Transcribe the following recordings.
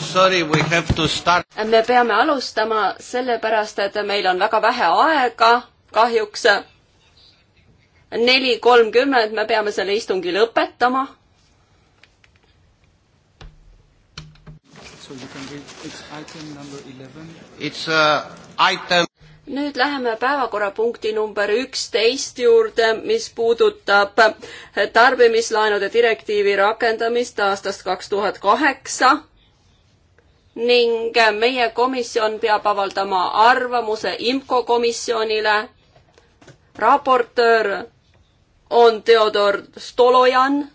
Sorry, me peame alustama sellepärast, et meil on väga vähe aega kahjuks. neli kolmkümmend me peame selle istungi lõpetama. It's item number eleven. It's uh, item nüüd läheme päevakorrapunkti number üksteist juurde, mis puudutab tarbimislaenude direktiivi rakendamist aastast kaks tuhat kaheksa ning meie komisjon peab avaldama arvamuse IMCO komisjonile. raportöör on Theodor Stolojan.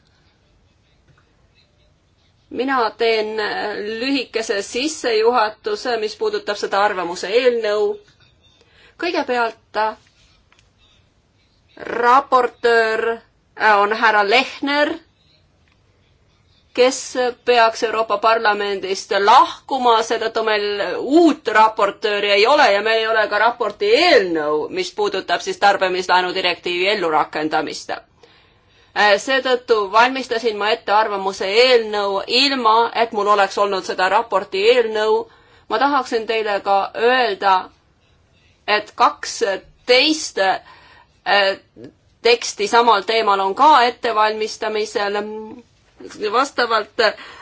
mina teen lühikese sissejuhatuse, mis puudutab seda arvamuse eelnõu kõigepealt raportöör äh, on härra Lehner, kes peaks Euroopa Parlamendist lahkuma, seetõttu meil uut raportööri ei ole ja meil ei ole ka raporti eelnõu, mis puudutab siis tarbimislaenu direktiivi ellurakendamist äh, seetõttu valmistasin ma ette arvamuse eelnõu, ilma et mul oleks olnud seda raporti eelnõu. ma tahaksin teile ka öelda, et kaks teist eh, teksti samal teemal on ka ettevalmistamisel. vastavalt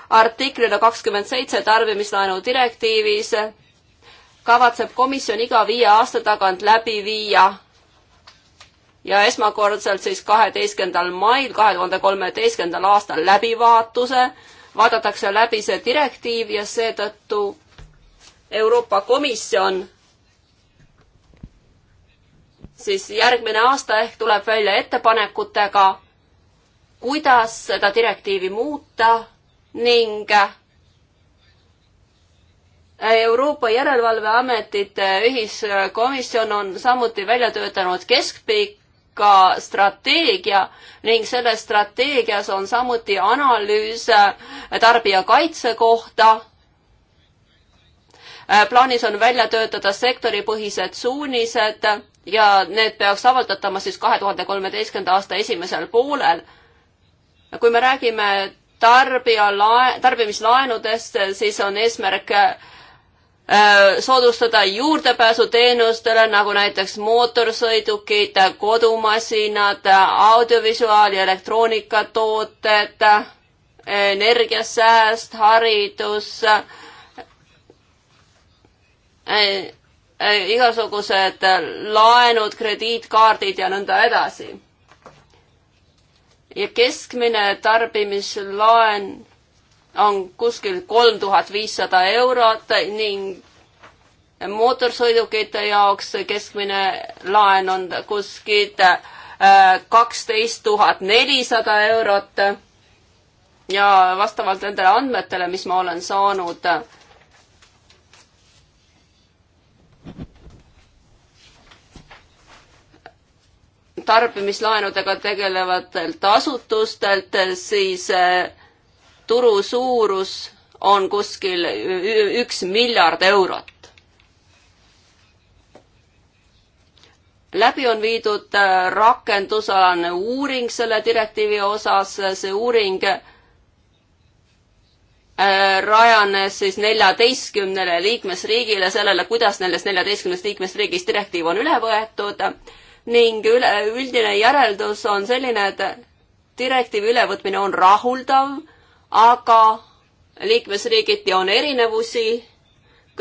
artiklile kakskümmend seitse tarbimislaenu direktiivis kavatseb komisjon iga viie aasta tagant läbi viia ja esmakordselt siis kaheteistkümnendal mail kahe tuhande kolmeteistkümnendal aastal läbivaatuse, vaadatakse läbi see direktiiv ja seetõttu Euroopa Komisjon siis järgmine aasta ehk tuleb välja ettepanekutega, kuidas seda direktiivi muuta ning Euroopa Järelevalveametite ühiskomisjon on samuti välja töötanud keskpika strateegia ning selles strateegias on samuti analüüs tarbijakaitse kohta. plaanis on välja töötada sektoripõhised suunised ja need peaks avaldatama siis kahe tuhande kolmeteistkümnenda aasta esimesel poolel. kui me räägime tarbija lae-, tarbimislaenudest, siis on eesmärk äh, soodustada juurdepääsu teenustele, nagu näiteks mootorsõidukid, kodumasinad, audiovisuaal- ja elektroonikatooted, energiasääst, haridus äh, Äh, igasugused äh, laenud, krediitkaardid ja nõnda edasi. ja keskmine tarbimislaen on kuskil kolm tuhat viissada eurot ning mootorsõidukite jaoks keskmine laen on kuskil äh, kaksteist tuhat nelisada eurot. ja vastavalt nendele andmetele, mis ma olen saanud, tarbimislaenudega tegelevatelt asutustelt, siis eh, turu suurus on kuskil üks miljard eurot. läbi on viidud eh, rakendusalane uuring selle direktiivi osas, see uuring eh, rajanes siis neljateistkümnele liikmesriigile, sellele, kuidas nendest neljateistkümnest liikmesriigist direktiiv on üle võetud ning üleüldine järeldus on selline, et direktiivi ülevõtmine on rahuldav, aga liikmesriigiti on erinevusi.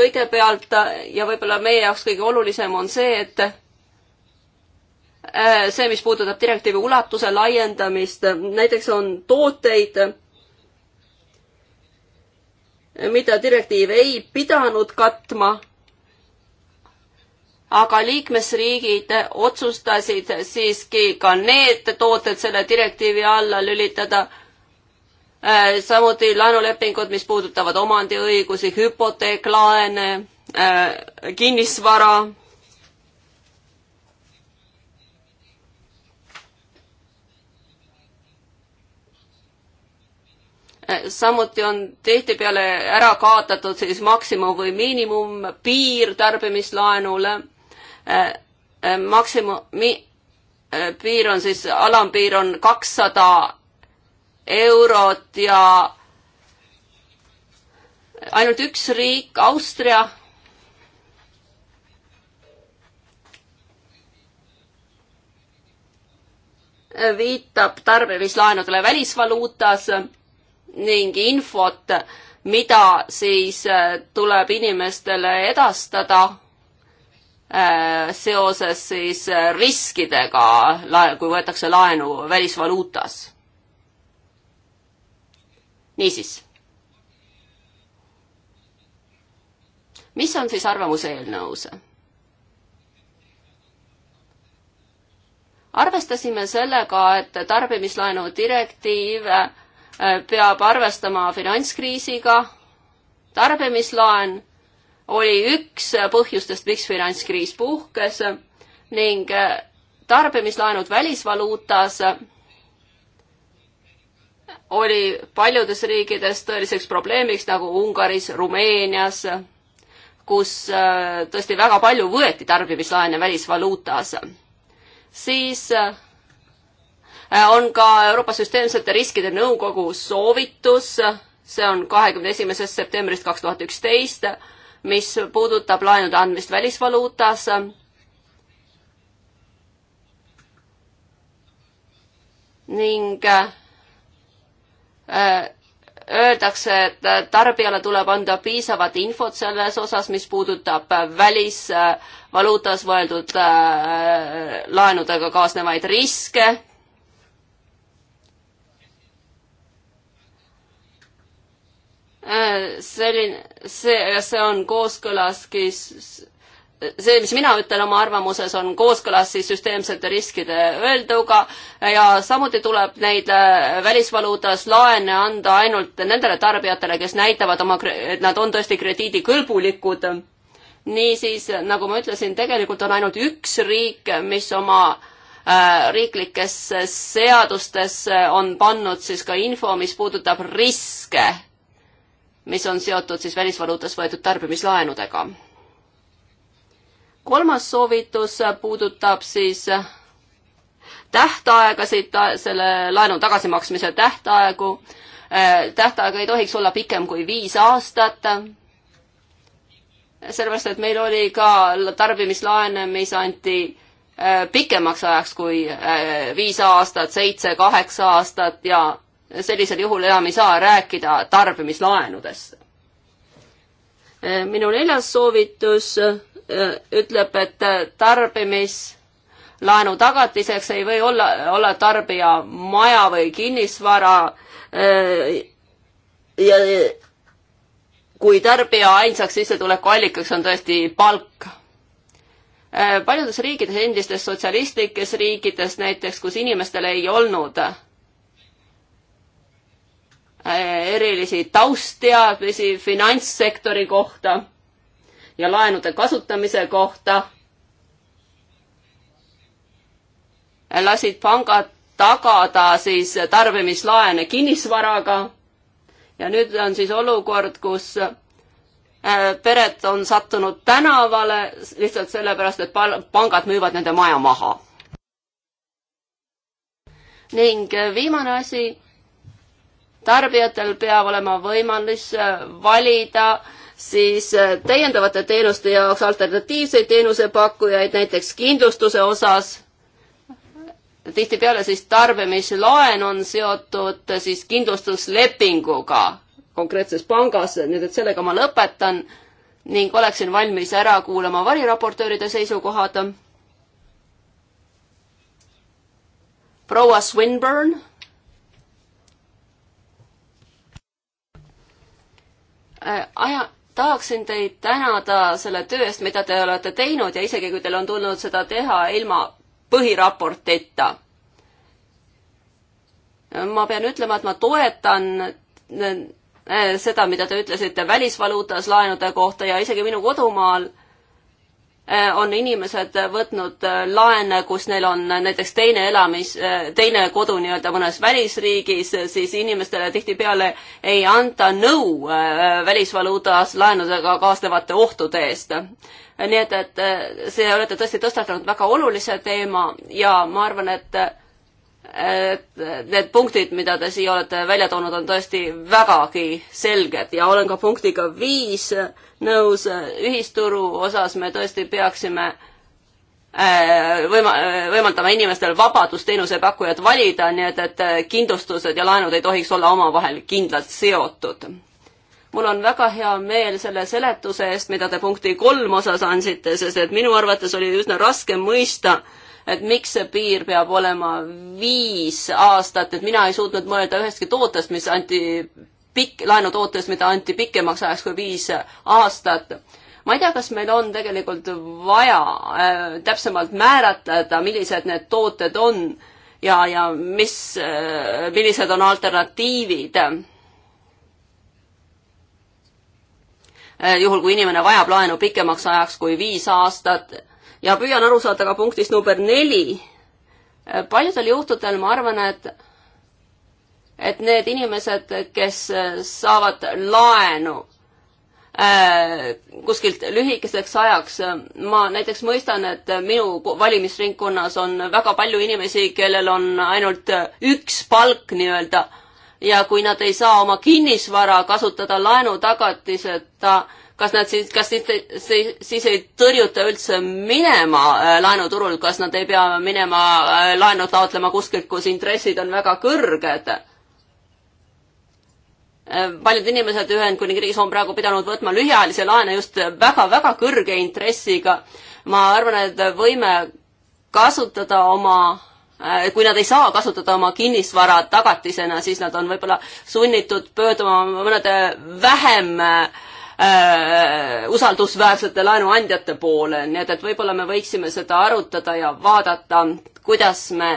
kõigepealt ja võib-olla meie jaoks kõige olulisem on see, et äh, see, mis puudutab direktiivi ulatuse laiendamist, näiteks on tooteid, mida direktiiv ei pidanud katma aga liikmesriigid otsustasid siiski ka need tooted selle direktiivi alla lülitada. Äh, samuti laenulepingud, mis puudutavad omandiõigusi, hüpoteeklaene, äh, kinnisvara äh, samuti on tihtipeale ära kaotatud siis maksimum või miinimum piir tarbimislaenule Äh, äh, maksimumi äh, piir on siis, alampiir on kakssada eurot ja ainult üks riik, Austria. viitab tarbimislaenudele välisvaluutas ning infot, mida siis tuleb inimestele edastada Äh, seoses siis äh, riskidega, kui võetakse laenu välisvaluutas. niisiis. mis on siis arvamuse eelnõus? arvestasime sellega, et tarbimislaenu direktiiv äh, peab arvestama finantskriisiga, tarbimislaen oli üks põhjustest, miks finantskriis puhkes ning äh, tarbimislaenud välisvaluutas oli paljudes riikides tõeliseks probleemiks nagu Ungaris, Rumeenias, kus äh, tõesti väga palju võeti tarbimislaene välisvaluutas. siis äh, on ka Euroopa Süsteemsete Riskide Nõukogu soovitus, see on kahekümne esimesest septembrist kaks tuhat üksteist, mis puudutab laenude andmist välisvaluutas. ning äh, öeldakse, et tarbijale tuleb anda piisavat infot selles osas, mis puudutab välisvaluutas võeldud äh, laenudega kaasnevaid riske Äh, selline, see, see on kooskõlas, see, mis mina ütlen oma arvamuses, on kooskõlas siis süsteemsete riskide öelduga ja samuti tuleb neid äh, välisvaluutas laene anda ainult nendele tarbijatele, kes näitavad oma, et nad on tõesti krediidikõlbulikud. niisiis, nagu ma ütlesin, tegelikult on ainult üks riik, mis oma äh, riiklikesse seadustesse on pannud siis ka info, mis puudutab riske mis on seotud siis välisvaluutas võetud tarbimislaenudega. kolmas soovitus puudutab siis tähtaegasid, selle laenu tagasimaksmise tähtaegu. Äh, tähtaeg ei tohiks olla pikem kui viis aastat. sellepärast, et meil oli ka tarbimislaene, mis anti äh, pikemaks ajaks kui äh, viis aastat, seitse, kaheksa aastat ja sellisel juhul enam ei saa rääkida tarbimislaenudest. minu neljas soovitus eh, ütleb, et tarbimislaenu tagatiseks ei või olla, olla tarbija maja või kinnisvara eh, ja kui tarbija ainsaks sissetulekuallikaks on tõesti palk eh, paljudes riikides, endistes sotsialistlikes riikides näiteks, kus inimestel ei olnud Äh, erilisi taustteadmisi finantssektori kohta ja laenude kasutamise kohta. lasid pangad tagada siis tarbimislaene kinnisvaraga. ja nüüd on siis olukord, kus äh, pered on sattunud tänavale lihtsalt sellepärast, et pangad müüvad nende maja maha. ning äh, viimane asi tarbijatel peab olema võimalus äh, valida siis äh, täiendavate teenuste jaoks alternatiivseid teenusepakkujaid, näiteks kindlustuse osas. tihtipeale siis tarbimisloen on seotud äh, siis kindlustuslepinguga konkreetses pangas, nii et sellega ma lõpetan ning oleksin valmis ära kuulama variraportööride seisukohad. proua Swinburne Äh, aja, tahaksin teid tänada selle töö eest, mida te olete teinud ja isegi kui teil on tulnud seda teha ilma põhiraportita. ma pean ütlema, et ma toetan äh, seda, mida te ütlesite välisvaluutas laenude kohta ja isegi minu kodumaal Äh, on inimesed võtnud äh, laene, kus neil on näiteks teine elamis, äh, teine kodu nii-öelda mõnes välisriigis, siis inimestele tihtipeale ei anta nõu välisvaluutas laenudega kaasnevate ohtude eest. nii et, et see olete tõesti tõstatanud väga olulise teema ja ma arvan, et et need punktid, mida te siia olete välja toonud, on tõesti vägagi selged ja olen ka punktiga viis nõus. ühisturu osas me tõesti peaksime äh, võima-, võimaldama inimestel vabadust teenusepakkujat valida, nii et, et kindlustused ja laenud ei tohiks olla omavahel kindlalt seotud. mul on väga hea meel selle seletuse eest, mida te punkti kolm osas andsite, sest et minu arvates oli üsna raske mõista, et miks see piir peab olema viis aastat, et mina ei suutnud mõelda ühestki tootest, mis anti pikk, laenutootest, mida anti pikemaks ajaks kui viis aastat. ma ei tea, kas meil on tegelikult vaja äh, täpsemalt määratleda, millised need tooted on ja, ja mis äh,, millised on alternatiivid äh,. juhul, kui inimene vajab laenu pikemaks ajaks kui viis aastat ja püüan aru saada ka punktist number neli. Äh, paljudel juhtudel ma arvan, et et need inimesed, kes äh, saavad laenu äh, kuskilt lühikeseks ajaks. ma näiteks mõistan, et minu valimisringkonnas on väga palju inimesi, kellel on ainult üks palk nii-öelda ja kui nad ei saa oma kinnisvara kasutada laenutagatiseta ta,, kas nad siis, kas siis, siis ei tõrjuta üldse minema äh, laenuturul, kas nad ei pea minema äh, laenu taotlema kuskilt, kus intressid on väga kõrged? Äh, paljud inimesed Ühendkuningriigis on praegu pidanud võtma lühiajalisi laene just väga-väga kõrge intressiga. ma arvan, et võime kasutada oma kui nad ei saa kasutada oma kinnisvara tagatisena, siis nad on võib-olla sunnitud pöörduma mõnede vähem äh, äh, usaldusväärsete laenuandjate poole, nii et, et võib-olla me võiksime seda arutada ja vaadata, kuidas me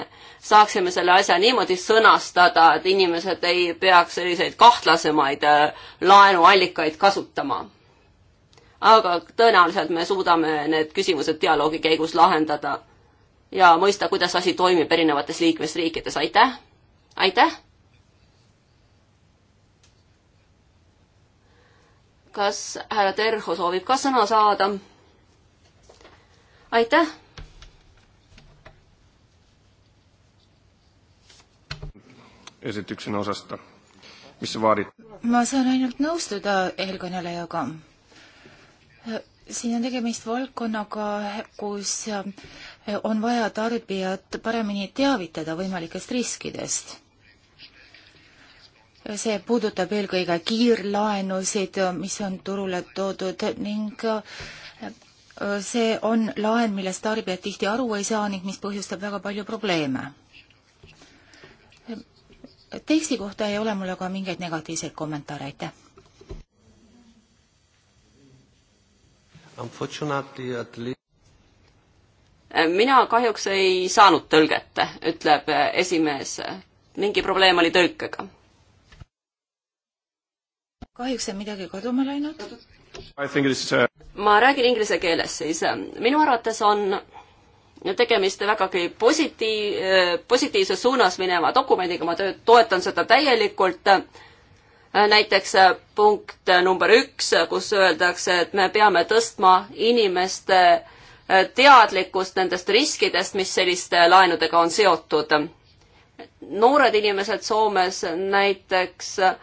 saaksime selle asja niimoodi sõnastada, et inimesed ei peaks selliseid kahtlasemaid äh, laenuallikaid kasutama. aga tõenäoliselt me suudame need küsimused dialoogi käigus lahendada ja mõista, kuidas asi toimib erinevates liikmesriikides, aitäh! aitäh! kas härra Terho soovib ka sõna saada? aitäh. esitüksen osasta, mis sa vaarid? ma saan ainult nõustuda eelkõnelejaga. siin on tegemist valdkonnaga, kus on vaja tarbijat paremini teavitada võimalikest riskidest see puudutab eelkõige kiirlaenusid, mis on turule toodud ning äh, see on laen, millest tarbijad tihti aru ei saa ning mis põhjustab väga palju probleeme. teksti kohta ei ole mul aga mingeid negatiivseid kommentaare, aitäh. mina kahjuks ei saanud tõlget, ütleb äh, esimees. mingi probleem oli tõlkega kahjuks on midagi kaduma läinud. Uh, ma räägin inglise keeles siis. minu arvates on tegemist vägagi positiiv, positiivses suunas mineva dokumendiga, ma tööd, toetan seda täielikult. näiteks punkt number üks, kus öeldakse, et me peame tõstma inimeste teadlikkust nendest riskidest, mis selliste laenudega on seotud. noored inimesed Soomes näiteks äh,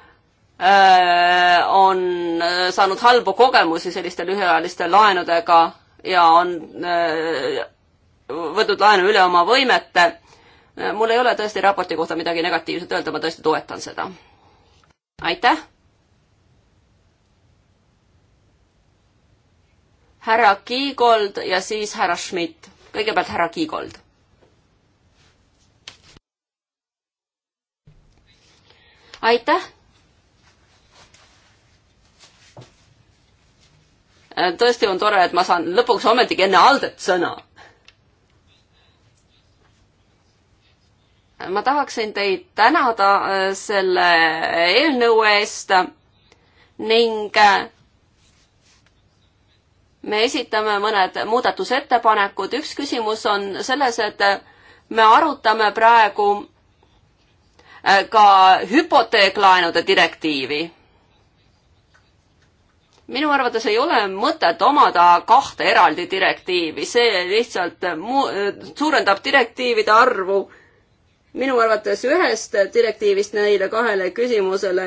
Äh, on äh, saanud halbu kogemusi selliste lühiajaliste laenudega ja on äh, võtnud laenu üle oma võimete. mul ei ole tõesti raporti kohta midagi negatiivset öelda, ma tõesti toetan seda. aitäh. härra Kiigold ja siis härra Schmidt. kõigepealt härra Kiigold. aitäh Äh, tõesti on tore, et ma saan lõpuks ometigi enne Aldet sõna. ma tahaksin teid tänada äh, selle eelnõu eest ning äh, me esitame mõned muudatusettepanekud. üks küsimus on selles, et me arutame praegu ka hüpoteeklaenude direktiivi minu arvates ei ole mõtet omada kahte eraldi direktiivi, see lihtsalt mu-, suurendab direktiivide arvu. minu arvates ühest direktiivist neile kahele küsimusele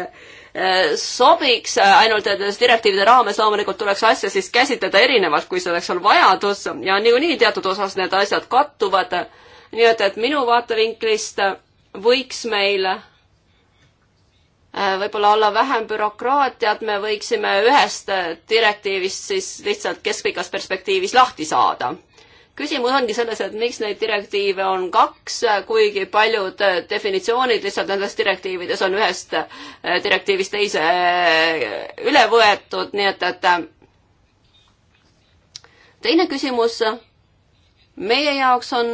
eh, sobiks, eh, ainult et nendes direktiivide raames loomulikult tuleks asja siis käsitleda erinevalt, kui selleks on vajadus ja niikuinii teatud osas need asjad kattuvad. nii et, et minu vaatevinklist võiks meil Äh, võib-olla olla vähem bürokraatiat, me võiksime ühest äh, direktiivist siis lihtsalt keskpikas perspektiivis lahti saada. küsimus ongi selles, et miks neid direktiive on kaks, äh, kuigi paljud definitsioonid lihtsalt nendes direktiivides on ühest direktiivist teise üle võetud, nii et, et teine küsimus meie jaoks on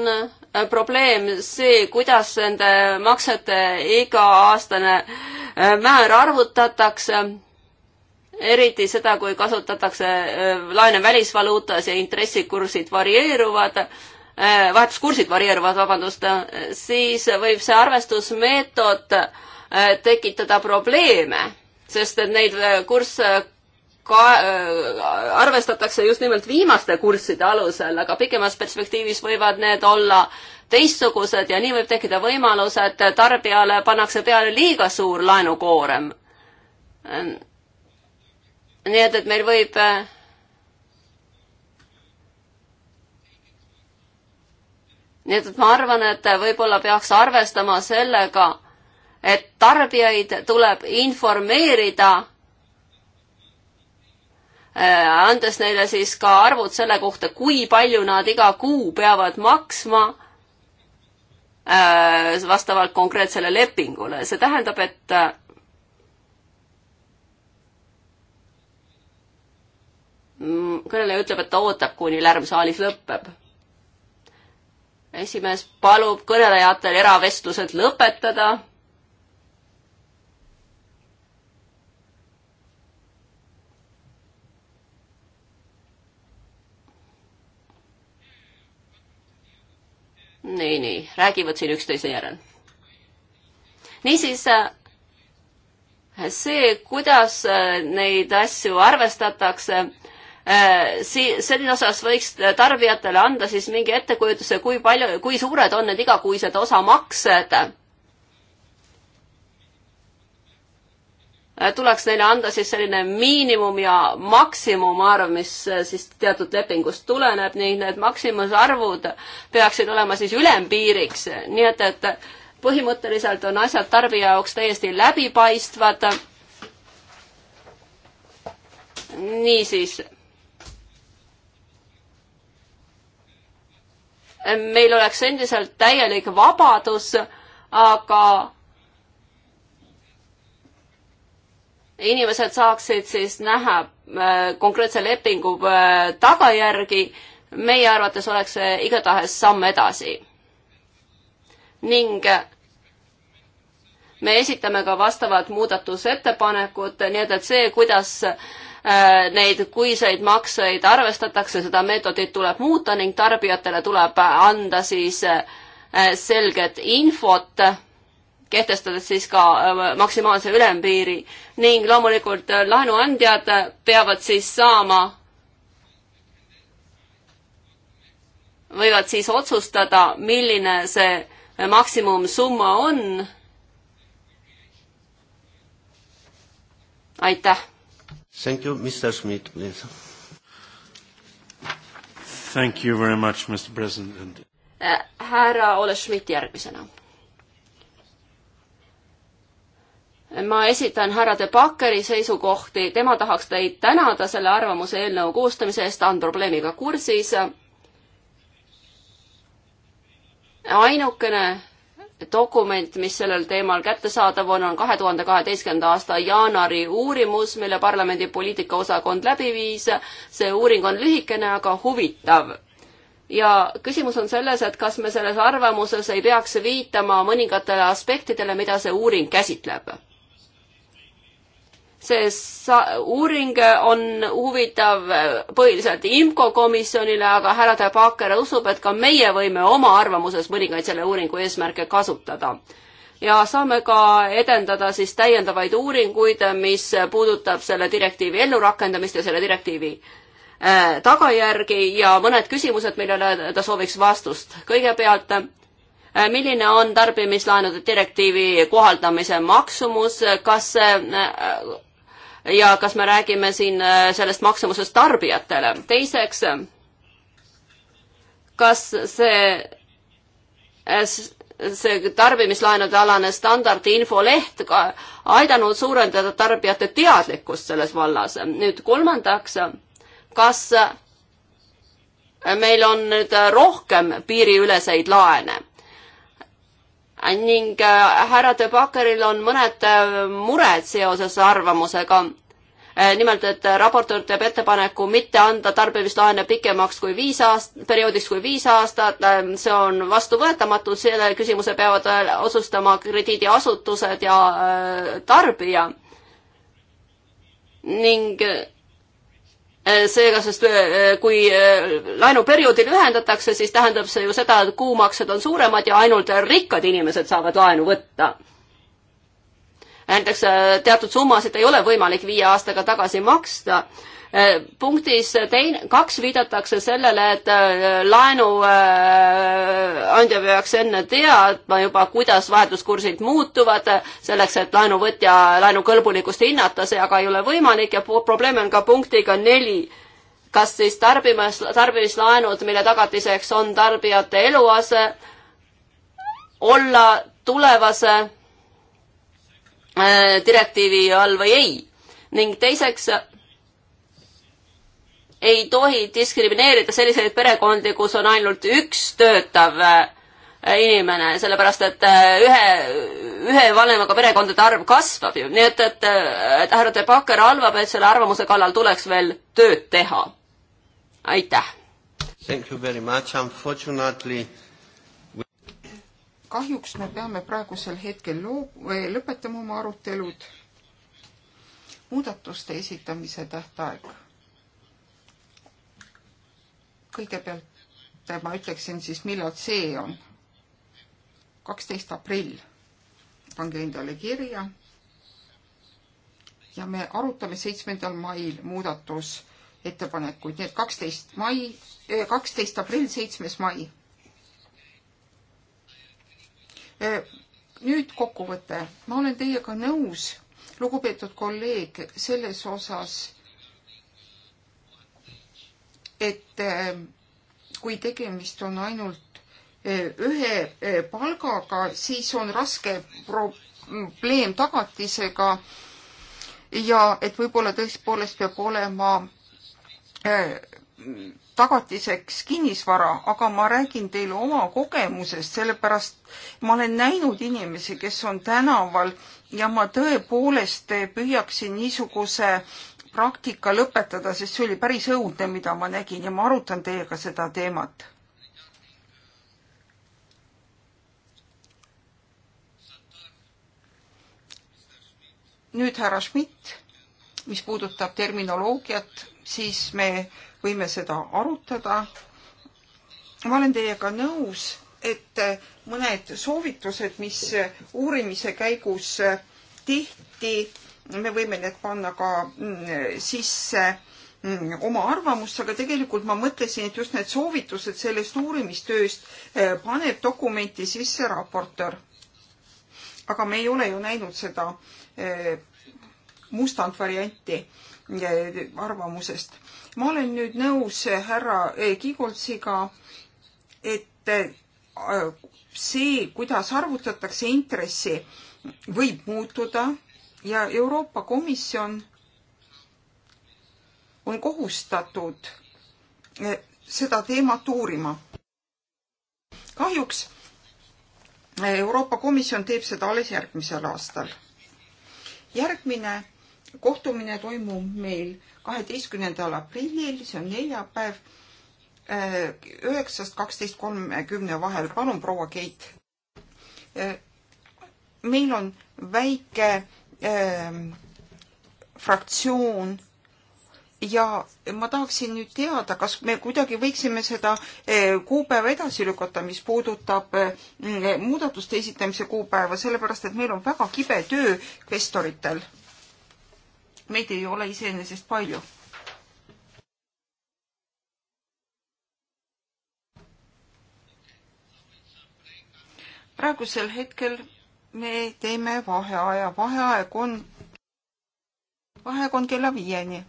probleem see, kuidas nende maksete iga-aastane äh, Äh, määr arvutatakse, eriti seda, kui kasutatakse äh, laene välisvaluutas ja intressikursid varieeruvad, äh, vahetuskursid varieeruvad, vabandust, siis võib see arvestusmeetod tekitada probleeme, sest et neid kursse ka äh, arvestatakse just nimelt viimaste kursside alusel, aga pikemas perspektiivis võivad need olla teistsugused ja nii võib tekkida võimalus, et tarbijale pannakse peale liiga suur laenukoorem. nii et, et meil võib äh, nii et, et ma arvan, et võib-olla peaks arvestama sellega, et tarbijaid tuleb informeerida Äh, andes neile siis ka arvud selle kohta, kui palju nad iga kuu peavad maksma äh, vastavalt konkreetsele lepingule. see tähendab, et äh, mm, kõneleja ütleb, et ta ootab, kuni lärm saalis lõpeb. esimees palub kõnelejatel eravestlused lõpetada nii, nii, räägivad siin üksteise järel. niisiis, äh, see, kuidas äh, neid asju arvestatakse, äh, si-, selles osas võiks tarbijatele anda siis mingi ettekujutuse, kui palju, kui suured on need igakuised osamaksed Äh, tuleks neile anda siis selline miinimum ja maksimumarv, mis äh, siis teatud lepingust tuleneb ning need maksimumarvud peaksid olema siis ülempiiriks, nii et, et põhimõtteliselt on asjad tarbija jaoks täiesti läbipaistvad. niisiis. meil oleks endiselt täielik vabadus, aga inimesed saaksid siis näha äh, konkreetse lepingu äh, tagajärgi, meie arvates oleks see igatahes samm edasi. ning äh, me esitame ka vastavad muudatusettepanekud, nii et, et see, kuidas neid kuiseid makseid arvestatakse, seda meetodit tuleb muuta ning tarbijatele tuleb anda siis selget infot kehtestades siis ka äh, maksimaalse ülempiiri ning loomulikult äh, laenuandjad peavad siis saama, võivad siis otsustada, milline see maksimumsumma on. aitäh. Thank you, Mr Schmidt, please. Thank you very much, Mr president. Äh, härra Ole Schmidt järgmisena ma esitan härra De Bakkeri seisukohti, tema tahaks teid tänada selle arvamuse eelnõu koostamise eest, ta on probleemiga kursis. ainukene dokument, mis sellel teemal kättesaadav on, on kahe tuhande kaheteistkümnenda aasta jaanuari uurimus, mille parlamendi poliitikaosakond läbi viis. see uuring on lühikene, aga huvitav ja küsimus on selles, et kas me selles arvamuses ei peaks viitama mõningatele aspektidele, mida see uuring käsitleb see uuring on huvitav põhiliselt IMCO komisjonile, aga härra De Backer usub, et ka meie võime oma arvamuses mõningaid selle uuringu eesmärke kasutada. ja saame ka edendada siis täiendavaid uuringuid, mis puudutab selle direktiivi ellurakendamist ja selle direktiivi äh, tagajärgi ja mõned küsimused, millele ta sooviks vastust. kõigepealt äh, milline on tarbimislaenude direktiivi kohaldamise maksumus, kas see äh, ja kas me räägime siin äh, sellest maksumusest tarbijatele. teiseks, kas see äh, see tarbimislaenude alane standardinfoleht ka aidanud suurendada tarbijate teadlikkust selles vallas. nüüd kolmandaks, kas meil on nüüd rohkem piiriüleseid laene? ning äh, härra De Bakkeril on mõned äh, mured seoses arvamusega. Äh, nimelt, et raportöör teeb ettepaneku mitte anda tarbimislaene pikemaks kui viis aast-, perioodiks kui viis aastat, see on vastuvõetamatu, selle küsimuse peavad otsustama krediidiasutused ja tarbija. ning Äh, seega, sest äh, kui äh, laenuperioodi lühendatakse, siis tähendab see ju seda, et kuumaksed on suuremad ja ainult rikkad inimesed saavad laenu võtta. näiteks teatud summasid ei ole võimalik viie aastaga tagasi maksta Äh, punktis teine, kaks viidatakse sellele, et äh, laenuandja äh, peaks enne teadma juba, kuidas vahetuskursid muutuvad, selleks et laenuvõtja laenukõlbulikkust hinnata, see aga ei ole võimalik ja probleem on ka punktiga neli kas siis tarbimas, tarbimislaenud, mille tagatiseks on tarbijate eluase, olla tulevase direktiivi all või ei. ning teiseks ei tohi diskrimineerida selliseid perekondi, kus on ainult üks töötav äh, inimene, sellepärast et äh, ühe, ühe vanemaga perekondade arv kasvab ju, nii et, et, et äh, härra De Backer arvab, et selle arvamuse kallal tuleks veel tööd teha. aitäh! kahjuks me peame praegusel hetkel loo-, lõpetama oma arutelud. muudatuste esitamise tähtaeg kõigepealt ma ütleksin siis, millal see on. kaksteist aprill pange endale kirja. ja me arutame seitsmendal mail muudatusettepanekuid, nii et kaksteist mai, eh, kaksteist aprill, seitsmes mai. Eh, nüüd kokkuvõte. ma olen teiega nõus, lugupeetud kolleeg, selles osas et ähm, kui tegemist on ainult äh, ühe äh, palgaga, siis on raske probleem tagatisega ja et võib-olla tõepoolest peab olema äh, tagatiseks kinnisvara, aga ma räägin teile oma kogemusest, sellepärast ma olen näinud inimesi, kes on tänaval ja ma tõepoolest püüaksin niisuguse praktika lõpetada, sest see oli päris õudne, mida ma nägin ja ma arutan teiega seda teemat. nüüd härra Schmidt, mis puudutab terminoloogiat, siis me võime seda arutada. ma olen teiega nõus, et mõned soovitused, mis uurimise käigus tehti, me võime need panna ka mm, sisse mm, oma arvamust, aga tegelikult ma mõtlesin, et just need soovitused sellest uurimistööst eh, paneb dokumenti sisse raportöör. aga me ei ole ju näinud seda eh, mustandvarianti eh, arvamusest. ma olen nüüd nõus härra Kigoltsiga, et see, kuidas arvutatakse intressi, võib muutuda ja Euroopa Komisjon on kohustatud eh, seda teemat uurima. kahjuks eh, Euroopa Komisjon teeb seda alles järgmisel aastal. järgmine kohtumine toimub meil kaheteistkümnendal aprillil, see on neljapäev, eh, üheksast kaksteist kolmekümne vahel. palun, proua Keit. meil on väike ähm, fraktsioon ja ma tahaksin nüüd teada, kas me kuidagi võiksime seda äh, kuupäeva edasi lükata, mis puudutab äh, muudatuste esitamise kuupäeva, sellepärast et meil on väga kibe töö kvestoritel. meid ei ole iseenesest palju. praegusel hetkel me teeme vaheaja, vaheaeg on, vaheaeg on kella viieni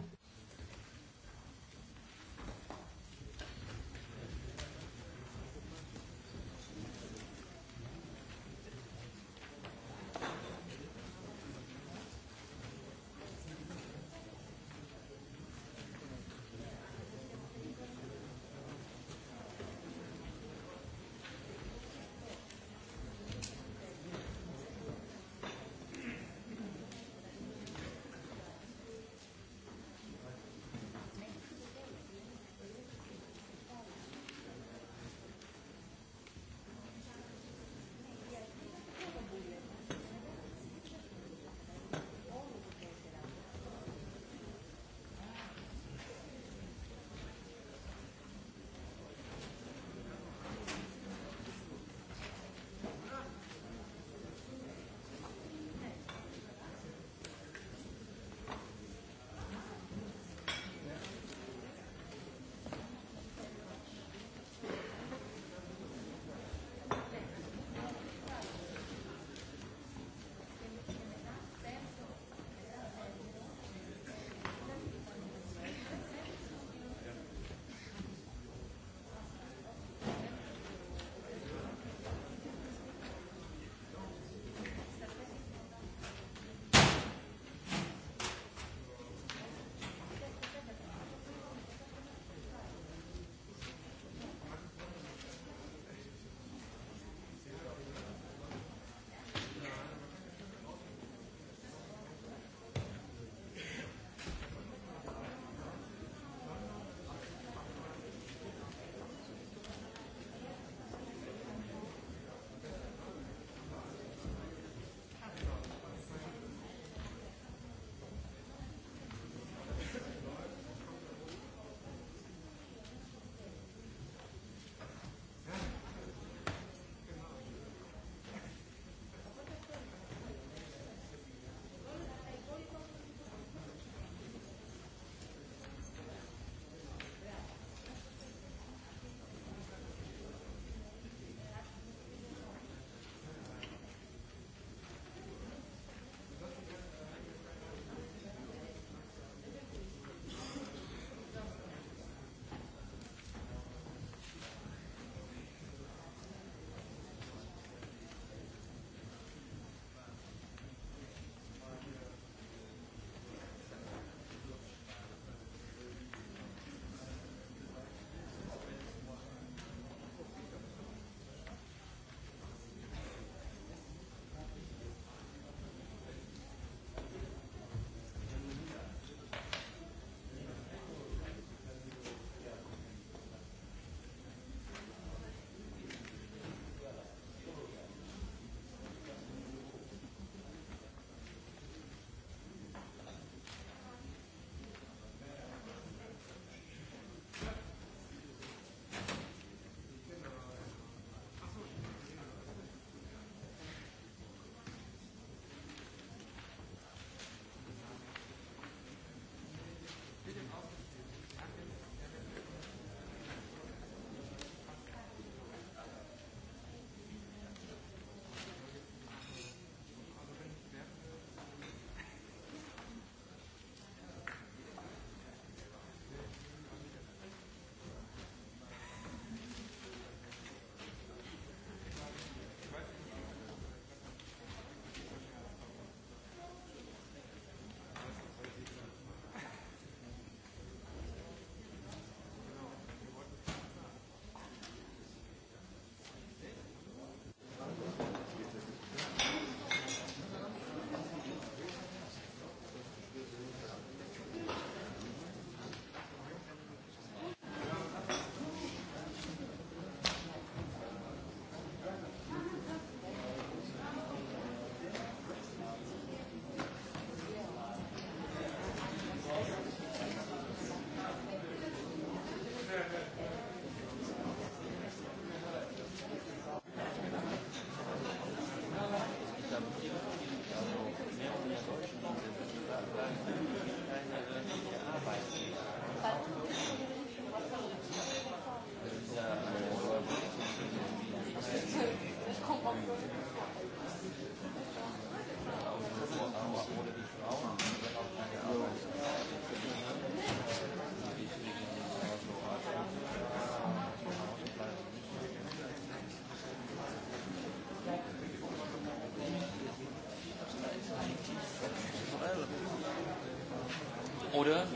oder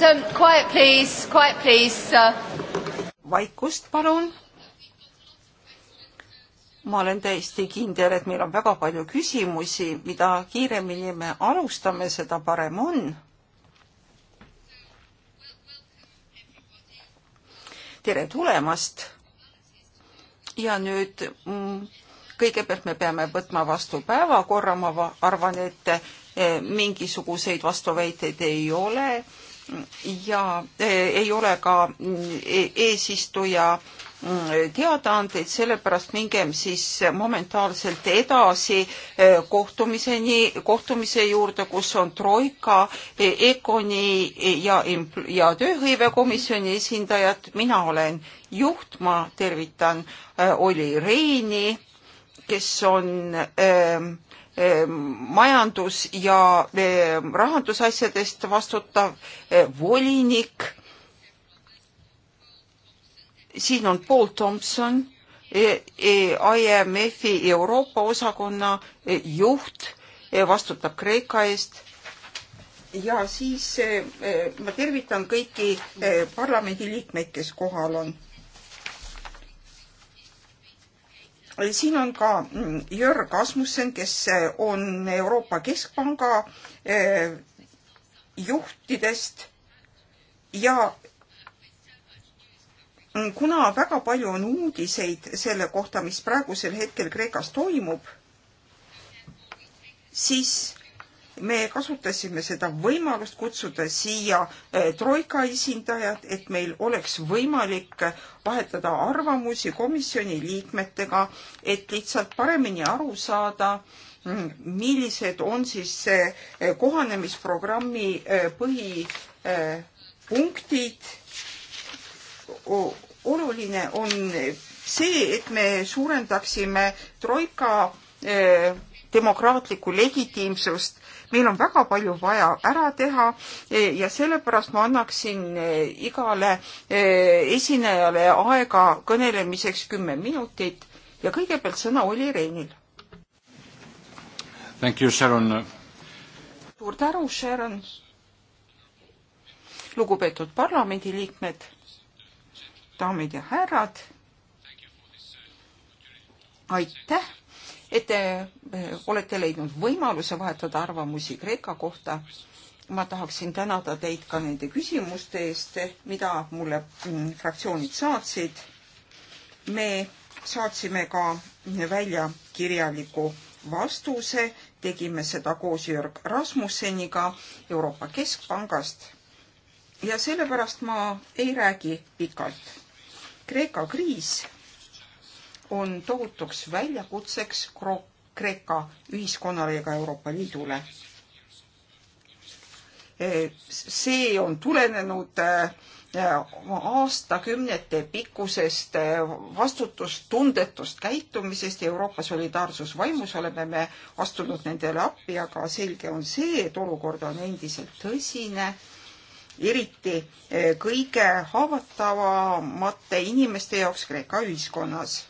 um, quiet please, quiet please uh.... vaikust palun. ma olen täiesti kindel, et meil on väga palju küsimusi, mida kiiremini me alustame, seda parem on. tere tulemast. ja nüüd mm, kõigepealt me peame võtma vastu päevakorra, ma arvan, et eh, mingisuguseid vastuväiteid ei ole ja eh, ei ole ka eh, eesistuja mm, teadaandeid, sellepärast mingem siis momentaalselt edasi eh, kohtumiseni, kohtumise juurde, kus on Troika e, Econi ja, ja Tööhõivekomisjoni esindajad, mina olen juht, ma tervitan Oli Reini, kes on äh, Ehm, majandus- ja ehm, rahandusasjadest vastutav ehm, volinik. siin on Paul Thompson e, e, IMF-i Euroopa osakonna e, juht, e, vastutab Kreeka eest. ja siis e, ma tervitan kõiki parlamendiliikmeid, kes kohal on siin on ka mm, Jörg Asmussen, kes eh, on Euroopa Keskpanga eh, juhtidest ja mm, kuna väga palju on uudiseid selle kohta, mis praegusel hetkel Kreekas toimub, siis me kasutasime seda võimalust kutsuda siia eh, troika esindajad, et meil oleks võimalik eh, vahetada arvamusi komisjoni liikmetega, et lihtsalt paremini aru saada, mm, millised on siis eh, kohanemisprogrammi põhipunktid. oluline on see, et me suurendaksime troika demokraatlikku legitiimsust meil on väga palju vaja ära teha ja sellepärast ma annaksin eh, igale eh, esinejale aega kõnelemiseks kümme minutit ja kõigepealt sõna Olli Reinil. Thank you, Sharon. suur tänu, Sharon. lugupeetud parlamendiliikmed, daamid ja härrad. aitäh et te eh, olete leidnud võimaluse vahetada arvamusi Kreeka kohta. ma tahaksin tänada teid ka nende küsimuste eest, eh, mida mulle mm, fraktsioonid saatsid. me saatsime ka välja kirjaliku vastuse, tegime seda koos Jörg Rasmusseniga Euroopa Keskpangast. ja sellepärast ma ei räägi pikalt. Kreeka kriis on tohutuks väljakutseks Kreeka ühiskonnale ja ka Euroopa Liidule. see on tulenenud äh, aastakümnete pikkusest äh, vastutustundetust käitumisest ja Euroopa solidaarsusvaimus oleme me astunud nendele appi, aga selge on see, et olukord on endiselt tõsine, eriti äh, kõige haavatavamate inimeste jaoks Kreeka ühiskonnas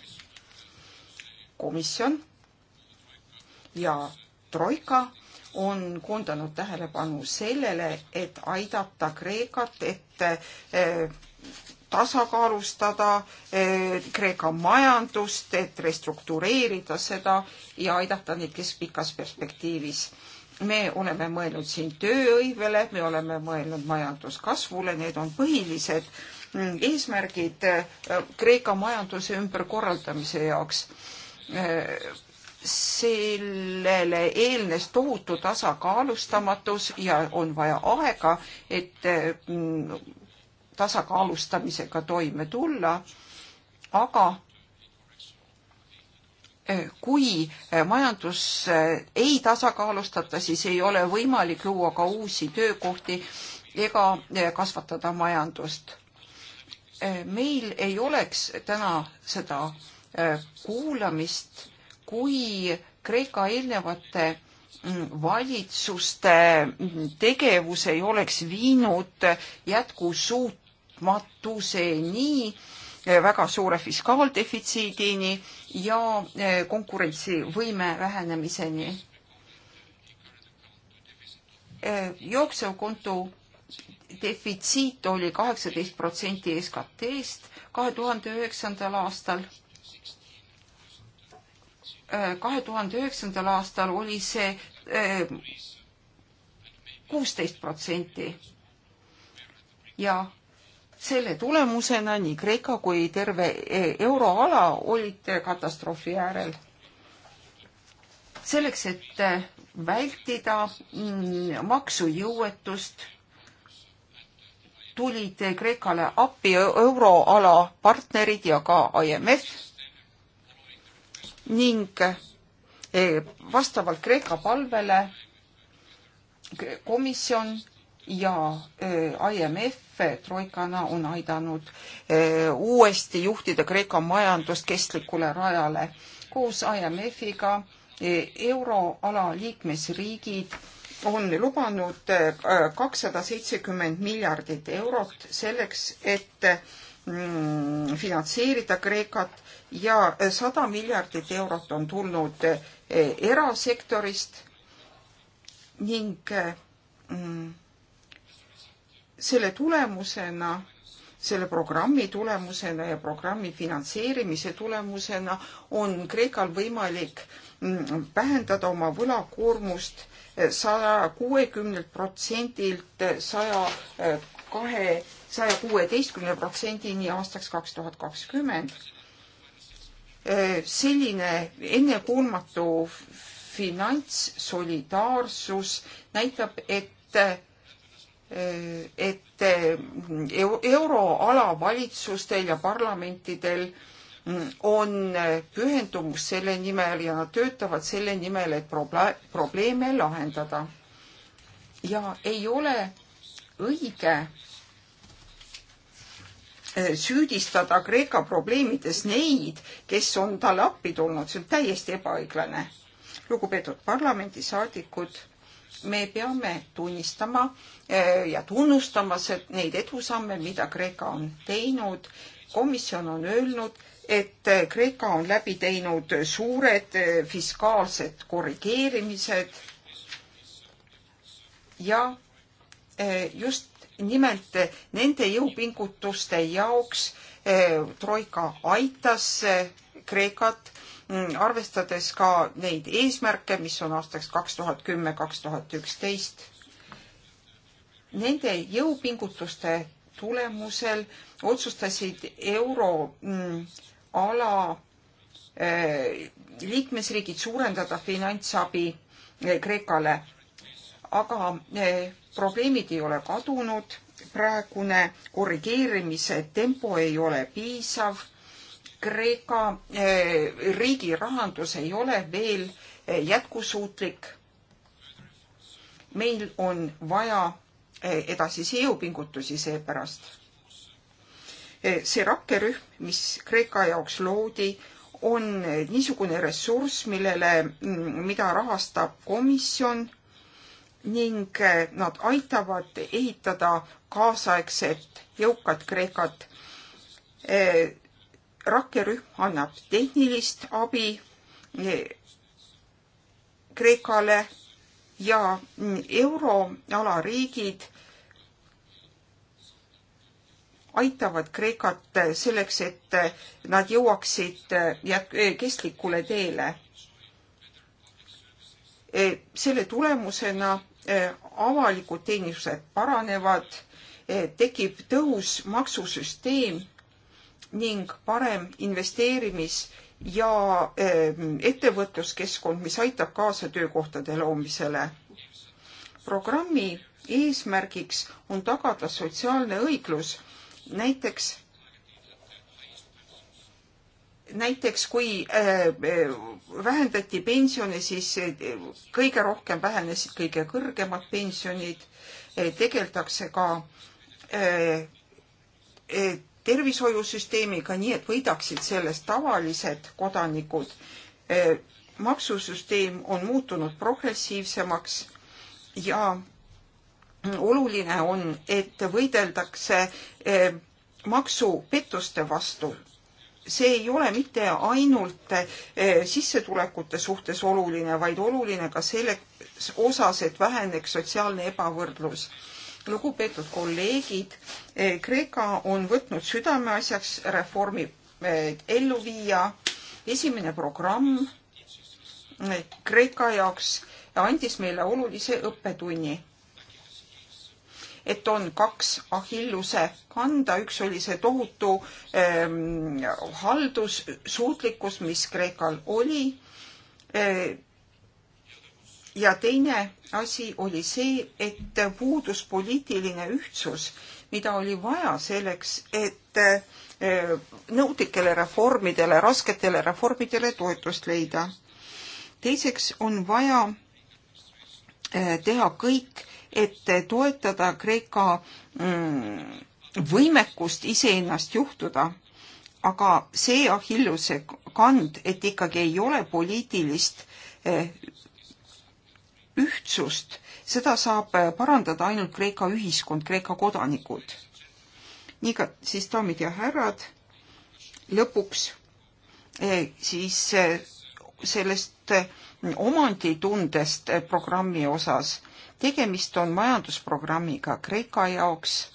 komisjon ja Troika on koondanud tähelepanu sellele, et aidata Kreekat, et eh, tasakaalustada eh, Kreeka majandust, et restruktureerida seda ja aidata neid keskpikas perspektiivis. me oleme mõelnud siin tööhõivele, me oleme mõelnud majanduskasvule, need on põhilised mm, eesmärgid eh, Kreeka majanduse ümberkorraldamise jaoks sellele eelnes tohutu tasakaalustamatus ja on vaja aega, et mm, tasakaalustamisega toime tulla. aga eh, kui eh, majandus eh, ei tasakaalustata, siis ei ole võimalik luua ka uusi töökohti ega kasvatada majandust. meil ei oleks täna seda Äh, kuulamist, kui Kreeka eelnevate mm, valitsuste mm, tegevus ei oleks viinud jätkusuutmatuseni, äh, väga suure fiskaaldefitsiidini ja äh, konkurentsivõime vähenemiseni. jooksev konto defitsiit oli kaheksateist protsenti SKT-st kahe tuhande üheksandal aastal kahe tuhande üheksandal aastal oli see eh, kuusteist protsenti ja selle tulemusena nii Kreeka kui terve eh, euroala olid katastroofi äärel. selleks, et eh, vältida mm, maksujõuetust, tulid Kreekale appi euroala partnerid ja ka IMF ning eh, vastavalt Kreeka palvele komisjon ja eh, IMF eh, troikana on aidanud uuesti juhtida Kreeka majandust kestlikule rajale. koos IMF-iga euroala liikmesriigid on lubanud kakssada seitsekümmend miljardit eurot selleks, et Mm, finantseerida Kreekat ja eh, sada miljardit eurot on tulnud eh, erasektorist ning eh, mm, selle tulemusena, selle programmi tulemusena ja programmi finantseerimise tulemusena on Kreekal võimalik mm, vähendada oma võlakoormust saja kuuekümnelt protsendilt saja kahe saja kuueteistkümne protsendini aastaks kaks tuhat kakskümmend. Äh, selline ennekuulmatu finantssolidaarsus näitab, et, äh, et äh, euroala valitsustel ja parlamentidel mm, on pühendumus selle nimel ja nad töötavad selle nimel, et probleeme lahendada. ja ei ole õige Äh, süüdistada Kreeka probleemides neid, kes on talle appi tulnud, see on täiesti ebaõiglane. lugupeetud parlamendisaadikud, me peame tunnistama äh, ja tunnustama neid edusamme, mida Kreeka on teinud. komisjon on öelnud, et äh, Kreeka on läbi teinud suured fiskaalsed korrigeerimised ja just nimelt eh, nende jõupingutuste jaoks eh, Troika aitas eh, Kreekat, mm, arvestades ka neid eesmärke, mis on aastaks kaks tuhat kümme, kaks tuhat üksteist. Nende jõupingutuste tulemusel otsustasid euroala mm, liikmesriigid suurendada finantsabi Kreekale, aga probleemid ei ole kadunud, praegune korrigeerimise tempo ei ole piisav. Kreeka eh, riigi rahandus ei ole veel eh, jätkusuutlik. meil on vaja eh, edasisi jõupingutusi seepärast. see rakkerühm, mis Kreeka jaoks loodi, on niisugune ressurss, millele, mm, mida rahastab komisjon ning eh, nad aitavad ehitada kaasaegset jõukat Kreekat. Eh, rakkerühm annab tehnilist abi eh, Kreekale ja mm, euroala riigid aitavad Kreekat selleks, et nad jõuaksid kestlikule teele. selle tulemusena Äh, avalikud teenistused paranevad, äh, tekib tõhus maksusüsteem ning parem investeerimis- ja äh, ettevõtluskeskkond, mis aitab kaasa töökohtade loomisele. programmi eesmärgiks on tagada sotsiaalne õiglus. näiteks näiteks kui äh, äh, vähendati pensione, siis äh, kõige rohkem vähenesid kõige kõrgemad pensionid, tegeldakse ka tervishoiusüsteemiga, nii et võidaksid sellest tavalised kodanikud. maksusüsteem on muutunud progressiivsemaks ja oluline on, et võideldakse maksupettuste vastu see ei ole mitte ainult eh, sissetulekute suhtes oluline, vaid oluline ka selles osas, et väheneks sotsiaalne ebavõrdlus. lugupeetud kolleegid, eh, Kreeka on võtnud südameasjaks reformi eh, ellu viia. esimene programm Kreeka jaoks andis meile olulise õppetunni et on kaks Achilluse kanda, üks oli see tohutu ähm, haldussuutlikkus, mis Kreekal oli äh, ja teine asi oli see, et puudus poliitiline ühtsus, mida oli vaja selleks, et äh, nõudlikele reformidele, rasketele reformidele toetust leida. teiseks on vaja äh, teha kõik et toetada Kreeka mm, võimekust iseennast juhtuda. aga see Achilluse kand, et ikkagi ei ole poliitilist eh, ühtsust, seda saab parandada ainult Kreeka ühiskond, Kreeka kodanikud. nii ka siis daamid ja härrad, lõpuks eh, siis eh, sellest omanditundest programmi osas tegemist on majandusprogrammiga Kreeka jaoks.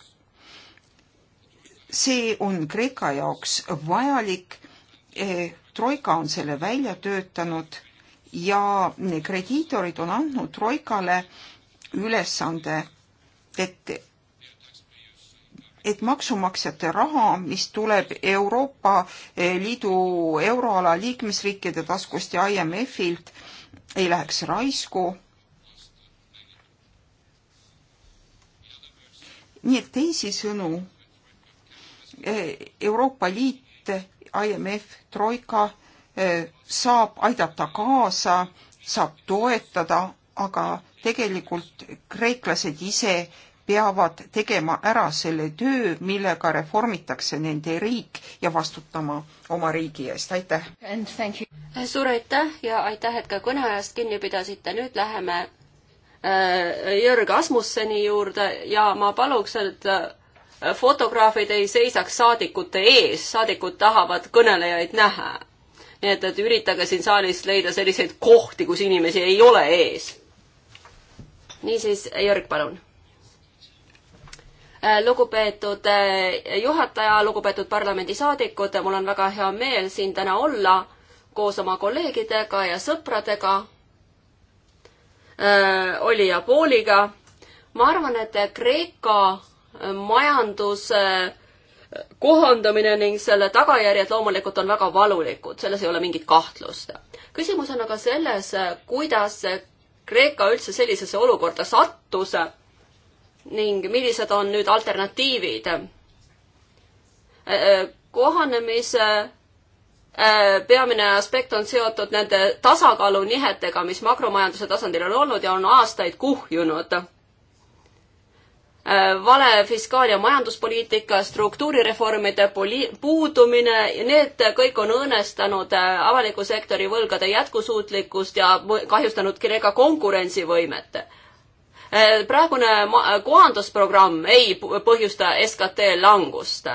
see on Kreeka jaoks vajalik. E, troika on selle välja töötanud ja krediitorid on andnud troikale ülesande, et et maksumaksjate raha, mis tuleb Euroopa Liidu euroala liikmesriikide taskust ja IMF-ilt, ei läheks raisku nii et teisisõnu e, Euroopa Liit, IMF, Troika e, saab aidata kaasa, saab toetada, aga tegelikult kreeklased ise peavad tegema ära selle töö, millega reformitakse nende riik ja vastutama oma riigi eest, aitäh! suur aitäh ja aitäh, et ka kõneajast kinni pidasite, nüüd läheme Äh, Jörg Asmusseni juurde ja ma paluks, et äh, fotograafid ei seisaks saadikute ees, saadikud tahavad kõnelejaid näha. nii et, et üritage siin saalis leida selliseid kohti, kus inimesi ei ole ees. niisiis, Jörg, palun äh, lugupeetud juhataja, lugupeetud parlamendisaadikud, mul on väga hea meel siin täna olla koos oma kolleegidega ja sõpradega Äh, oli ja Pooliga. ma arvan, et Kreeka äh, majanduse äh, kohandamine ning selle tagajärjed loomulikult on väga valulikud, selles ei ole mingit kahtlust. küsimus on aga selles, kuidas Kreeka üldse sellisesse olukorda sattus ning millised on nüüd alternatiivid kohanemise Äh, peamine aspekt on seotud nende tasakaalunihetega, mis makromajanduse tasandil on olnud ja on aastaid kuhjunud. Äh, vale fiskaal- ja majanduspoliitika, struktuurireformide poli-, puudumine, need kõik on õõnestanud äh, avaliku sektori võlgade jätkusuutlikkust ja kahjustanud Kreeka konkurentsivõimet praegune kohandusprogramm ei põhjusta SKT langust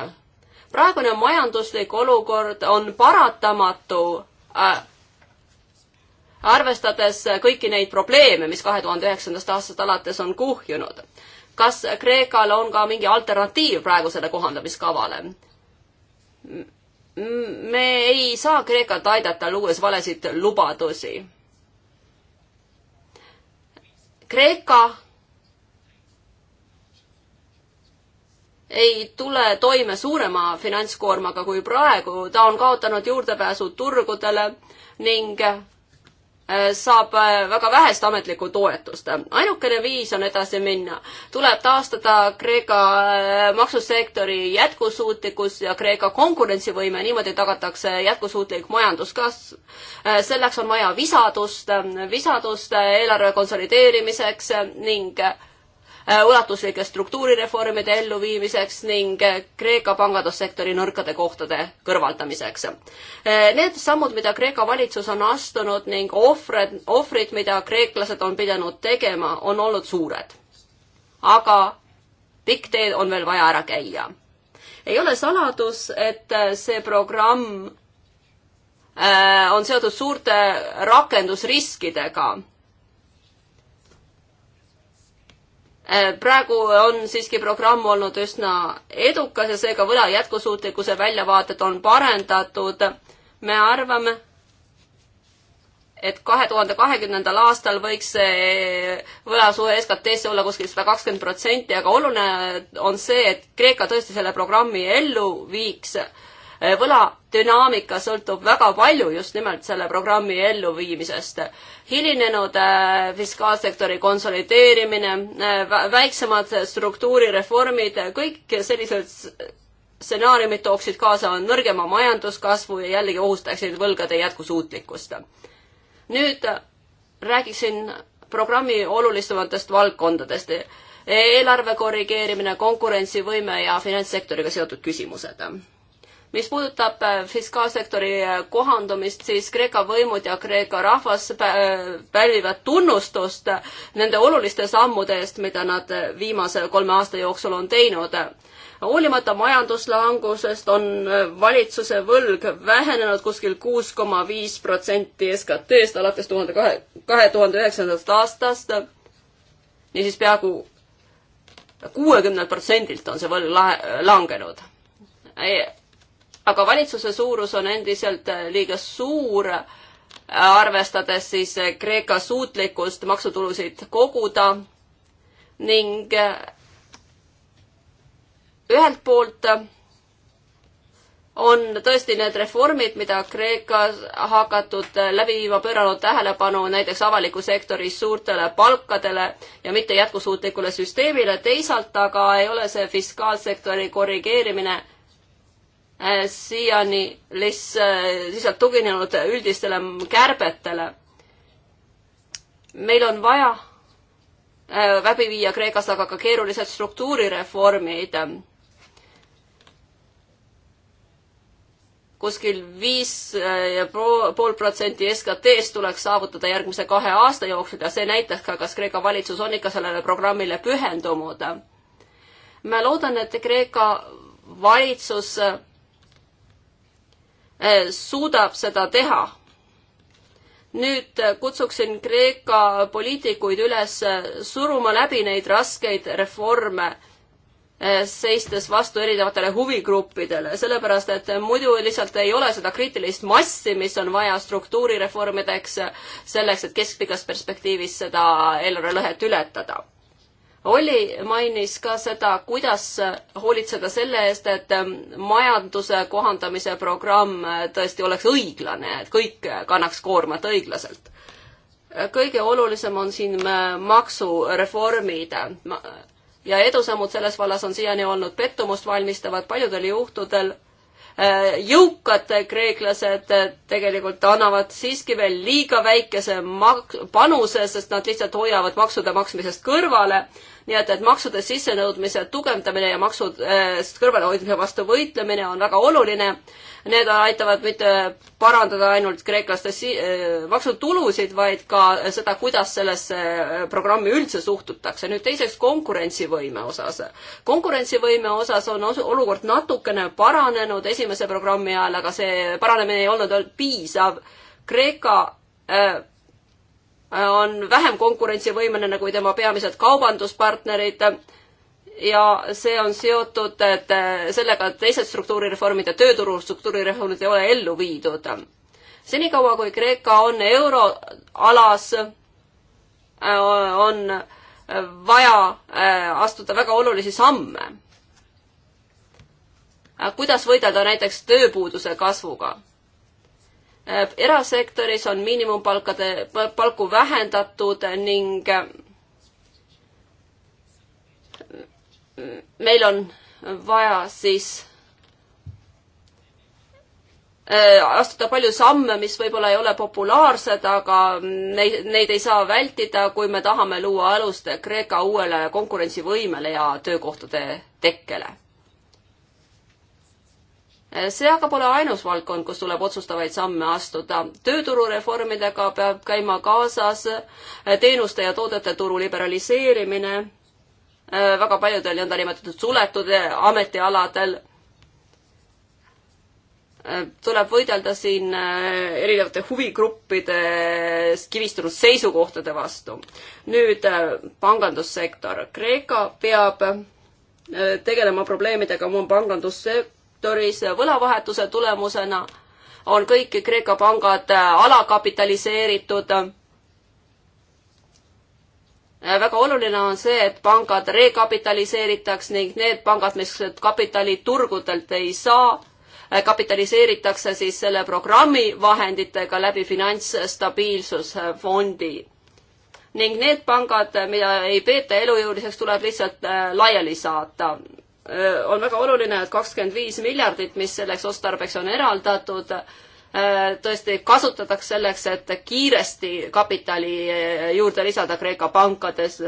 praegune majanduslik olukord on paratamatu äh, arvestades kõiki neid probleeme, mis kahe tuhande üheksandast aastast alates on kuhjunud. kas Kreekal on ka mingi alternatiiv praegusele kohandamiskavale? me ei saa Kreekat aidata, luues valesid lubadusi. Kreeka ei tule toime suurema finantskoormaga kui praegu, ta on kaotanud juurdepääsu turgudele ning äh, saab äh, väga vähest ametlikku toetust. ainukene viis on edasi minna. tuleb taastada Kreeka äh, maksusektori jätkusuutlikkus ja Kreeka konkurentsivõime, niimoodi tagatakse jätkusuutlik majanduskasv. selleks on vaja visadust, visadust eelarve konsolideerimiseks ning Äh, ulatuslike struktuurireformide elluviimiseks ning äh, Kreeka pangandussektori nõrkade kohtade kõrvaldamiseks. Äh, need sammud, mida Kreeka valitsus on astunud ning ohvred, ohvrid, mida kreeklased on pidanud tegema, on olnud suured. aga pikk tee on veel vaja ära käia. ei ole saladus, et see programm on seotud suurte rakendusriskidega Äh, praegu on siiski programm olnud üsna edukas ja seega võla jätkusuutlikkuse väljavaated on parendatud. me arvame, et kahe tuhande kahekümnendal aastal võiks see võlasuhe SKT-sse olla kuskil sada kakskümmend protsenti, aga oluline on see, et Kreeka tõesti selle programmi ellu viiks Eh, võla dünaamika sõltub väga palju just nimelt selle programmi elluviimisest. hilinenud eh, fiskaalsektori konsolideerimine, eh, väiksemad struktuurireformid, kõik sellised stsenaariumid tooksid kaasa nõrgema majanduskasvu ja jällegi ohustaksid võlgade jätkusuutlikkust. nüüd räägiksin programmi olulisematest valdkondadest. E-, eelarve korrigeerimine, konkurentsivõime ja finantssektoriga seotud küsimused mis puudutab äh, fiskaalsektori äh, kohandumist, siis Kreeka võimud ja Kreeka rahvas äh, pälvivad tunnustust nende oluliste sammude eest, mida nad viimase kolme aasta jooksul on teinud hoolimata majanduslangusest on valitsuse võlg vähenenud kuskil kuus koma viis protsenti SKT-st alates tuhande kahe, kahe tuhande üheksandast aastast. niisiis peaaegu kuuekümnelt protsendilt on see võlg lahe, langenud aga valitsuse suurus on endiselt äh, liiga suur, äh, arvestades siis äh, Kreeka suutlikkust maksutulusid koguda ning ühelt poolt on tõesti need reformid, mida Kreekas hakatud läbi viima, pööranud tähelepanu näiteks avaliku sektori suurtele palkadele ja mitte jätkusuutlikule süsteemile, teisalt aga ei ole see fiskaalsektori korrigeerimine Äh, siiani lihtsalt, äh, lihtsalt tuginenud üldistele kärbetele. meil on vaja äh, läbi viia Kreekas aga ka keerulised struktuurireformid. kuskil viis ja pool protsenti SKT-st tuleks saavutada järgmise kahe aasta jooksul ja see näitab ka, kas Kreeka valitsus on ikka sellele programmile pühendunud. ma loodan, et Kreeka valitsus Eh, suudab seda teha. nüüd eh, kutsuksin Kreeka poliitikuid üles eh, suruma läbi neid raskeid reforme, seistes vastu erinevatele huvigruppidele, sellepärast et muidu lihtsalt ei ole seda kriitilist massi, mis on vaja struktuurireformideks, selleks, et keskpikas perspektiivis seda eelarvelõhet ületada Olli mainis ka seda, kuidas hoolitseda selle eest, et ähm, majanduse kohandamise programm äh, tõesti oleks õiglane, et kõik äh, kannaks koormat õiglaselt. kõige olulisem on siin äh, maksureformid ja edusammud selles vallas on siiani olnud pettumust valmistavad paljudel juhtudel jõukad kreeklased tegelikult annavad siiski veel liiga väikese mak-, panuse, sest nad lihtsalt hoiavad maksude maksmisest kõrvale nii et, et maksude sissenõudmise tugevdamine ja maksudest kõrvalehoidmise vastu võitlemine on väga oluline. Need aitavad mitte parandada ainult kreeklaste si-, eh, maksutulusid, vaid ka seda, kuidas sellesse eh, programmi üldse suhtutakse. nüüd teiseks konkurentsivõime osas. konkurentsivõime osas on olukord natukene paranenud esimese programmi ajal, aga see paranemine ei olnud piisav. Kreeka äh, on vähem konkurentsivõimeline kui tema peamised kaubanduspartnerid ja see on seotud et eh, sellega, et teised struktuurireformid ja tööturu struktuurireformid ei ole ellu viidud. senikaua, kui Kreeka on euroalas, eh, on vaja eh, astuda väga olulisi samme. kuidas võidelda näiteks tööpuuduse kasvuga? Äh, erasektoris on miinimumpalkade, palku vähendatud ning äh, meil on vaja siis äh, astuda palju samme, mis võib-olla ei ole populaarsed, aga neid, neid ei saa vältida, kui me tahame luua alust Kreeka uuele konkurentsivõimele ja töökohtade tekkele see aga pole ainus valdkond, kus tuleb otsustavaid samme astuda. tööturureformidega peab käima kaasas teenuste ja toodete turu liberaliseerimine äh, väga paljudel nõndanimetatud suletud äh, ametialadel. Äh, tuleb võidelda siin erinevate huvigruppide kivistunud seisukohtade vastu. nüüd pangandussektor. Kreeka peab tegelema probleemidega oma pangandussektoris sektoris võlavahetuse tulemusena on kõik Kreeka pangad äh, alakapitaliseeritud. Äh, väga oluline on see, et pangad rekapitaliseeritaks ning need pangad, mis kapitali turgudelt ei saa, äh, kapitaliseeritakse siis selle programmi vahenditega läbi finantsstabiilsusfondi. ning need pangad, mida ei peeta elujõuliseks, tuleb lihtsalt laiali saata. Äh, on väga oluline, et kakskümmend viis miljardit, mis selleks otstarbeks on eraldatud, äh, tõesti kasutatakse selleks, et kiiresti kapitali äh, juurde lisada Kreeka pankades.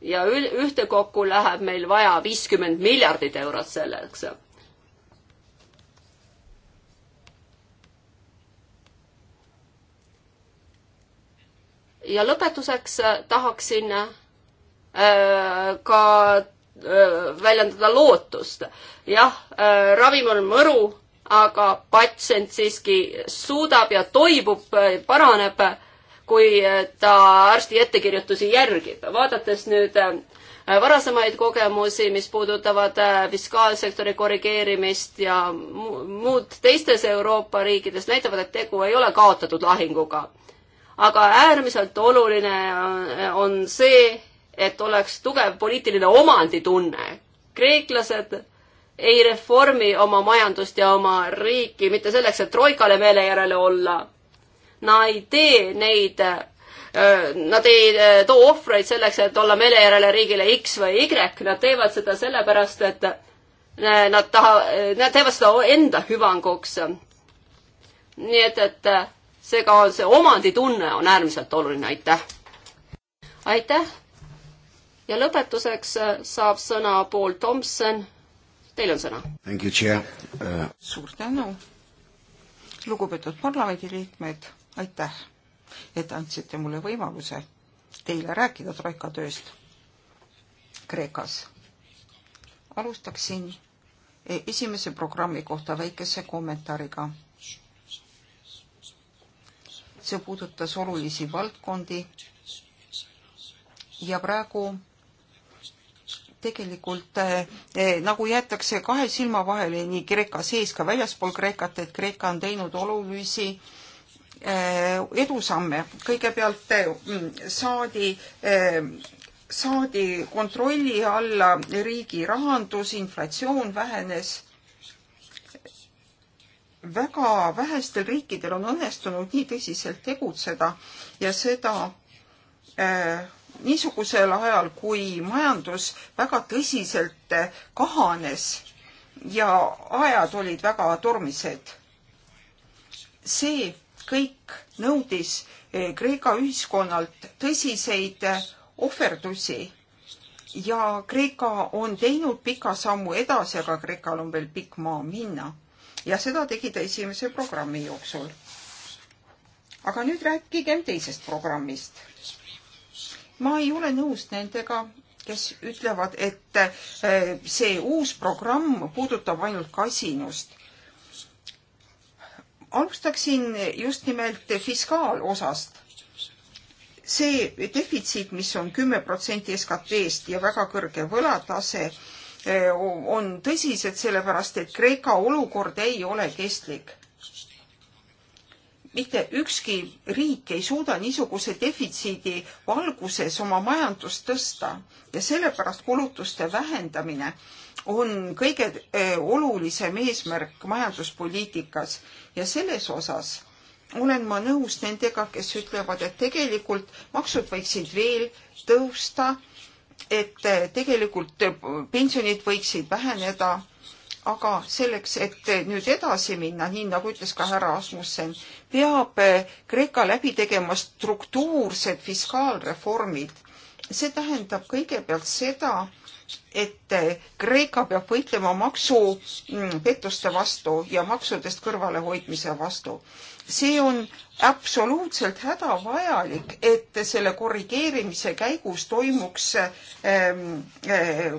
ja ühtekokku läheb meil vaja viiskümmend miljardit eurot selleks ja lõpetuseks tahaksin ka Äh, väljendada lootust. jah, äh, ravim on mõru, aga patsient siiski suudab ja toibub, äh, paraneb, kui ta arsti ettekirjutusi järgib. vaadates nüüd varasemaid kogemusi, mis puudutavad fiskaalsektori korrigeerimist ja muud teistes Euroopa riikides, näitavad, et tegu ei ole kaotatud lahinguga. aga äärmiselt oluline on see, et oleks tugev poliitiline omanditunne. kreeklased ei reformi oma majandust ja oma riiki mitte selleks, et troikale meele järele olla. Nad ei tee neid, nad ei too ohvreid selleks, et olla meele järele riigile X või Y, nad teevad seda sellepärast, et nad taha, nad teevad seda enda hüvanguks. nii et, et seega see omanditunne on äärmiselt oluline, aitäh! aitäh! ja lõpetuseks äh, saab sõna Paul Tomson. Teil on sõna. Uh... suur tänu, lugupeetud parlamendiliikmed, aitäh, et andsite mulle võimaluse teile rääkida Troika tööst Kreekas. alustaksin e, esimese programmi kohta väikese kommentaariga. see puudutas olulisi valdkondi ja praegu tegelikult eh, eh, nagu jäetakse kahe silma vahele nii Kreeka sees ka väljaspool Kreekat, et Kreeka on teinud olulisi eh, edusamme. kõigepealt mm, saadi saadi kontrolli alla riigi rahandus, inflatsioon vähenes väga vähestel riikidel on õnnestunud nii tõsiselt tegutseda ja seda äh, niisugusel ajal, kui majandus väga tõsiselt kahanes ja ajad olid väga tormised. see kõik nõudis eh, Kreeka ühiskonnalt tõsiseid eh, ohverdusi ja Kreeka on teinud pika sammu edasi, aga Kreekal on veel pikk maa minna ja seda tegi ta esimese programmi jooksul. aga nüüd rääkigem teisest programmist ma ei ole nõus nendega, kes ütlevad, et eh, see uus programm puudutab ainult kasinust. alustaksin just nimelt fiskaalosast. see defitsiit, mis on kümme protsenti SKT-st ja väga kõrge võlatase, eh, on tõsised, sellepärast et Kreeka olukord ei ole kestlik mitte ükski riik ei suuda niisuguse defitsiidi valguses oma majandust tõsta ja sellepärast kulutuste vähendamine on kõige e, olulisem eesmärk majanduspoliitikas ja selles osas olen ma nõus nendega, kes ütlevad, et tegelikult maksud võiksid veel tõusta, et e, tegelikult pensionid võiksid väheneda aga selleks, et nüüd edasi minna, nii nagu ütles ka härra Asmussen, peab eh, Kreeka läbi tegema struktuursed fiskaalreformid. see tähendab kõigepealt seda, et eh, Kreeka peab võitlema maksupettuste mm, vastu ja maksudest kõrvalehoidmise vastu. see on absoluutselt hädavajalik, et selle korrigeerimise käigus toimuks ähm, äh,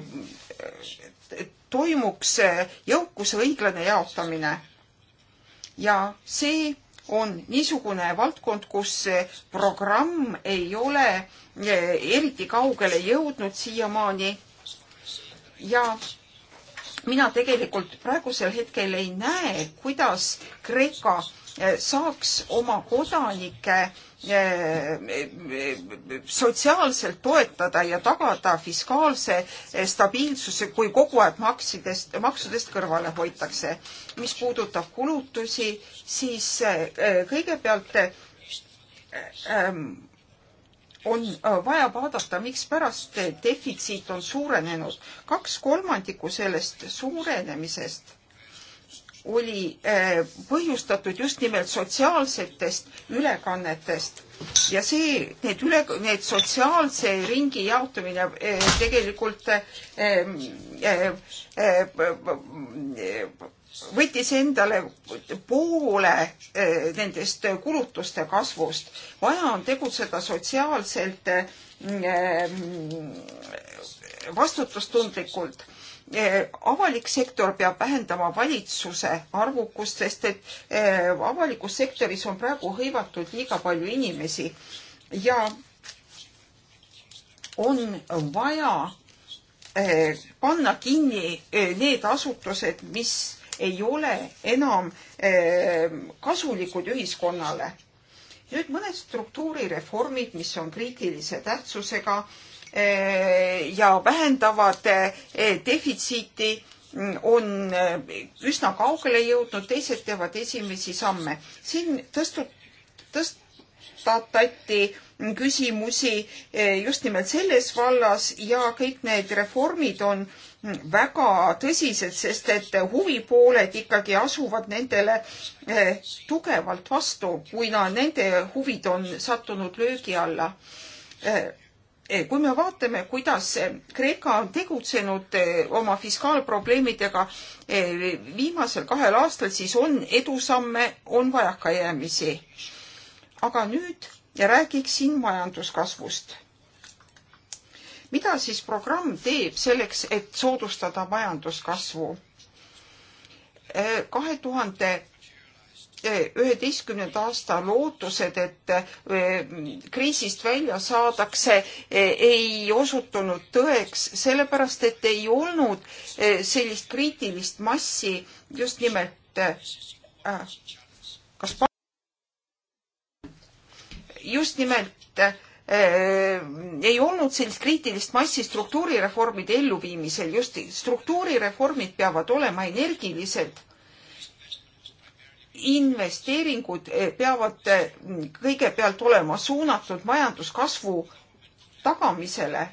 toimuks jõukuse õiglane jaotamine. ja see on niisugune valdkond, kus programm ei ole e, eriti kaugele jõudnud siiamaani. ja mina tegelikult praegusel hetkel ei näe, kuidas Kreeka e, saaks oma kodanike Äh, sotsiaalselt toetada ja tagada fiskaalse äh, stabiilsuse, kui kogu aeg maksidest, maksudest kõrvale hoitakse. mis puudutab kulutusi, siis äh, kõigepealt ähm, on vaja vaadata, mikspärast defitsiit on suurenenud. kaks kolmandikku sellest suurenemisest oli äh, põhjustatud just nimelt sotsiaalsetest ülekannetest ja see, need üle, need sotsiaalse ringi jaotumine äh, tegelikult äh, ähm, võttis endale poole nendest kulutuste kasvust. vaja on tegutseda sotsiaalselt mm, vastutustundlikult E, avalik sektor peab vähendama valitsuse arvukust, sest et e, avalikus sektoris on praegu hõivatud liiga palju inimesi ja on vaja e, panna kinni need asutused, mis ei ole enam kasulikud ühiskonnale. nüüd mõned struktuurireformid, mis on kriitilise tähtsusega ja vähendavad eh, defitsiiti mm, on eh, üsna kaugele jõudnud, teised teevad esimesi samme. siin tõstu-, tõstatati küsimusi eh, just nimelt selles vallas ja kõik need reformid on mm, väga tõsised, sest et huvipooled ikkagi asuvad nendele tugevalt vastu, kui na- nende huvid on sattunud löögi alla Eh, kui me vaatame, kuidas eh, Kreeka on tegutsenud eh, oma fiskaalprobleemidega viimasel kahel aastal, siis on edusamme, on vajakajäämisi. aga nüüd räägiksin majanduskasvust. mida siis programm teeb selleks, et soodustada majanduskasvu? kahe tuhande üheteistkümnenda aasta lootused, et eh, kriisist välja saadakse, eh, ei osutunud tõeks, sellepärast et ei olnud eh, sellist kriitilist massi just nimelt ah, kas just nimelt ei olnud sellist kriitilist massi struktuurireformide elluviimisel, just struktuurireformid peavad olema energilised investeeringud eh, peavad eh, kõigepealt olema suunatud majanduskasvu tagamisele.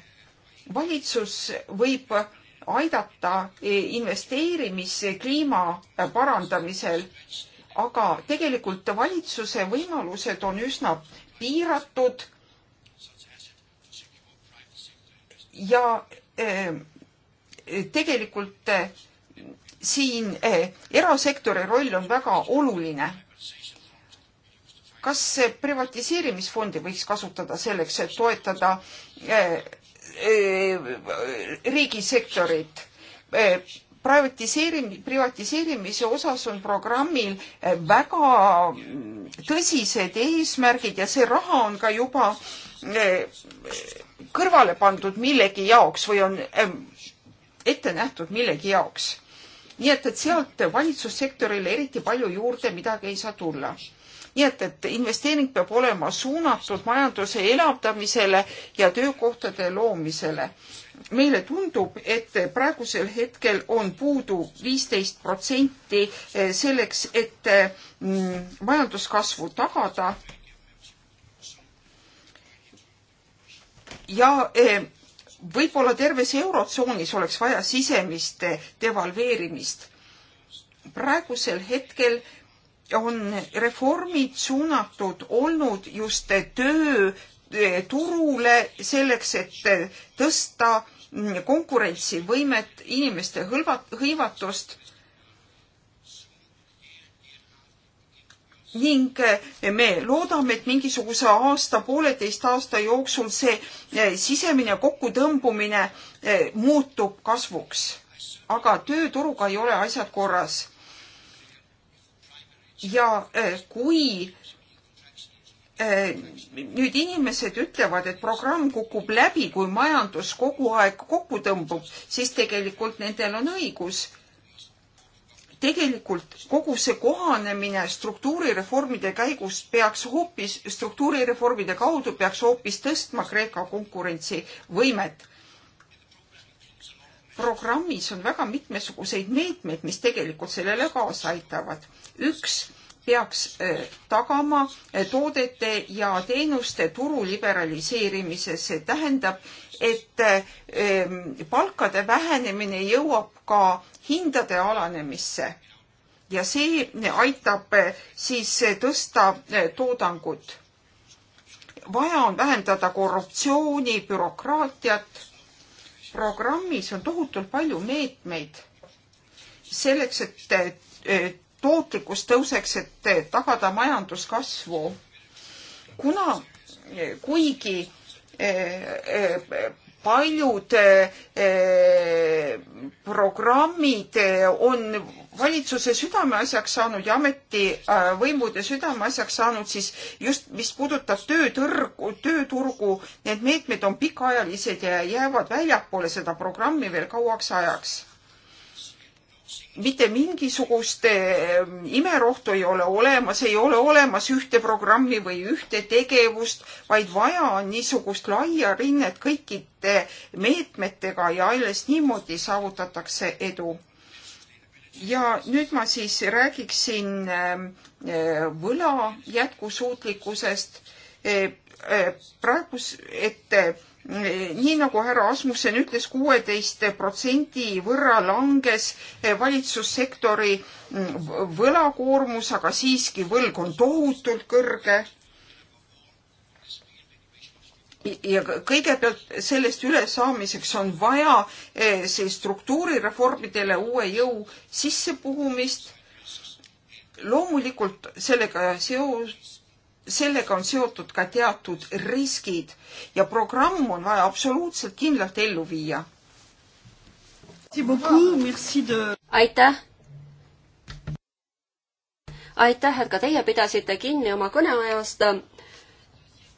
valitsus võib aidata eh, investeerimiskliima parandamisel, aga tegelikult valitsuse võimalused on üsna piiratud. ja tegelikult siin eh, erasektori roll on väga oluline. kas privatiseerimisfondi võiks kasutada selleks, et toetada eh, eh, riigisektorit? privatiseerim-, privatiseerimise osas on programmil väga mm, tõsised eesmärgid ja see raha on ka juba kõrvale pandud millegi jaoks või on ette nähtud millegi jaoks nii et, et sealt valitsussektorile eriti palju juurde midagi ei saa tulla nii et, et investeering peab olema suunatud majanduse elavdamisele ja töökohtade loomisele. meile tundub, et praegusel hetkel on puudu viisteist protsenti selleks, et mm, majanduskasvu tagada. ja eh, võib-olla terves Eurotsoonis oleks vaja sisemist devalveerimist. praegusel hetkel on reformid suunatud olnud just tööturule eh, selleks, et tõsta konkurentsivõimet, inimeste hõlvat-, hõivatust ning eh, me loodame, et mingisuguse aasta, pooleteist aasta jooksul see eh, sisemine kokkutõmbumine eh, muutub kasvuks. aga tööturuga ei ole asjad korras. ja kui nüüd inimesed ütlevad, et programm kukub läbi, kui majandus kogu aeg kokku tõmbub, siis tegelikult nendel on õigus tegelikult kogu see kohanemine struktuurireformide käigus peaks hoopis, struktuurireformide kaudu peaks hoopis tõstma Kreeka konkurentsivõimet. programmis on väga mitmesuguseid meetmeid, mis tegelikult sellele kaasa aitavad. üks peaks eh, tagama eh, toodete ja teenuste turu liberaliseerimise, see tähendab, et eh, palkade vähenemine jõuab ka hindade alanemisse ja see aitab eh, siis eh, tõsta eh, toodangut. vaja on vähendada korruptsiooni, bürokraatiat. programmis on tohutult palju meetmeid selleks, et tootlikkus tõuseks, et tagada majanduskasvu. kuna, kuigi paljud eh, eh, programmid eh, on valitsuse südameasjaks saanud ja ametivõimude südameasjaks saanud siis just, mis puudutab töötõrgu, tööturgu, need meetmed on pikaajalised ja jäävad väljapoole seda programmi veel kauaks ajaks mitte mingisugust ehm, imerohtu ei ole olemas, ei ole olemas ühte programmi või ühte tegevust, vaid vaja on niisugust laia rinnet kõikide meetmetega ja alles niimoodi saavutatakse edu. ja nüüd ma siis räägiksin ehm, ehm, võla jätkusuutlikkusest praegus, et nii nagu härra Asmussen ütles, kuueteist protsendi võrra langes eh, valitsussektori mm, võlakoormus, aga siiski võlg on tohutult kõrge ja kõigepealt sellest ülesaamiseks on vaja eh, see struktuurireformidele uue jõu sissepuhumist. loomulikult sellega seos sellega on seotud ka teatud riskid ja programm on vaja absoluutselt kindlalt ellu viia. aitäh! aitäh, et ka teie pidasite kinni oma kõneajast.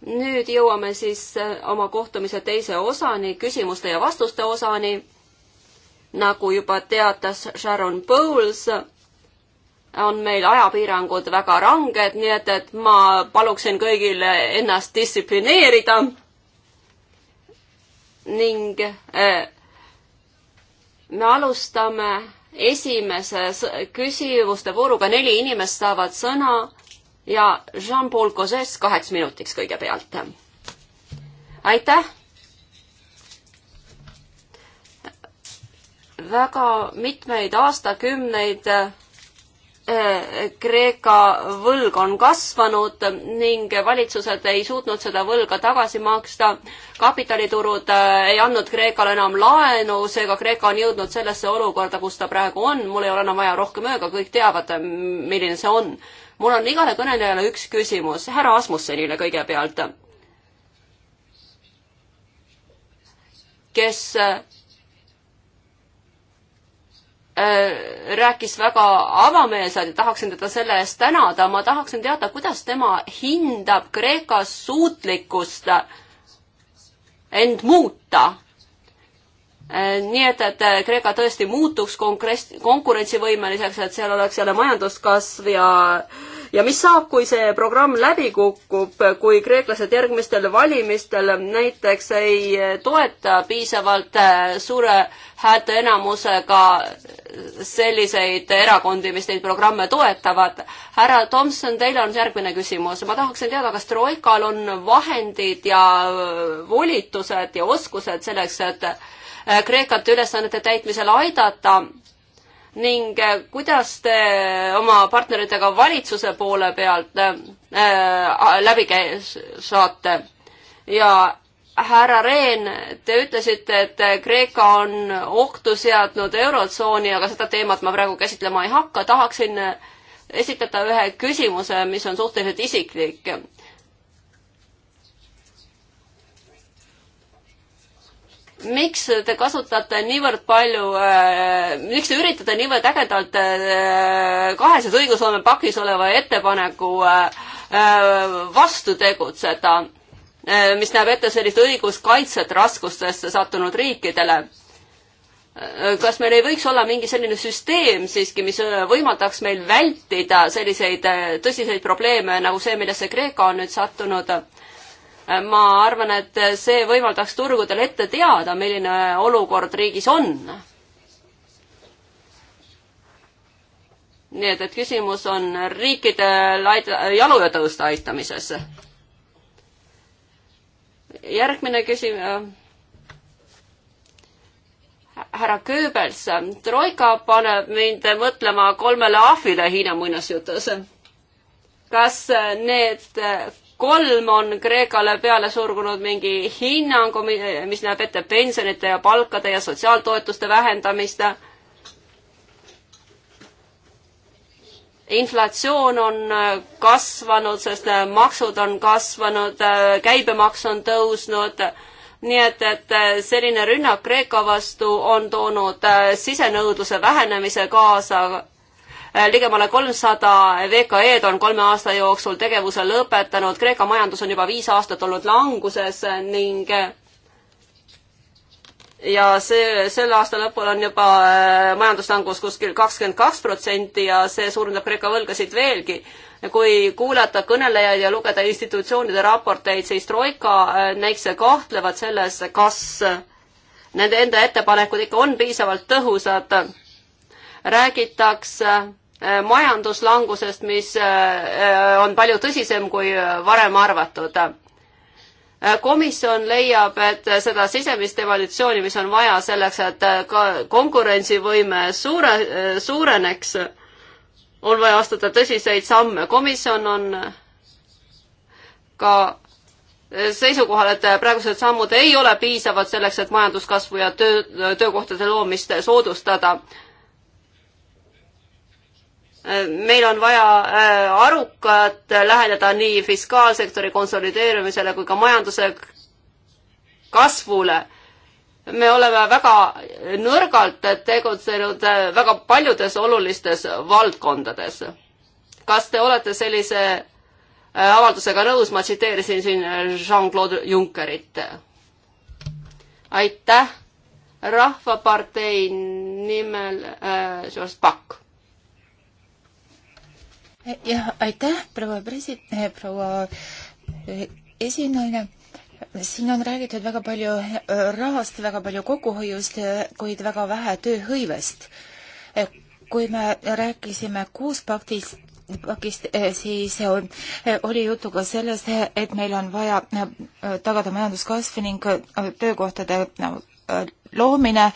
nüüd jõuame siis oma kohtumise teise osani, küsimuste ja vastuste osani. nagu juba teatas Sharon Bowles on meil ajapiirangud väga ranged, nii et, et ma paluksin kõigil ennast distsiplineerida ning eh, me alustame esimese küsimuste vooruga, neli inimest saavad sõna ja Jean-Paul Cosses kaheks minutiks kõigepealt. aitäh! väga mitmeid aastakümneid Äh, Kreeka võlg on kasvanud ning valitsused ei suutnud seda võlga tagasi maksta. kapitaliturud äh, ei andnud Kreekale enam laenu, seega Kreeka on jõudnud sellesse olukorda, kus ta praegu on. mul ei ole enam vaja rohkem ööga, kõik teavad, äh, milline see on. mul on igale kõnelejale üks küsimus, härra Asmussenile kõigepealt. kes Äh, rääkis väga avameelselt ja tahaksin teda selle eest tänada. ma tahaksin teada, kuidas tema hindab Kreeka suutlikkust end muuta. Äh, nii et, et äh, Kreeka tõesti muutuks konkurents, konkurentsivõimeliseks, et seal oleks jälle majanduskasv ja äh, ja mis saab, kui see programm läbi kukub, kui kreeklased järgmistel valimistel näiteks ei toeta piisavalt äh, suure häälteenamusega selliseid erakondi, mis neid programme toetavad. härra Tomson, teile on järgmine küsimus. ma tahaksin teada, kas Troikal on vahendid ja äh, volitused ja oskused selleks, et äh, Kreekat ülesannete täitmisel aidata ning äh, kuidas te oma partneritega valitsuse poole pealt äh, äh läbi käies saate ja härra Rehn, te ütlesite, et Kreeka on ohtu seadnud Eurotsooni, aga seda teemat ma praegu käsitlema ei hakka, tahaksin esitada ühe küsimuse, mis on suhteliselt isiklik miks te kasutate niivõrd palju äh,, miks te üritate niivõrd ägedalt äh, kaheses õigusloome pakis oleva ettepaneku äh, äh vastu tegutseda, äh, mis näeb ette sellist õiguskaitset raskustesse sattunud riikidele? Äh, kas meil ei võiks olla mingi selline süsteem siiski, mis võimaldaks meil vältida selliseid tõsiseid probleeme nagu see, millesse Kreeka on nüüd sattunud äh,? ma arvan, et see võimaldaks turgudel ette teada, milline olukord riigis on. nii et, et küsimus on riikidel jalujõutõuste aitamises. järgmine küsimus äh, härra Goebbels, troika paneb mind mõtlema kolmele ahvile Hiina muinasjutus. kas need kolm on Kreekale peale surgunud mingi hinnangu, mis näeb ette pensionite ja palkade ja sotsiaaltoetuste vähendamist. inflatsioon on äh, kasvanud, sest äh, maksud on kasvanud, äh, käibemaks on tõusnud nii et, et selline rünnak Kreeka vastu on toonud sisenõudluse vähenemise kaasa Äh, ligemale kolmsada VKE-d on kolme aasta jooksul tegevuse lõpetanud, Kreeka majandus on juba viis aastat olnud languses ning ja see, selle aasta lõpul on juba äh, majanduslangus kuskil kakskümmend kaks protsenti ja see suurendab Kreeka võlgasid veelgi. kui kuulata kõnelejaid ja lugeda institutsioonide raporteid, siis Troika äh, näiks kahtlevad selles, kas nende enda ettepanekud ikka on piisavalt tõhusad räägitakse Äh, majanduslangusest, mis äh, äh, on palju tõsisem kui varem arvatud. komisjon leiab, et seda sisemist evolutsiooni, mis on vaja selleks, et ka konkurentsivõime suure, suureneks, on vaja astuda tõsiseid samme. komisjon on ka seisukohal, et praegused sammud ei ole piisavad selleks, et majanduskasvu ja töö, töökohtade loomist soodustada meil on vaja äh, arukat äh, läheneda nii fiskaalsektori konsolideerumisele kui ka majanduse kasvule. me oleme väga nõrgalt tegutsenud äh, väga paljudes olulistes valdkondades. kas te olete sellise avaldusega nõus, ma tsiteerisin siin Jean-Claude Junckerit. aitäh, Rahvapartei nimel äh, George Pakk jah, aitäh, proua presi-, eh, proua eh, esinaine siin on räägitud väga palju eh, rahast, väga palju kokkuhoiust, kuid väga vähe tööhõivest. kui me rääkisime kuuspaktist, pakist, siis on, oli juttu ka sellest, et meil on vaja tagada majanduskasv ning töökohtade loomine.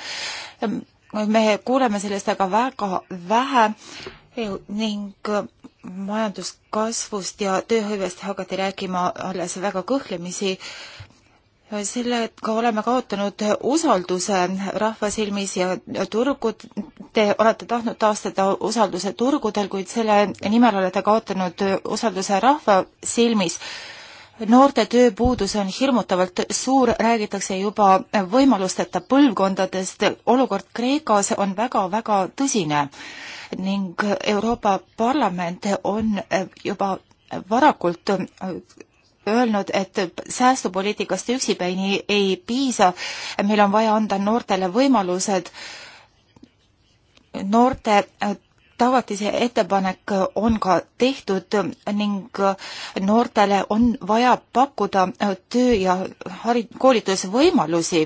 me kuuleme sellest aga väga vähe ning majanduskasvust ja tööhõivest hakati rääkima alles väga kõhklemisi, sellega oleme kaotanud usalduse rahva silmis ja turgud, te olete tahtnud taastada usalduse turgudel, kuid selle nimel olete kaotanud usalduse rahva silmis noorte tööpuudus on hirmutavalt suur, räägitakse juba võimalusteta põlvkondadest, olukord Kreekas on väga-väga tõsine ning Euroopa Parlament on juba varakult öelnud, et säästupoliitikast üksipäini ei piisa, meil on vaja anda noortele võimalused, noorte tavatise ettepanek on ka tehtud ning noortele on vaja pakkuda töö ja hari-, koolitusvõimalusi.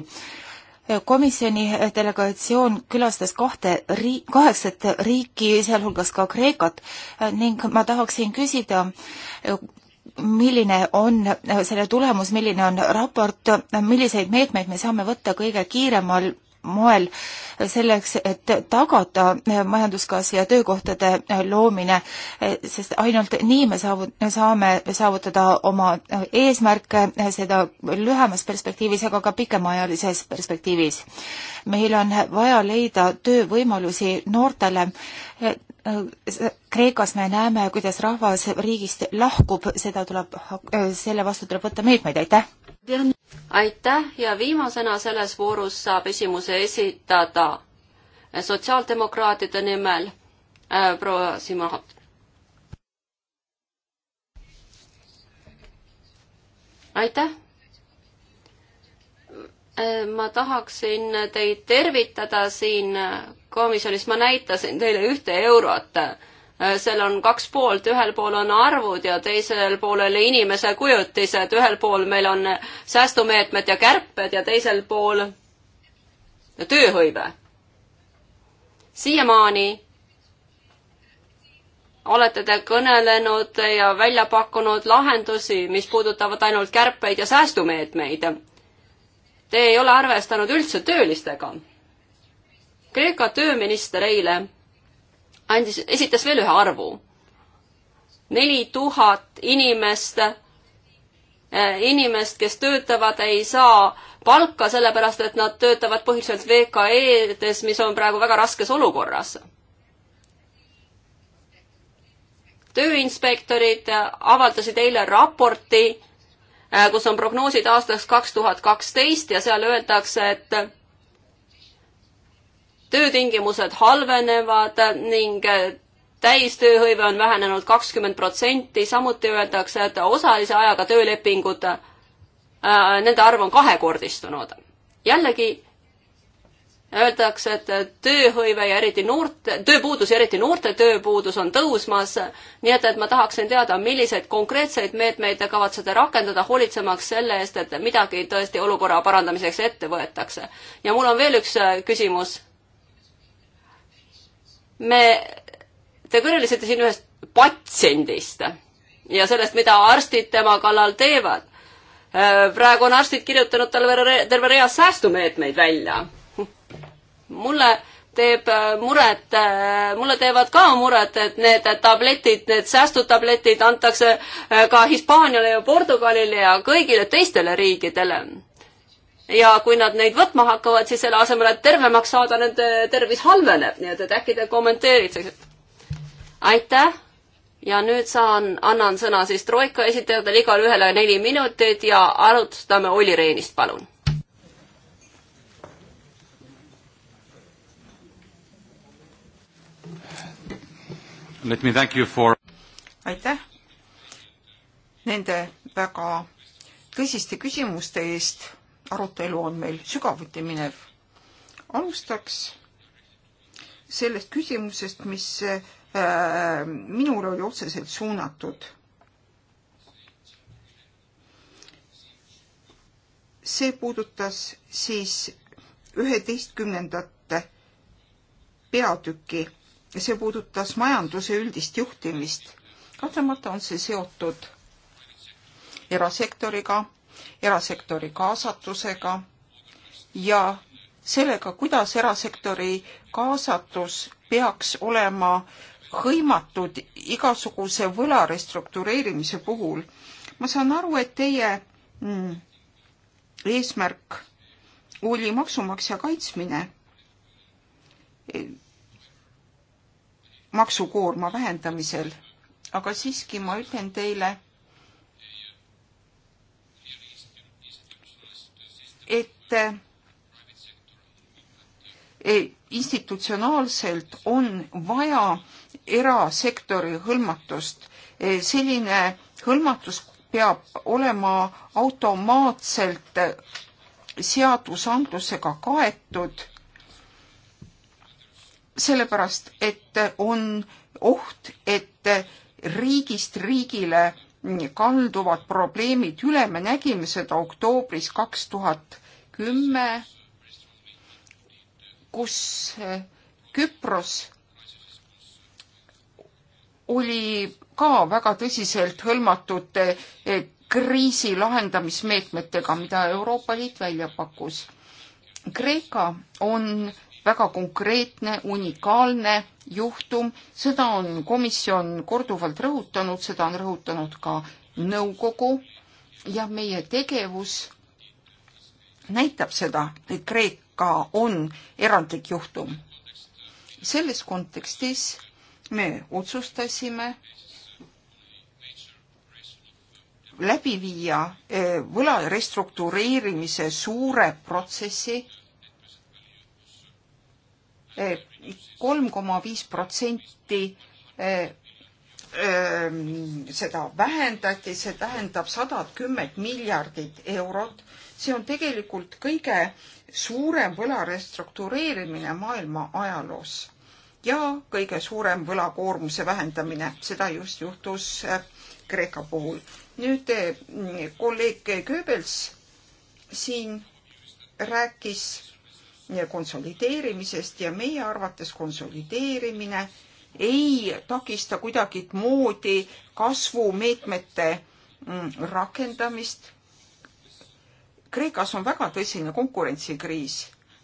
komisjoni delegatsioon külastas kahte ri-, kaheksat riiki, sealhulgas ka Kreekat ning ma tahaksin küsida, milline on selle tulemus, milline on raport, milliseid meetmeid me saame võtta kõige kiiremal moel selleks, et tagada majanduskasv ja töökohtade loomine, sest ainult nii me saavu-, saame saavutada oma eesmärke, seda lühemas perspektiivis, aga ka pikemaajalises perspektiivis. meil on vaja leida töövõimalusi noortele, Kreekas me näeme, kuidas rahvas riigist lahkub, seda tuleb, selle vastu tuleb võtta meetmeid, aitäh! aitäh ja viimasena selles voorus saab küsimuse esitada sotsiaaldemokraatide nimel äh, proua Simonot. aitäh. Äh, ma tahaksin teid tervitada siin komisjonis, ma näitasin teile ühte eurot Äh, seal on kaks poolt, ühel pool on arvud ja teisel poolel inimese kujutised, ühel pool meil on säästumeetmed ja kärped ja teisel pool tööhõive. siiamaani olete te kõnelenud ja välja pakkunud lahendusi, mis puudutavad ainult kärpeid ja säästumeetmeid. Te ei ole arvestanud üldse töölistega. Kreeka tööminister eile andis, esitas veel ühe arvu. neli tuhat inimest, eh, inimest, kes töötavad, ei saa palka, sellepärast et nad töötavad põhiliselt VKE-des, mis on praegu väga raskes olukorras. tööinspektorid avaldasid eile raporti, eh, kus on prognoosid aastaks kaks tuhat kaksteist ja seal öeldakse, et töötingimused halvenevad ning täistööhõive on vähenenud kakskümmend protsenti, samuti öeldakse, et osalise ajaga töölepingud, äh, nende arv on kahekordistunud. jällegi öeldakse, et tööhõive ja eriti noorte, tööpuudus ja eriti noorte tööpuudus on tõusmas, nii et, et ma tahaksin teada, milliseid konkreetseid meetmeid te kavatsete rakendada, hoolitsemaks selle eest, et midagi tõesti olukorra parandamiseks ette võetakse. ja mul on veel üks äh, küsimus me, te kõnelesite siin ühest patsiendist ja sellest, mida arstid tema kallal teevad. praegu on arstid kirjutanud talle terve rea säästumeetmeid välja. mulle teeb äh, muret, äh, mulle teevad ka muret, et need tabletid, need säästutabletid antakse äh, ka Hispaaniale ja Portugalile ja kõigile teistele riikidele ja kui nad neid võtma hakkavad, siis selle asemel, et tervemaks saada, nende tervis halveneb, nii et, et äkki te kommenteerite. aitäh ja nüüd saan, annan sõna siis Troika esitajatele, igale ühele neli minutit ja alustame Olli Rehnist, palun For... aitäh nende väga tõsiste küsimuste eest, arutelu on meil sügavuti minev. alustaks sellest küsimusest, mis äh, minule oli otseselt suunatud. see puudutas siis üheteistkümnendat peatüki ja see puudutas majanduse üldist juhtimist. kahtlemata on see seotud erasektoriga erasektori kaasatusega ja sellega, kuidas erasektori kaasatus peaks olema hõimatud igasuguse võla restruktureerimise puhul. ma saan aru, et teie mm, eesmärk oli maksumaksja kaitsmine, e, maksukoorma vähendamisel, aga siiski ma ütlen teile, et eh, institutsionaalselt on vaja erasektori hõlmatust. Eh, selline hõlmatus peab olema automaatselt seadusandlusega kaetud, sellepärast et on oht, et riigist riigile kalduvad probleemid üle, me nägime seda oktoobris kaks tuhat kümme, kus eh, Küpros oli ka väga tõsiselt hõlmatud eh, kriisi lahendamismeetmetega, mida Euroopa Liit välja pakkus. Kreeka on väga konkreetne, unikaalne juhtum, seda on komisjon korduvalt rõhutanud, seda on rõhutanud ka nõukogu ja meie tegevus näitab seda, et Kreeka on erandlik juhtum. selles kontekstis me otsustasime läbi viia eh, võla restruktureerimise suure protsessi kolm koma viis protsenti ehm, seda vähendati, see tähendab sadat kümmet miljardit eurot. see on tegelikult kõige suurem võla restruktureerimine maailma ajaloos ja kõige suurem võlakoormuse vähendamine, seda just juhtus äh, Kreeka puhul. nüüd äh, kolleeg Goebbels siin rääkis konsolideerimisest ja meie arvates konsolideerimine ei takista kuidagimoodi kasvumeetmete mm, rakendamist. Kreekas on väga tõsine konkurentsikriis,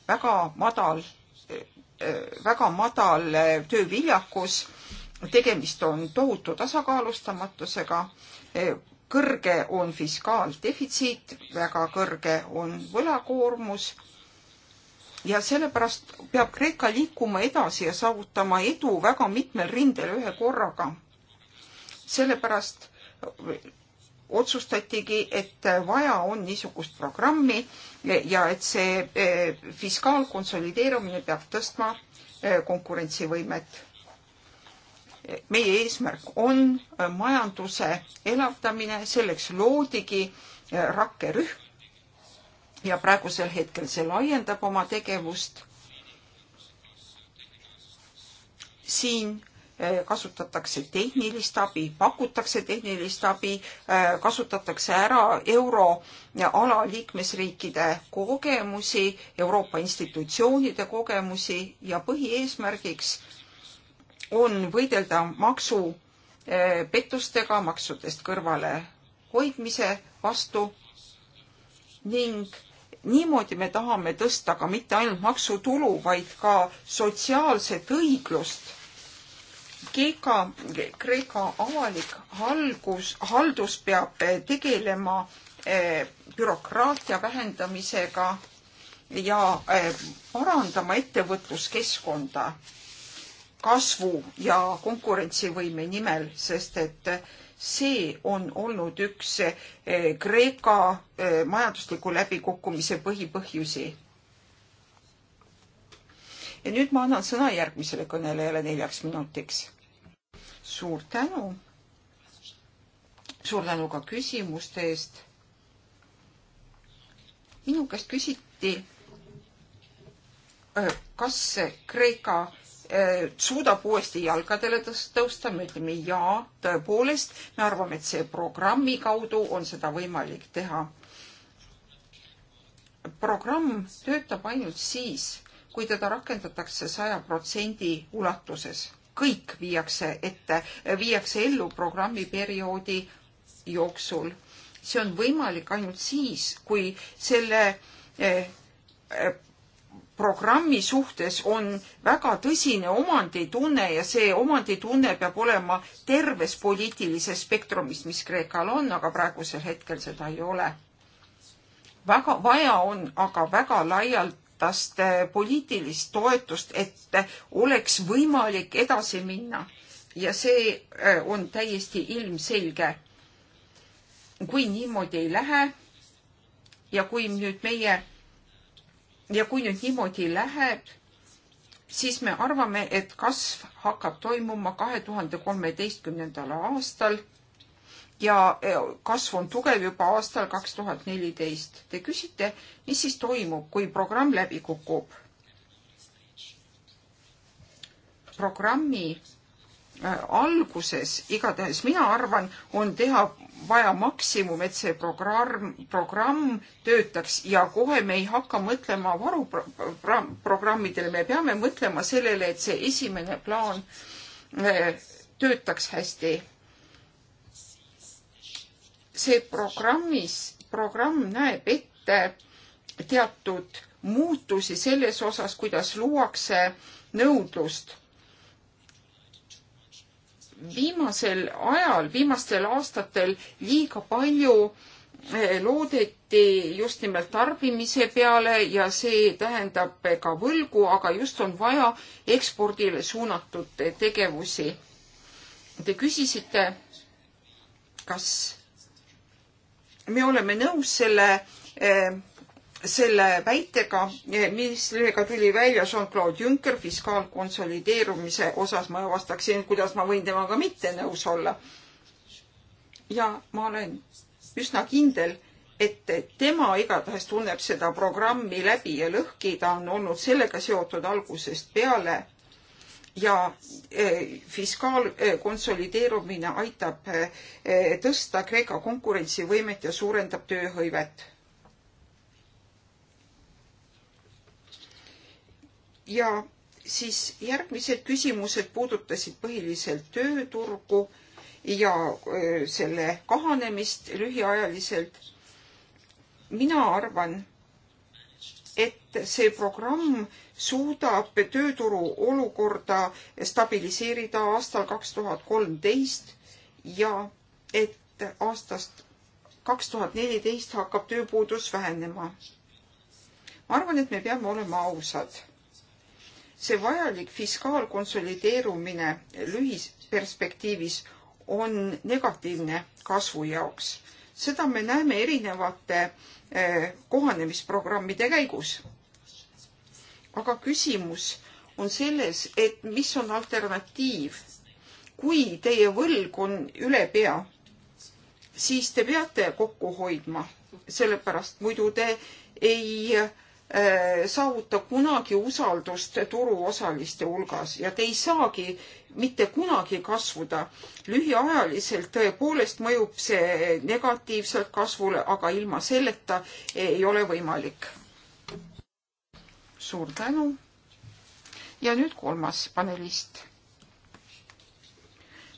väga madal, eh, eh, väga madal eh, tööviljakus, tegemist on tohutu tasakaalustamatusega, kõrge on fiskaaldefitsiit, väga kõrge on võlakoormus ja sellepärast peab Kreeka liikuma edasi ja saavutama edu väga mitmel rindel ühe korraga. sellepärast otsustatigi, et vaja on niisugust programmi ja et see eh, fiskaalkonsolideerumine peab tõstma eh, konkurentsivõimet. meie eesmärk on eh, majanduse elavdamine, selleks loodigi rakkerühm, ja praegusel hetkel see laiendab oma tegevust. siin eh, kasutatakse tehnilist abi, pakutakse tehnilist abi, eh, kasutatakse ära euroala liikmesriikide kogemusi, Euroopa institutsioonide kogemusi ja põhieesmärgiks on võidelda maksupettustega, eh, maksudest kõrvale hoidmise vastu ning niimoodi me tahame tõsta ka mitte ainult maksutulu, vaid ka sotsiaalset õiglust. Kreeka, Kreeka avalik halgus, haldus peab eh, tegelema eh, bürokraatia vähendamisega ja eh, parandama ettevõtluskeskkonda kasvu ja konkurentsivõime nimel, sest et see on olnud üks eh, Kreeka eh, majandusliku läbikukkumise põhipõhjusi. ja nüüd ma annan sõna järgmisele kõnelejale neljaks minutiks. suur tänu. suur tänu ka küsimuste eest. minu käest küsiti, eh, kas Kreeka Eh, suudab uuesti jalgadele tõusta, me ütleme jaa, tõepoolest, me arvame, et see programmi kaudu on seda võimalik teha. programm töötab ainult siis, kui teda rakendatakse saja protsendi ulatuses. kõik viiakse ette, viiakse ellu programmiperioodi jooksul. see on võimalik ainult siis, kui selle eh, eh, programmi suhtes on väga tõsine omanditunne ja see omanditunne peab olema terves poliitilises spektrumis, mis Kreekal on, aga praegusel hetkel seda ei ole. väga vaja on aga väga laialdast eh, poliitilist toetust, et oleks võimalik edasi minna ja see eh, on täiesti ilmselge. kui niimoodi ei lähe ja kui nüüd meie ja kui nüüd niimoodi läheb, siis me arvame, et kasv hakkab toimuma kahe tuhande kolmeteistkümnendal aastal ja e, kasv on tugev juba aastal kaks tuhat neliteist. Te küsite, mis siis toimub, kui programm läbi kukub? programmi Äh, alguses, igatahes mina arvan, on teha vaja maksimum, et see programm, programm töötaks ja kohe me ei hakka mõtlema varuprogrammidele, me peame mõtlema sellele, et see esimene plaan äh, töötaks hästi. see programmis, programm näeb ette teatud muutusi selles osas, kuidas luuakse nõudlust viimasel ajal, viimastel aastatel liiga palju eh, loodeti just nimelt tarbimise peale ja see tähendab ka võlgu, aga just on vaja ekspordile suunatud eh, tegevusi. Te küsisite, kas me oleme nõus selle eh, selle väitega, millega tuli välja Jean-Claude Juncker fiskaalkonsolideerumise osas, ma vastaksin, kuidas ma võin temaga mitte nõus olla. ja ma olen üsna kindel, et tema igatahes tunneb seda programmi läbi ja lõhki, ta on olnud sellega seotud algusest peale ja e, fiskaalkonsolideerumine e, aitab e, tõsta Kreeka konkurentsivõimet ja suurendab tööhõivet. ja siis järgmised küsimused puudutasid põhiliselt tööturgu ja selle kahanemist lühiajaliselt. mina arvan, et see programm suudab tööturu olukorda stabiliseerida aastal kaks tuhat kolmteist ja et aastast kaks tuhat neliteist hakkab tööpuudus vähenema. ma arvan, et me peame olema ausad see vajalik fiskaalkonsolideerumine lühisperspektiivis on negatiivne kasvu jaoks. seda me näeme erinevate eh, kohanemisprogrammide käigus. aga küsimus on selles, et mis on alternatiiv. kui teie võlg on üle pea, siis te peate kokku hoidma, sellepärast muidu te ei äh, Äh, saavuta kunagi usaldust turuosaliste hulgas ja te ei saagi mitte kunagi kasvuda. lühiajaliselt tõepoolest mõjub see negatiivselt kasvule, aga ilma selleta ei ole võimalik. suur tänu. ja nüüd kolmas panelist.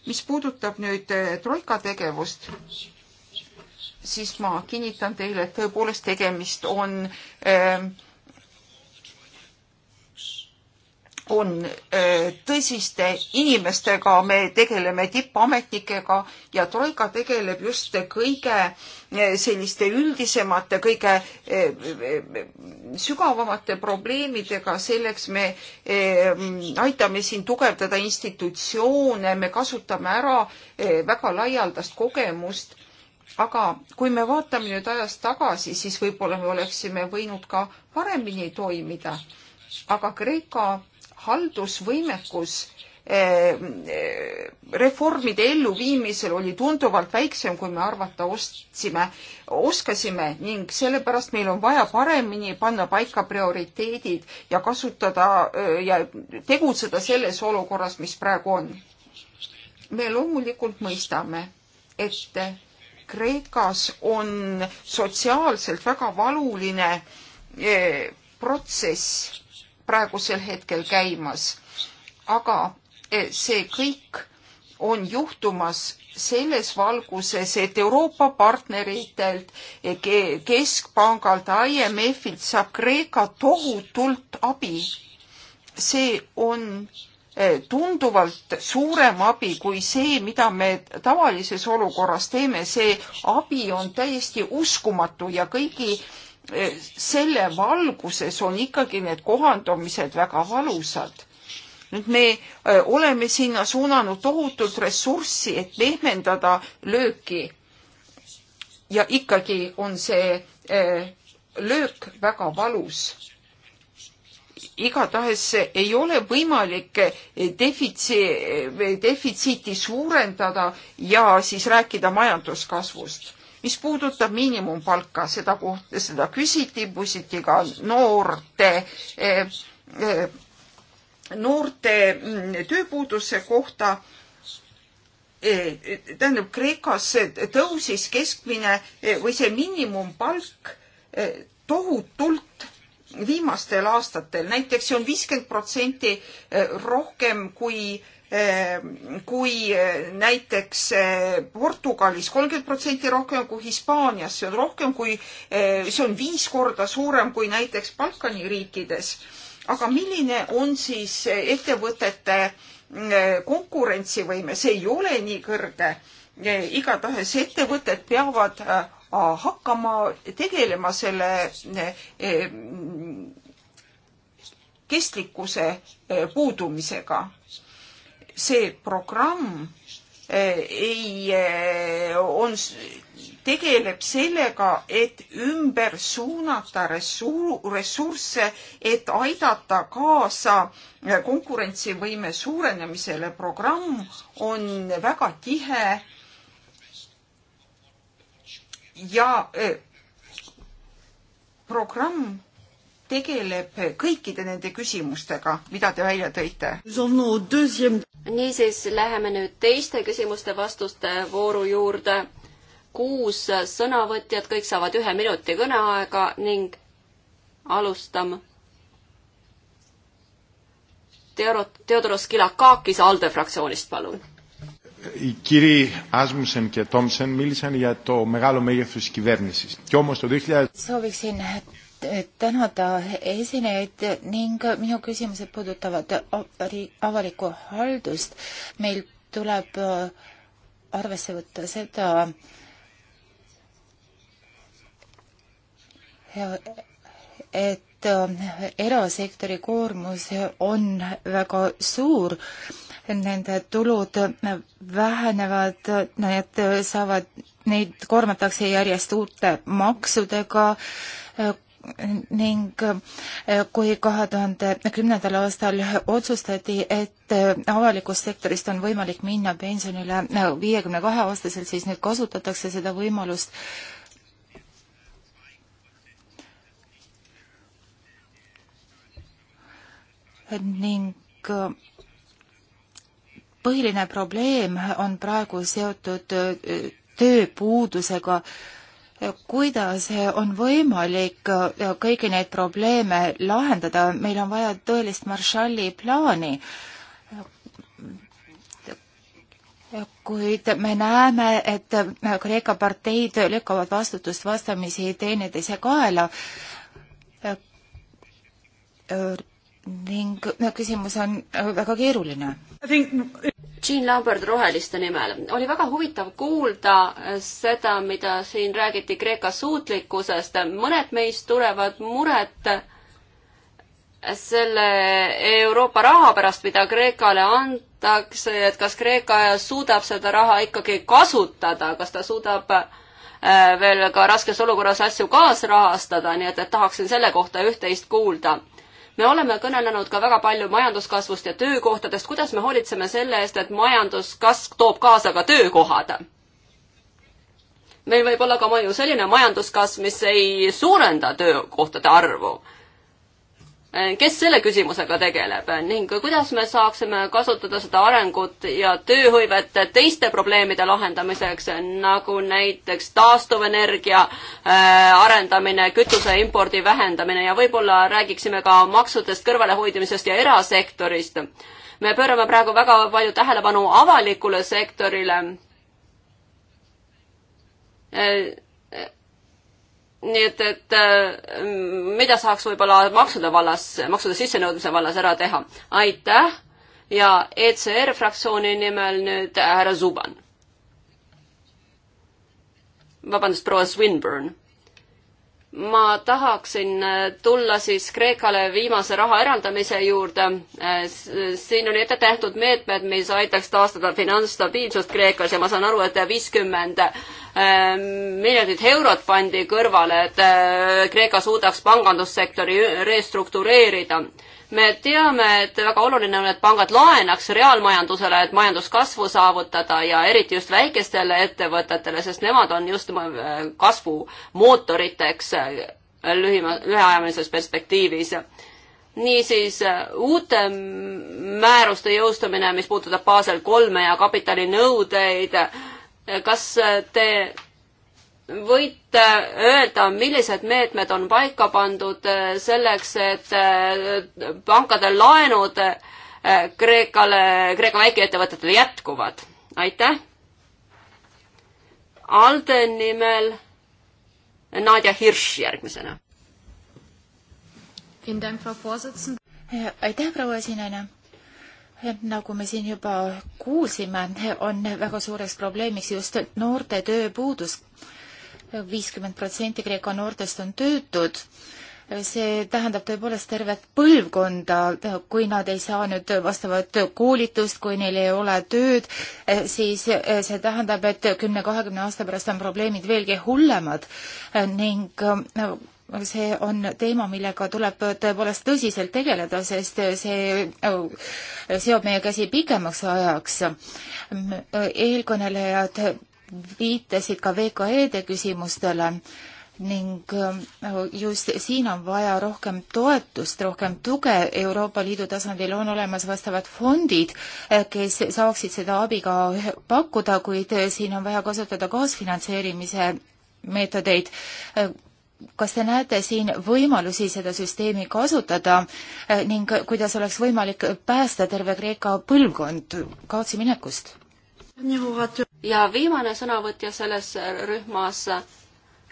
mis puudutab nüüd äh, troika tegevust, siis ma kinnitan teile, et tõepoolest tegemist on äh, on äh, tõsiste inimestega, me tegeleme tippametnikega ja Troika tegeleb just kõige äh, selliste üldisemate, kõige äh, sügavamate probleemidega, selleks me aitame siin tugevdada institutsioone, me kasutame ära väga laialdast kogemust aga kui me vaatame nüüd ajas tagasi, siis võib-olla me oleksime võinud ka paremini toimida. aga Kreeka haldusvõimekus eh, reformide elluviimisel oli tunduvalt väiksem, kui me arvata ostsime, oskasime ning sellepärast meil on vaja paremini panna paika prioriteedid ja kasutada eh, ja tegutseda selles olukorras, mis praegu on. me loomulikult mõistame, et Kreekas on sotsiaalselt väga valuline eh, protsess praegusel hetkel käimas. aga eh, see kõik on juhtumas selles valguses, et Euroopa partneritelt, eh, Keskpangalt, IMF-ilt saab Kreeka tohutult abi. see on eh, tunduvalt suurem abi kui see, mida me tavalises olukorras teeme, see abi on täiesti uskumatu ja kõigi selle valguses on ikkagi need kohandumised väga valusad nüüd me oleme sinna suunanud tohutult ressurssi, et pehmendada lööki. ja ikkagi on see löök väga valus. igatahes ei ole võimalik defitsi-, defitsiiti suurendada ja siis rääkida majanduskasvust mis puudutab miinimumpalka, seda koht-, seda küsiti, küsiti ka noorte eh, eh, noorte mm, tööpuuduse kohta eh, tähendab, Kreekas tõusis keskmine või see miinimumpalk tohutult viimastel aastatel näiteks, näiteks see on viiskümmend protsenti rohkem kui Ehm, kui eh, näiteks eh, Portugalis kolmkümmend protsenti rohkem kui Hispaanias, see on rohkem kui, eh, see on viis korda suurem kui näiteks Balkani riikides. aga milline on siis ettevõtete konkurentsivõime, see ei ole nii kõrge. igatahes ettevõtted peavad hakkama tegelema selle kestlikkuse puudumisega see programm eh, ei, eh, on, tegeleb sellega, et ümber suunata ressur-, ressursse, et aidata kaasa eh, konkurentsivõime suurenemisele. programm on väga tihe ja programm tegeleb kõikide nende küsimustega, mida te välja tõite. niisiis, läheme nüüd teiste küsimuste-vastuste vooru juurde. kuus sõnavõtjat, kõik saavad ühe minuti kõneaega ning alustame. Teoro-, Teodoros Kilakakis ALDE fraktsioonist, palun. Οι κύριοι Άσμουσεν και Τόμσεν μίλησαν για το μεγάλο μέγεθος της κυβέρνησης. Και όμως το 2000... Sooviksin tänada esinejaid ning minu küsimused puudutavad avalikku haldust. meil tuleb äh, arvesse võtta seda, et äh, erasektori koormus on väga suur nende tulud vähenevad, need saavad, neid koormatakse järjest uute maksudega, ning eh, kui kahe tuhande kümnendal aastal otsustati, et eh, avalikust sektorist on võimalik minna pensionile eh, viiekümne kahe aastaselt, siis nüüd kasutatakse seda võimalust. ning põhiline probleem on praegu seotud tööpuudusega kuidas on võimalik äh, kõiki neid probleeme lahendada, meil on vaja tõelist Marshalli plaani. kuid me näeme, et äh, Kreeka parteid lükkavad vastutust vastamisi teineteise kaela äh, ning küsimus on äh, väga keeruline. Jean Lambert Roheliste nimel. oli väga huvitav kuulda äh, seda, mida siin räägiti Kreeka suutlikkusest. mõned meist tulevad muret äh, selle Euroopa raha pärast, mida Kreekale antakse, et kas Kreeka suudab seda raha ikkagi kasutada, kas ta suudab veel ka raskes olukorras asju kaasrahastada, nii et, et tahaksin selle kohta üht-teist kuulda me oleme kõnelenud ka väga palju majanduskasvust ja töökohtadest, kuidas me hoolitseme selle eest, et majanduskasv toob kaasa ka töökohad. meil võib olla ka mõju selline majanduskasv, mis ei suurenda töökohtade arvu kes selle küsimusega tegeleb ning kuidas me saaksime kasutada seda arengut ja tööhõivet teiste probleemide lahendamiseks, nagu näiteks taastuvenergia äh, arendamine, kütuse impordi vähendamine ja võib-olla räägiksime ka maksudest kõrvalehoidmisest ja erasektorist. me pöörame praegu väga palju tähelepanu avalikule sektorile äh, nii et, et äh, mida saaks võib-olla maksude vallas, maksude sissenõudmise vallas ära teha? aitäh ja ECR fraktsiooni nimel nüüd härra Zuban. vabandust, proua Swinburne ma tahaksin tulla siis Kreekale viimase raha eraldamise juurde. siin on ette tehtud meetmed, mis aitaks taastada finantsstabiilsust Kreekas ja ma saan aru, et viiskümmend ehm, miljardit eurot pandi kõrvale, et ehm, Kreeka suudaks pangandussektori restruktureerida me teame, et väga oluline on, et pangad laenaks reaalmajandusele, et majanduskasvu saavutada ja eriti just väikestele ettevõtetele, sest nemad on just kasvumootoriteks äh, lühima, lüheajalises perspektiivis. niisiis äh, uute määruste jõustumine, mis puudutab Basel kolme ja kapitalinõudeid, äh, kas te võite öelda, millised meetmed on paika pandud äh, selleks, et äh, pankade laenud äh, Kreekale, Kreeka väikeettevõtetele jätkuvad? aitäh! Alde nimel Nadja Hirš järgmisena. aitäh, proua esinaine! nagu me siin juba kuulsime, on väga suureks probleemiks just noorte tööpuudus viiskümmend protsenti Kreeka noortest on töötud. see tähendab tõepoolest tervet põlvkonda, kui nad ei saa nüüd vastavat koolitust, kui neil ei ole tööd, siis see tähendab, et kümne-kahekümne aasta pärast on probleemid veelgi hullemad ning see on teema, millega tuleb tõepoolest tõsiselt tegeleda, sest see seob meie käsi pikemaks ajaks. eelkõnelejad viitasid ka VKE-de küsimustele ning äh, just siin on vaja rohkem toetust, rohkem tuge, Euroopa Liidu tasandil on olemas vastavad fondid, äh, kes saaksid seda abi ka pakkuda, kuid äh, siin on vaja kasutada kaasfinantseerimise meetodeid. kas te näete siin võimalusi seda süsteemi kasutada ning kuidas oleks võimalik päästa terve Kreeka põlvkond kaotsiminekust? ja viimane sõnavõtja selles rühmas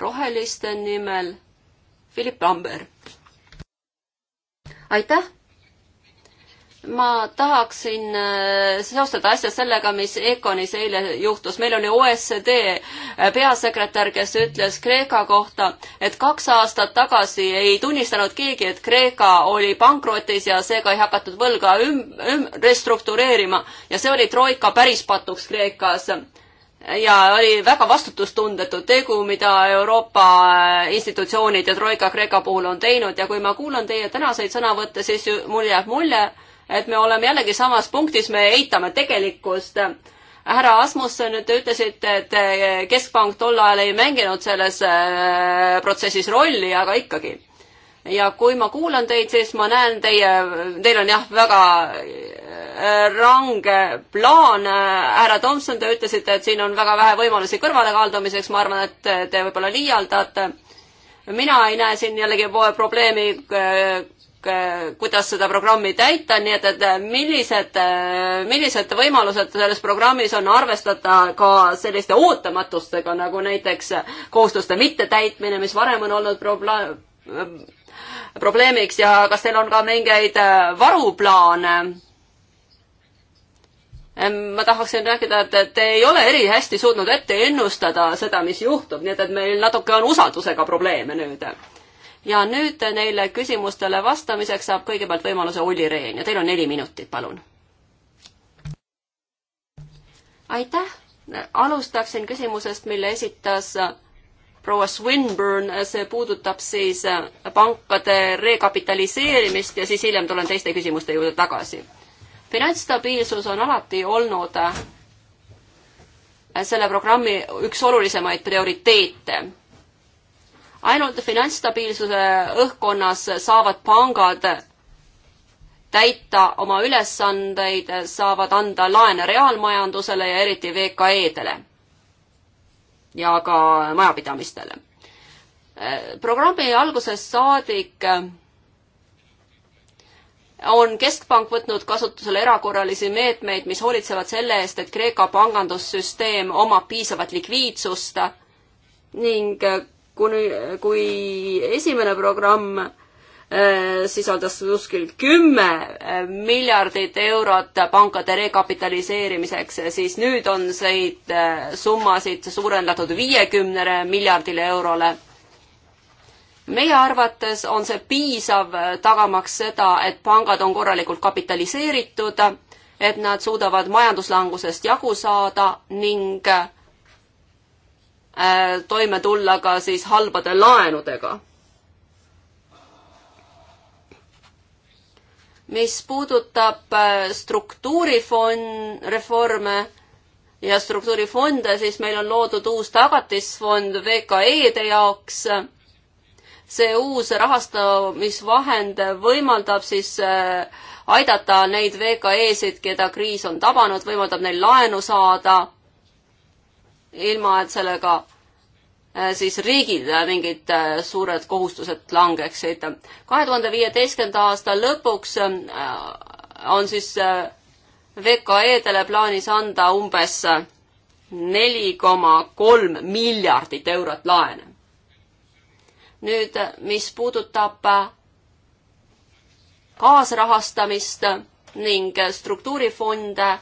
roheliste nimel Philip Lamber. aitäh ma tahaksin äh, seostada asja sellega, mis Econis eile juhtus. meil oli OSCD äh, peasekretär, kes ütles Kreeka kohta, et kaks aastat tagasi ei tunnistanud keegi, et Kreeka oli pankrotis ja seega ei hakatud võlga üm-, üm-, restruktureerima ja see oli troika päris patuks Kreekas ja oli väga vastutustundetu tegu, mida Euroopa äh, institutsioonid ja Troika Kreeka puhul on teinud ja kui ma kuulan teie tänaseid sõnavõtte, siis ju, mul jääb mulje, et me oleme jällegi samas punktis, me eitame tegelikkust. härra Asmussen, te ütlesite, et Keskpank tol ajal ei mänginud selles äh, protsessis rolli, aga ikkagi. ja kui ma kuulan teid, siis ma näen teie, teil on jah, väga äh, range plaan. härra Tomson, te ütlesite, et siin on väga vähe võimalusi kõrvalekaldumiseks, ma arvan, et te võib-olla liialdate mina ei näe siin jällegi probleemi äh, Äh, kuidas seda programmi täita, nii et, et äh, millised, äh, millised võimalused selles programmis on arvestada ka selliste ootamatustega, nagu näiteks kohustuste mittetäitmine, mis varem on olnud probleem, probleemiks ja kas teil on ka mingeid varuplaane? ma tahaksin rääkida, et te ei ole eri hästi suutnud ette ennustada seda, mis juhtub, nii et, et meil natuke on usaldusega probleeme nüüd ja nüüd neile küsimustele vastamiseks saab kõigepealt võimaluse Olli Rehn ja teil on neli minutit, palun. aitäh, alustaksin küsimusest, mille esitas proua Swinburne, see puudutab siis pankade rekapitaliseerimist ja siis hiljem tulen teiste küsimuste juurde tagasi. finantsstabiilsus on alati olnud selle programmi üks olulisemaid prioriteete ainult finantsstabiilsuse õhkkonnas saavad pangad täita oma ülesandeid, saavad anda laene reaalmajandusele ja eriti VKE-dele ja ka majapidamistele. programmi algusest saadik on Keskpank võtnud kasutusele erakorralisi meetmeid, mis hoolitsevad selle eest, et Kreeka pangandussüsteem omab piisavat likviidsust ning kuni, kui esimene programm äh, sisaldas kuskil kümme äh, miljardit eurot pankade rekapitaliseerimiseks, siis nüüd on neid äh, summasid suurendatud viiekümnele miljardile eurole. meie arvates on see piisav, tagamaks seda, et pangad on korralikult kapitaliseeritud, et nad suudavad majanduslangusest jagu saada ning äh, Äh, toime tulla ka siis halbade laenudega. mis puudutab äh, struktuurifond, reforme ja struktuurifonde, siis meil on loodud uus tagatisfond VKE-de jaoks. see uus rahastamisvahend võimaldab siis äh, aidata neid VKE-sid, keda kriis on tabanud, võimaldab neil laenu saada ilma et sellega äh, siis riigid äh, mingid äh, suured kohustused langeksid. kahe tuhande viieteistkümnenda aasta lõpuks on siis VKE-dele plaanis anda umbes neli koma kolm miljardit eurot laene. nüüd, mis puudutab kaasrahastamist ning struktuurifonde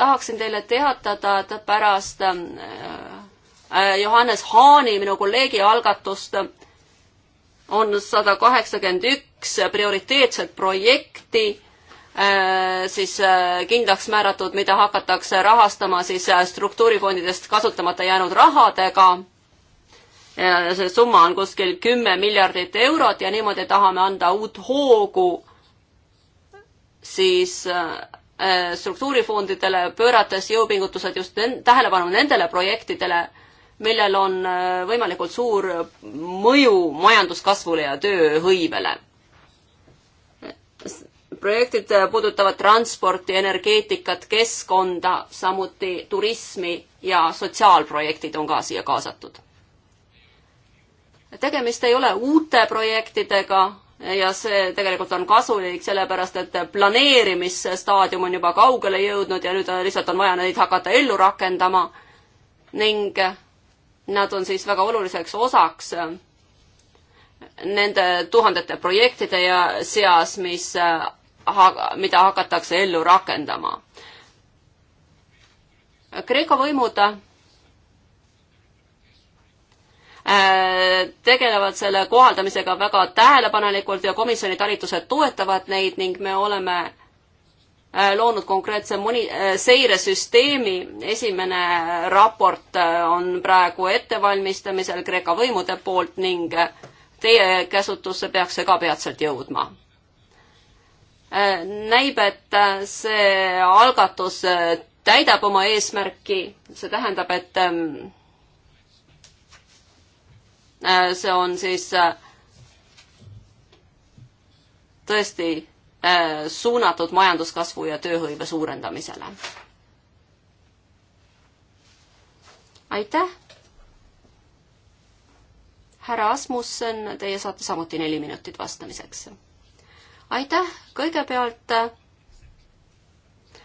tahaksin teile teatada, et pärast äh, äh, Johannes Haani, minu kolleegi algatust, on sada kaheksakümmend üks prioriteetset projekti äh, siis kindlaks määratud, mida hakatakse rahastama siis struktuurifondidest kasutamata jäänud rahadega. see summa on kuskil kümme miljardit eurot ja niimoodi tahame anda uut hoogu siis Äh, struktuurifondidele, pöörates jõupingutused just tähelepanu nendele projektidele, millel on äh, võimalikult suur mõju majanduskasvule ja tööhõivele. projektid puudutavad transporti, energeetikat, keskkonda, samuti turismi ja sotsiaalprojektid on ka siia kaasatud. tegemist ei ole uute projektidega, ja see tegelikult on kasulik, sellepärast et planeerimisstaadium on juba kaugele jõudnud ja nüüd lihtsalt on vaja neid hakata ellu rakendama ning nad on siis väga oluliseks osaks nende tuhandete projektide ja seas, mis, mida hakatakse ellu rakendama. Kreeka võimud Äh, tegelevad selle kohaldamisega väga tähelepanelikult ja komisjoni talitused toetavad neid ning me oleme äh, loonud konkreetse moni-, äh, seiresüsteemi, esimene raport on praegu ettevalmistamisel Kreeka võimude poolt ning teie käsutusse peaks see ka peatselt jõudma. näib, et see algatus täidab oma eesmärki, see tähendab, et ähm, Äh, see on siis äh, tõesti äh, suunatud majanduskasvu ja tööhõive suurendamisele. aitäh! härra Asmussen, teie saate samuti neli minutit vastamiseks. aitäh, kõigepealt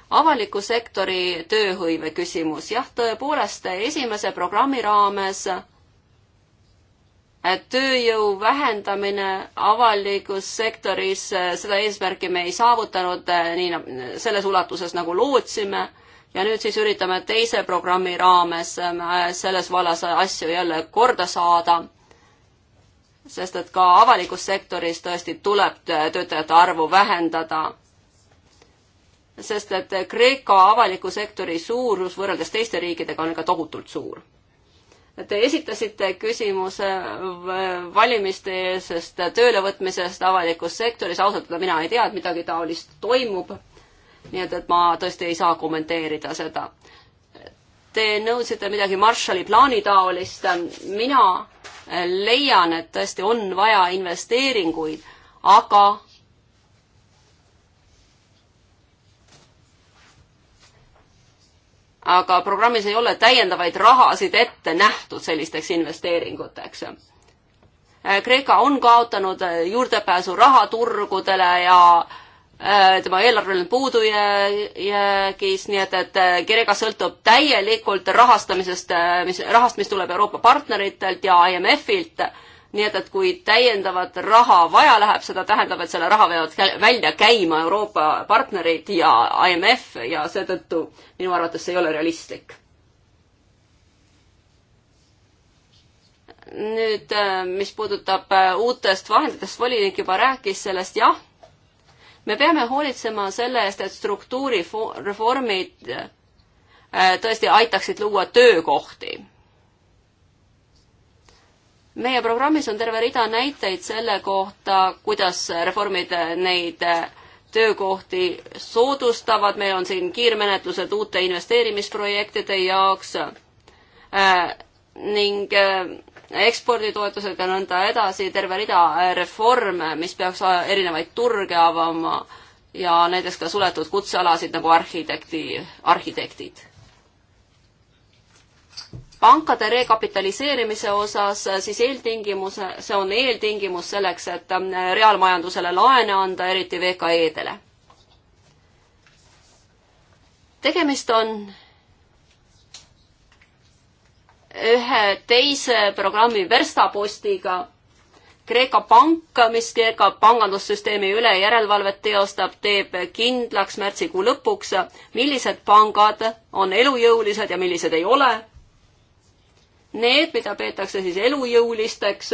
avaliku sektori tööhõive küsimus, jah, tõepoolest esimese programmi raames tööjõu vähendamine avalikus sektoris, äh, seda eesmärki me ei saavutanud äh, nii selles ulatuses, nagu lootsime ja nüüd siis üritame teise programmi raames ähm, selles vallas asju jälle korda saada. sest et ka avalikus sektoris tõesti tuleb töötajate arvu vähendada. sest et Kreeka avaliku sektori suurus võrreldes teiste riikidega on ikka tohutult suur Te esitasite küsimuse valimiste eelsest töölevõtmisest avalikus sektoris, ausalt öelda mina ei tea, et midagi taolist toimub. nii et, et ma tõesti ei saa kommenteerida seda. Te nõudsite midagi Marshalli plaani taolist, mina leian, et tõesti on vaja investeeringuid, aga aga programmis ei ole täiendavaid rahasid ette nähtud sellisteks investeeringuteks. Kreeka on kaotanud juurdepääsu rahaturgudele ja äh, tema eelarveline puudujäägis, nii et, et äh, Kreeka sõltub täielikult rahastamisest, äh, mis, rahast, mis tuleb Euroopa partneritelt ja IMF-ilt nii et, et kui täiendavat raha vaja läheb, seda tähendab, et selle raha peavad välja käima Euroopa partnerid ja IMF ja seetõttu minu arvates see ei ole realistlik. nüüd, äh, mis puudutab äh, uutest vahenditest, volinik juba rääkis sellest, jah, me peame hoolitsema selle eest, et struktuurireformid äh, tõesti aitaksid luua töökohti meie programmis on terve rida näiteid selle kohta, kuidas reformid neid töökohti soodustavad, meil on siin kiirmenetlused uute investeerimisprojektide jaoks äh, ning äh, eksporditoetused ja nõnda edasi, terve rida reforme, mis peaks äh, erinevaid turge avama ja näiteks ka suletud kutsealasid nagu arhitekti, arhitektid pankade rekapitaliseerimise osas, siis eeltingimus, see on eeltingimus selleks, et äh, reaalmajandusele laene anda, eriti VKE-dele. tegemist on ühe teise programmi verstapostiga Kreeka pank, mis Kreeka pangandussüsteemi üle järelevalvet teostab, teeb kindlaks märtsikuu lõpuks, millised pangad on elujõulised ja millised ei ole. Need, mida peetakse siis elujõulisteks,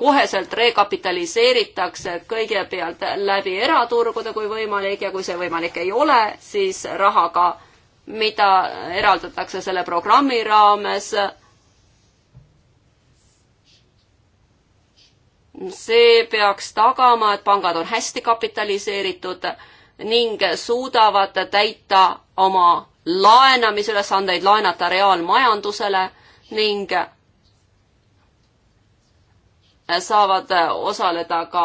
koheselt rekapitaliseeritakse kõigepealt läbi eraturgude, kui võimalik ja kui see võimalik ei ole, siis rahaga, mida eraldatakse selle programmi raames see peaks tagama, et pangad on hästi kapitaliseeritud ning suudavad täita oma laenamisülesandeid laenata reaalmajandusele ning saavad osaleda ka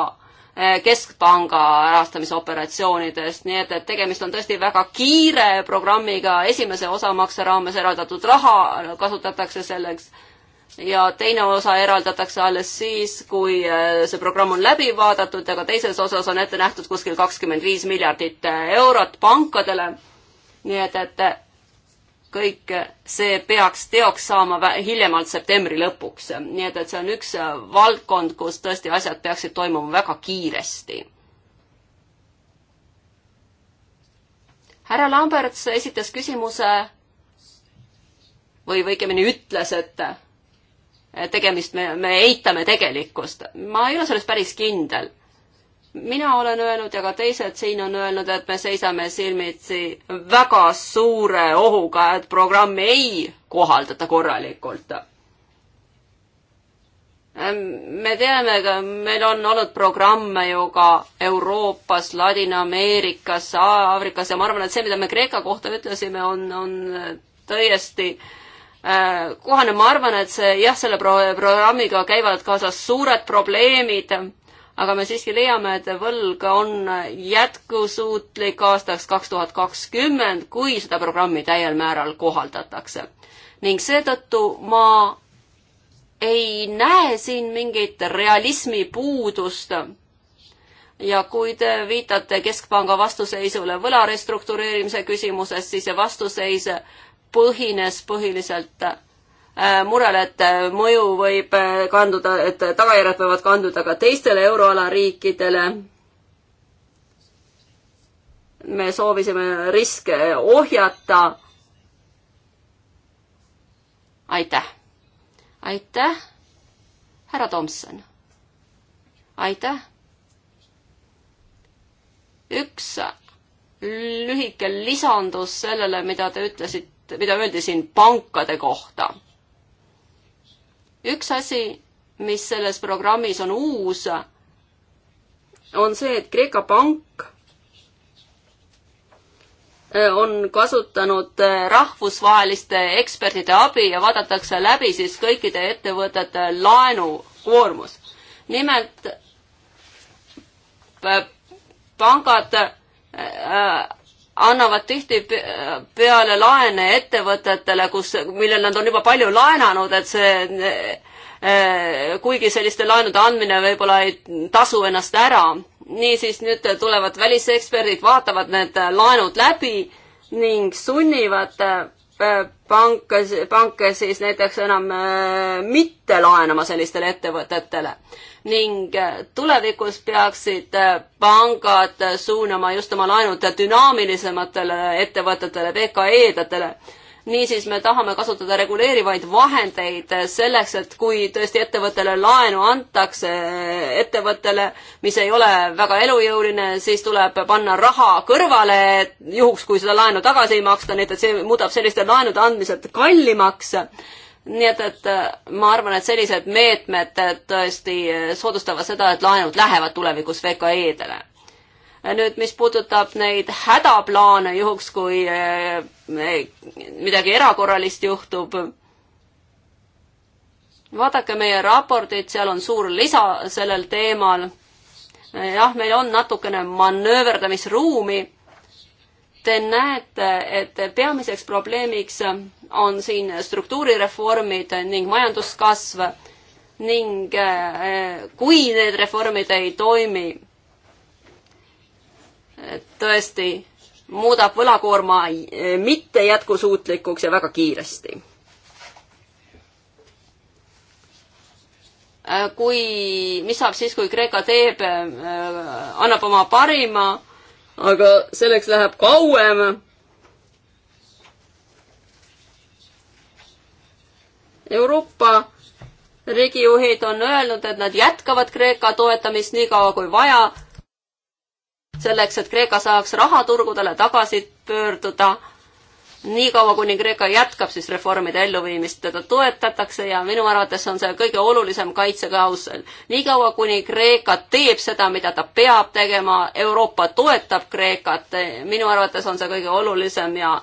eh, keskpanga rahastamisoperatsioonidest, nii et, et tegemist on tõesti väga kiire programmiga, esimese osamakse raames eraldatud raha kasutatakse selleks ja teine osa eraldatakse alles siis, kui eh, see programm on läbi vaadatud ja ka teises osas on ette nähtud kuskil kakskümmend viis miljardit eh, eurot pankadele nii et, et kõik see peaks teoks saama hiljemalt septembri lõpuks, nii et, et see on üks valdkond, kus tõesti asjad peaksid toimuma väga kiiresti. härra Lamberts esitas küsimuse või, või õigemini ütles, et tegemist, me, me eitame tegelikkust. ma ei ole selles päris kindel mina olen öelnud ja ka teised siin on öelnud, et me seisame silmitsi väga suure ohuga, et programmi ei kohaldata korralikult. me teame, meil on olnud programme ju ka Euroopas, Ladina-Ameerikas, Aafrikas ja ma arvan, et see, mida me Kreeka kohta ütlesime, on, on tõesti äh, kohane, ma arvan, et see jah, selle pro-, programmiga käivad kaasas suured probleemid aga me siiski leiame, et võlg on jätkusuutlik aastaks kaks tuhat kakskümmend, kui seda programmi täiel määral kohaldatakse. ning seetõttu ma ei näe siin mingit realismi puudust. ja kui te viitate Keskpanga vastuseisule võla restruktureerimise küsimuses, siis see vastuseis põhines põhiliselt Äh, murel, et äh, mõju võib äh, kanduda, et tagajärjed võivad kanduda ka teistele euroala riikidele. me soovisime riske ohjata. aitäh, aitäh, härra Tomson, aitäh. üks lühike lisandus sellele, mida te ütlesite, mida öeldi siin pankade kohta üks asi, mis selles programmis on uus, on see, et Kreeka pank äh, on kasutanud äh, rahvusvaheliste ekspertide abi ja vaadatakse läbi siis kõikide ettevõtete laenukoormus. nimelt äh, pangad annavad tihtipeale laene ettevõtetele, kus, millel nad on juba palju laenanud, et see, eh, kuigi selliste laenude andmine võib-olla ei tasu ennast ära. niisiis nüüd tulevad väliseksperdid, vaatavad need laenud läbi ning sunnivad panka, eh, panka siis näiteks enam eh, mitte laenama sellistele ettevõtetele ning äh, tulevikus peaksid äh, pangad äh, suunama just oma laenud dünaamilisematele ettevõtetele, VKE-dele niisiis me tahame kasutada reguleerivaid vahendeid selleks, et kui tõesti ettevõttele laenu antakse, ettevõttele, mis ei ole väga elujõuline, siis tuleb panna raha kõrvale juhuks, kui seda laenu tagasi ei maksta, nii et see muudab selliste laenude andmised kallimaks nii et, et äh, ma arvan, et sellised meetmed äh, tõesti äh, soodustavad seda, et laenud lähevad tulevikus VKE-dele. nüüd, mis puudutab neid hädaplaane juhuks, kui midagi erakorralist juhtub, vaadake meie raportit, seal on suur lisa sellel teemal. jah, meil on natukene manööverdamisruumi te näete, et peamiseks probleemiks on siin struktuurireformid ning majanduskasv ning eh, kui need reformid ei toimi, tõesti muudab võlakoorma eh, mitte jätkusuutlikuks ja väga kiiresti. Eh, kui, mis saab siis, kui Kreeka teeb, annab oma parima aga selleks läheb kauem. Euroopa riigijuhid on öelnud, et nad jätkavad Kreeka toetamist nii kaua kui vaja, selleks et Kreeka saaks rahaturgudele tagasi pöörduda niikaua, kuni Kreeka jätkab siis reformide elluviimist, teda toetatakse ja minu arvates on see kõige olulisem kaitseklausel. niikaua, kuni Kreeka teeb seda, mida ta peab tegema, Euroopa toetab Kreekat, minu arvates on see kõige olulisem ja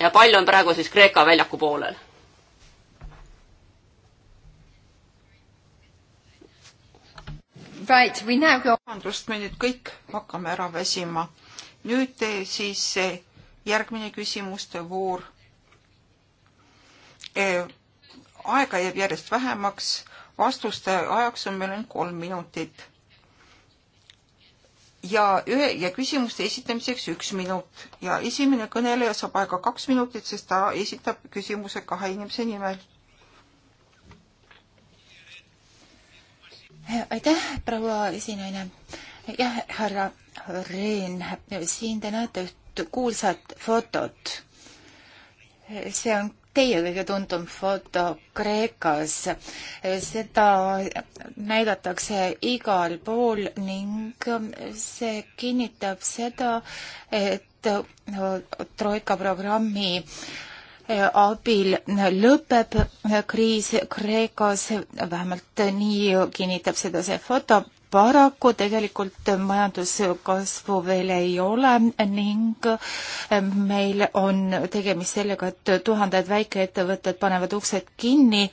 ja pall on praegu siis Kreeka väljaku poolel. Right, we now go. vabandust, me nüüd kõik hakkame ära väsima. nüüd siis see järgmine küsimuste voor. E, aega jääb järjest vähemaks, vastuste ajaks on meil ainult kolm minutit. ja ühe ja küsimuste esitamiseks üks minut ja esimene kõneleja saab aega kaks minutit, sest ta esitab küsimuse kahe inimese nimel aitäh, proua esinaine. jah, härra Rehn, siin te näete üht kuulsat fotot. see on teie kõige tuntum foto Kreekas. seda näidatakse igal pool ning see kinnitab seda, et Troika programmi abil lõpeb kriis Kreekas, vähemalt nii kinnitab seda see foto paraku tegelikult majanduskasvu veel ei ole ning eh, meil on tegemist sellega, et tuhanded väikeettevõtted panevad uksed kinni,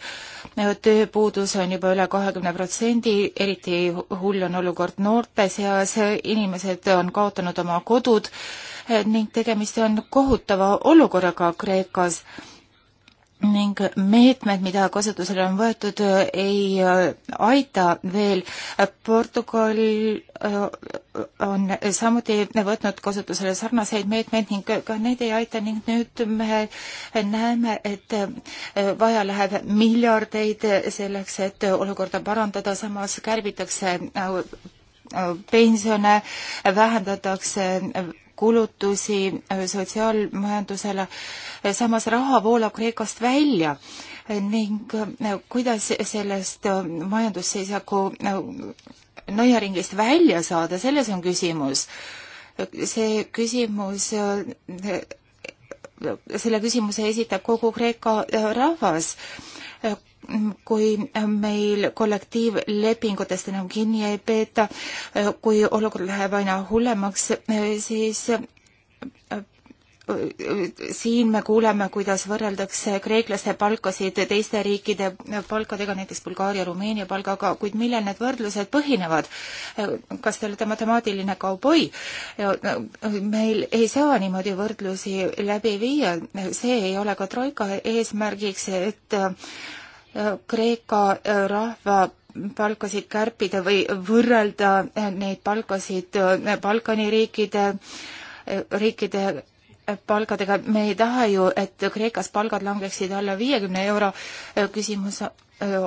tööpuudus on juba üle kahekümne protsendi, eriti hull on olukord noorte seas, inimesed on kaotanud oma kodud eh, ning tegemist on kohutava olukorraga Kreekas ning meetmed, mida kasutusele on võetud, ei äh, aita veel. Portugal äh, on samuti võtnud kasutusele sarnaseid meetmeid ning ka need ei aita ning nüüd me näeme, et äh, vaja läheb miljardeid selleks, et olukorda parandada, samas kärbitakse pensione, vähendatakse kulutusi äh, sotsiaalmajandusele, äh, samas raha voolab Kreekast välja äh, ning kuidas sellest majandusseisaku nõiaringist välja saada, selles on küsimus. see küsimus selle küsimuse esitab kogu Kreeka rahvas kui meil kollektiivlepingutest enam kinni ei peeta, kui olukord läheb aina hullemaks, siis siin me kuuleme, kuidas võrreldakse kreeklaste palkasid teiste riikide palkadega, näiteks Bulgaaria, Rumeenia palgaga, kuid millel need võrdlused põhinevad? kas te olete matemaatiline kauboi? meil ei saa niimoodi võrdlusi läbi viia, see ei ole ka Troika eesmärgiks, et Kreeka rahva palkasid kärpida või võrrelda neid palkasid Balkani riikide, riikide palkadega, me ei taha ju, et Kreekas palgad langeksid alla viiekümne euro. küsimus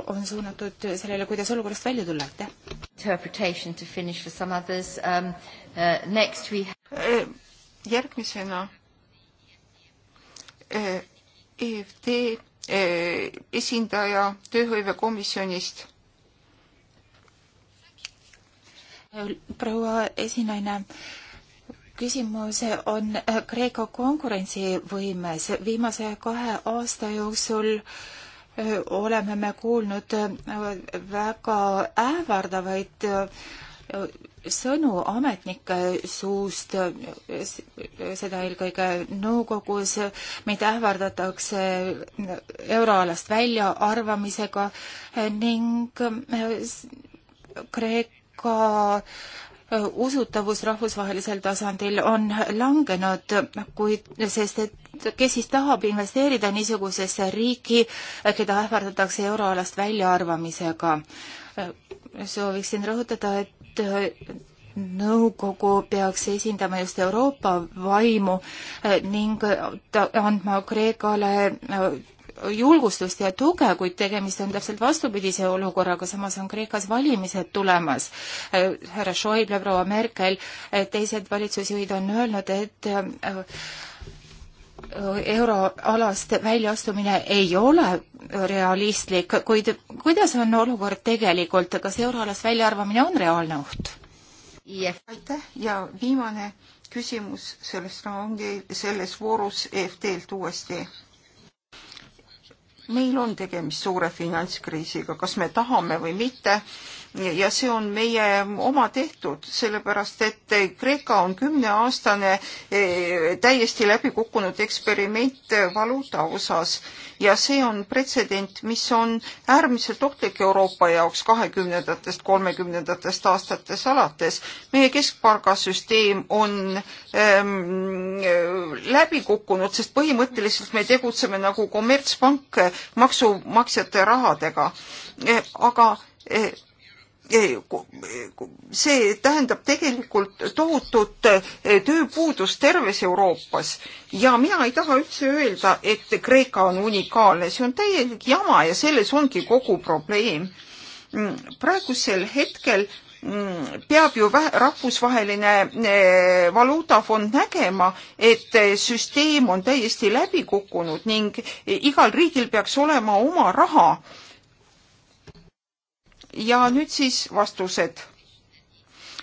on suunatud sellele, kuidas olukorrast välja tulla, aitäh. Interpretation to finish for some others um,. Uh, next we have. Eh, järgmisena EFT eh, e Eh, esindaja tööhõivekomisjonist. proua esinaine, küsimus on Kreeka konkurentsivõimes. viimase kahe aasta jooksul eh, oleme me kuulnud eh, väga ähvardavaid sõnu ametnike suust, seda eelkõige nõukogus, meid ähvardatakse euroalast väljaarvamisega ning Kreeka usutavus rahvusvahelisel tasandil on langenud, kuid, sest et kes siis tahab investeerida niisugusesse riiki, keda ähvardatakse euroalast väljaarvamisega sooviksin rõhutada, et äh, nõukogu peaks esindama just Euroopa vaimu äh, ning äh, andma Kreekale julgustust ja tuge, kuid tegemist on täpselt vastupidise olukorraga, samas on Kreekas valimised tulemas. härra Schäuble, proua Merkel, teised valitsusjuhid on öelnud, et euroalast väljaastumine ei ole realistlik, kuid kuidas on olukord tegelikult, kas euroalast väljaarvamine on reaalne oht? aitäh ja viimane küsimus selles raungi, selles voorus EFT-lt uuesti. meil on tegemist suure finantskriisiga, kas me tahame või mitte ja see on meie oma tehtud, sellepärast et Kreeka on kümneaastane e, täiesti läbi kukkunud eksperiment valuuta osas ja see on pretsedent, mis on äärmiselt ohtlik Euroopa jaoks kahekümnendatest, kolmekümnendatest aastatest alates. meie keskpargasüsteem on ähm, läbi kukkunud, sest põhimõtteliselt me tegutseme nagu kommertspank maksumaksjate rahadega. E, aga e, Eh, eh, see tähendab tegelikult tohutut eh, tööpuudust terves Euroopas ja mina ei taha üldse öelda, et Kreeka on unikaalne, see on täielik jama ja selles ongi kogu probleem. Mm, praegusel hetkel mm, peab ju rahvusvaheline valuutafond nägema, et süsteem on täiesti läbi kukkunud ning igal riigil peaks olema oma raha ja nüüd siis vastused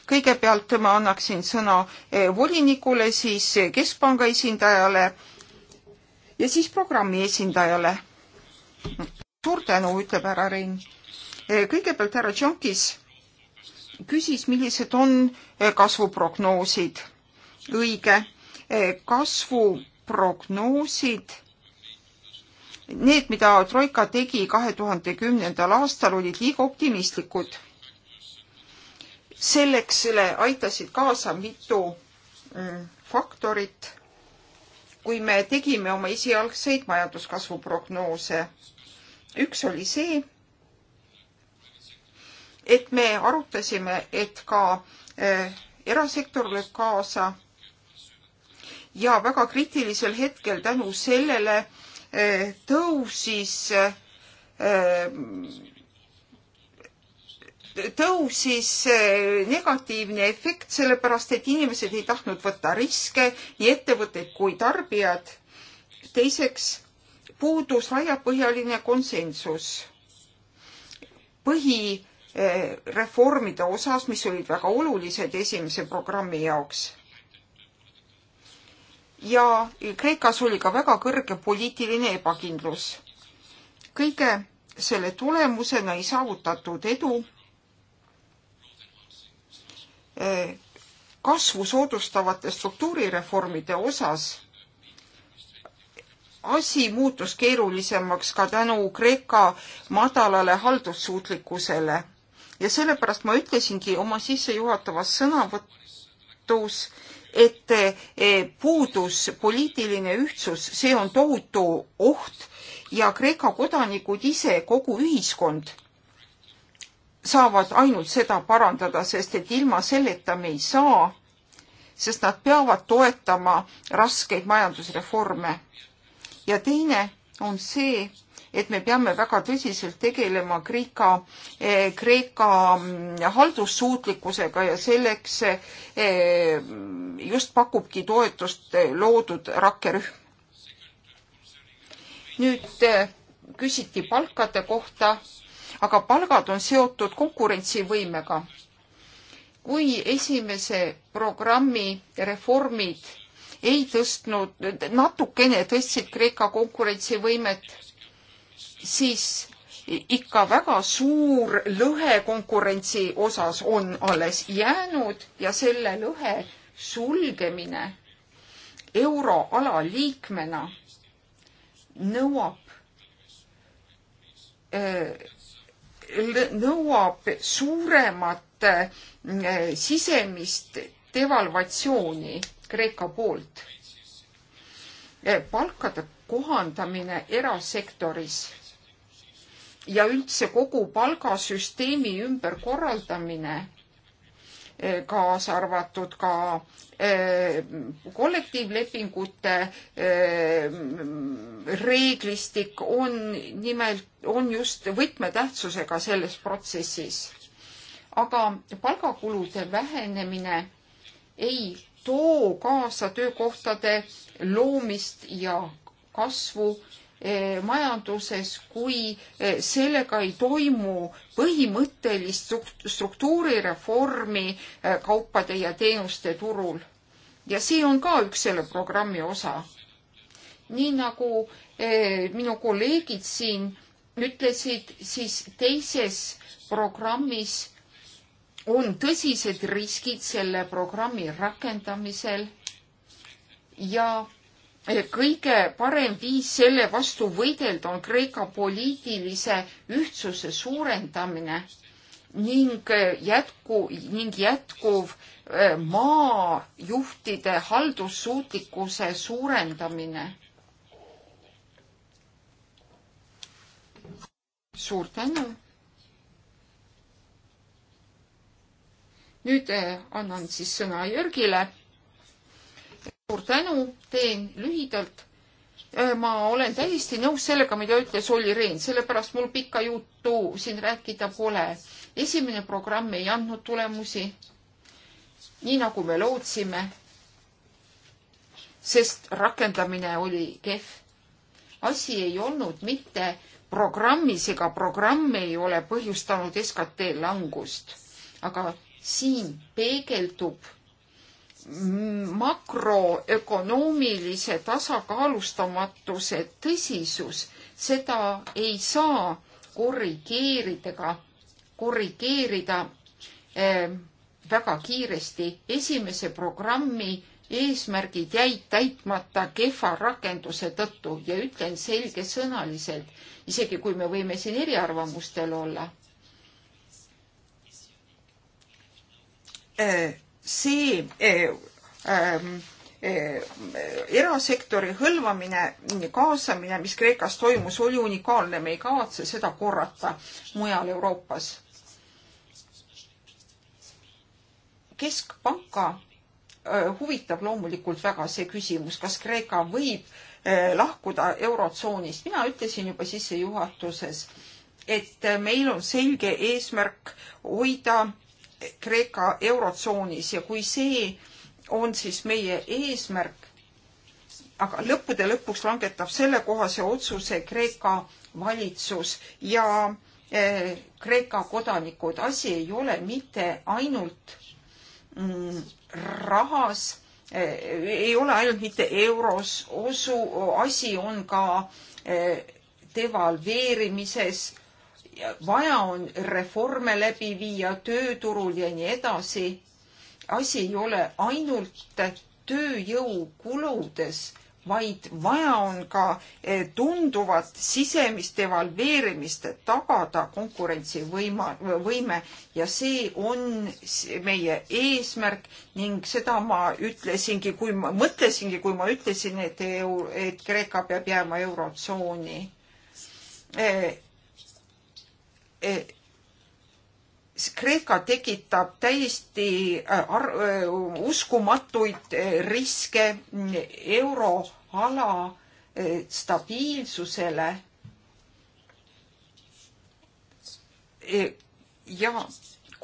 kõigepealt ma annaksin sõna eh, volinikule, siis keskpanga esindajale ja siis programmi esindajale. suur tänu, ütleb härra Rein. Eh, kõigepealt härra Tšonkis küsis, millised on eh, kasvuprognoosid. õige, kasvuprognoosid Need, mida Troika tegi kahe tuhande kümnendal aastal, olid liiga optimistlikud. selleks aitasid kaasa mitu faktorit. kui me tegime oma esialgseid majanduskasvu prognoose, üks oli see, et me arutasime, et ka erasektor lööb kaasa ja väga kriitilisel hetkel tänu sellele tõusis äh, tõusis äh, negatiivne efekt, sellepärast et inimesed ei tahtnud võtta riske, nii ettevõtted kui tarbijad. teiseks puudus laiapõhjaline konsensus põhireformide äh, osas, mis olid väga olulised esimese programmi jaoks ja Kreekas oli ka väga kõrge poliitiline ebakindlus. kõige selle tulemusena ei saavutatud edu kasvu soodustavate struktuurireformide osas. asi muutus keerulisemaks ka tänu Kreeka madalale haldussuutlikkusele ja sellepärast ma ütlesingi oma sissejuhatavas sõnavõtus, et eh, puudus poliitiline ühtsus, see on tohutu oht ja Kreeka kodanikud ise, kogu ühiskond saavad ainult seda parandada, sest et ilma selleta me ei saa, sest nad peavad toetama raskeid majandusreforme. ja teine on see, et me peame väga tõsiselt tegelema Kreeka, eh, Kreeka mm, haldussuutlikkusega ja selleks eh, just pakubki toetust eh, loodud rakkerühm. nüüd küsiti palkade kohta, aga palgad on seotud konkurentsivõimega. kui esimese programmi reformid ei tõstnud, natukene tõstsid Kreeka konkurentsivõimet siis ikka väga suur lõhe konkurentsi osas on alles jäänud ja selle lõhe sulgemine euroala liikmena nõuab nõuab suuremat sisemist devalvatsiooni Kreeka poolt. palkade kohandamine erasektoris ja üldse kogu palgasüsteemi ümberkorraldamine, eh, kaasa arvatud ka eh, kollektiivlepingute eh, reeglistik on nimelt, on just võtmetähtsusega selles protsessis. aga palgakulude vähenemine ei too kaasa töökohtade loomist ja kasvu Eh, majanduses, kui eh, sellega ei toimu põhimõttelist struktuurireformi eh, kaupade ja teenuste turul. ja see on ka üks selle programmi osa. nii nagu minu kolleegid siin ütlesid, siis teises programmis on tõsised riskid selle programmi rakendamisel ja kõige parem viis selle vastu võidelda on Kreeka poliitilise ühtsuse suurendamine ning jätku, ning jätkuv äh, maajuhtide haldussuutlikkuse suurendamine. suur tänu. nüüd äh, annan siis sõna Jörgile suur tänu, teen lühidalt. Äh, ma olen täiesti nõus sellega, mida ütles Olli Rehn, sellepärast mul pikka juttu siin rääkida pole. esimene programm ei andnud tulemusi, nii nagu me lootsime, sest rakendamine oli kehv. asi ei olnud mitte programmis ega programm ei ole põhjustanud SKT langust, aga siin peegeldub makroökonoomilise tasakaalustamatuse tõsisus, seda ei saa korrigeerida, korrigeerida eh, väga kiiresti. esimese programmi eesmärgid jäid täitmata kehva rakenduse tõttu ja ütlen selgesõnaliselt, isegi kui me võime siin eriarvamustel olla äh see eh, ähm, eh, erasektori hõlvamine, kaasamine, mis Kreekas toimus, oli unikaalne, me ei kavatse seda korrata mujal Euroopas. keskpanka huvitab loomulikult väga see küsimus, kas Kreeka võib lahkuda Eurotsoonist. mina ütlesin juba sissejuhatuses, et meil on selge eesmärk hoida Kreeka eurotsoonis ja kui see on siis meie eesmärk, aga lõppude lõpuks langetab sellekohase otsuse Kreeka valitsus ja eh, Kreeka kodanikud. asi ei ole mitte ainult mm, rahas, eh, ei ole ainult mitte euros, osu, asi on ka eh, devalveerimises, vaja on reforme läbi viia tööturul ja nii edasi. asi ei ole ainult tööjõukuludes, vaid vaja on ka eh, tunduvat sisemist devalveerimist, et tagada konkurentsivõime, võime ja see on meie eesmärk ning seda ma ütlesingi, kui ma mõtlesingi, kui ma ütlesin, et EU, et Kreeka peab jääma eurotsooni eh, Eh, Kreeka tekitab täiesti eh, ar-, eh, uskumatuid riske euroala stabiilsusele ja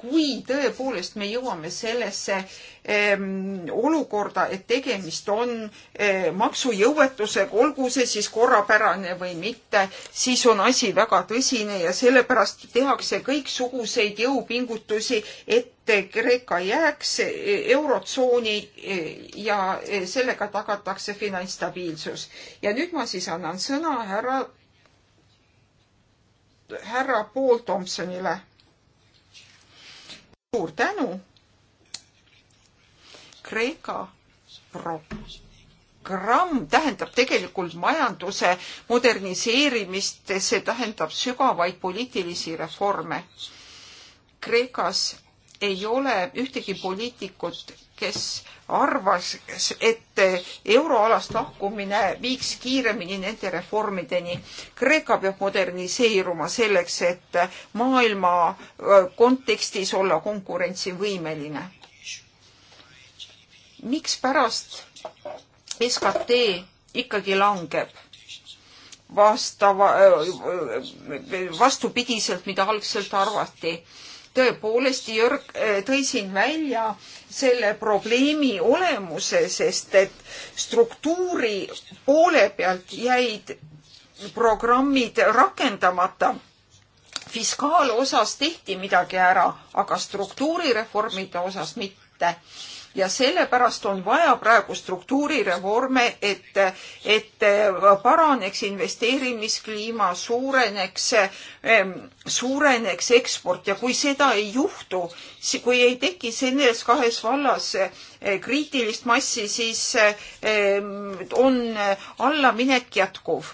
kui tõepoolest me jõuame sellesse ehm, olukorda, et tegemist on eh, maksujõuetusega, olgu see siis korrapärane või mitte, siis on asi väga tõsine ja sellepärast tehakse kõiksuguseid jõupingutusi, et Kreeka jääks eh, eurotsooni eh, ja eh, sellega tagatakse finantsstabiilsus. ja nüüd ma siis annan sõna härra härra Paul Thompsonile suur tänu. Kreeka programm tähendab tegelikult majanduse moderniseerimist, see tähendab sügavaid poliitilisi reforme. Kreekas ei ole ühtegi poliitikut, kes arvas, et euroalast lahkumine viiks kiiremini nende reformideni. Kreeka peab moderniseeruma selleks, et maailma äh, kontekstis olla konkurentsivõimeline. mikspärast SKT ikkagi langeb? vastava, äh, äh, vastupidiselt, mida algselt arvati tõepoolest Jörg eh, tõi siin välja selle probleemi olemuse, sest et struktuuri poole pealt jäid programmid rakendamata. fiskaalosas tehti midagi ära, aga struktuurireformide osas mitte ja sellepärast on vaja praegu struktuurireforme, et, et paraneks investeerimiskliima, suureneks, ehm, suureneks eksport ja kui seda ei juhtu, kui ei teki selles kahes vallas eh, kriitilist massi, siis ehm, on allaminek jätkuv.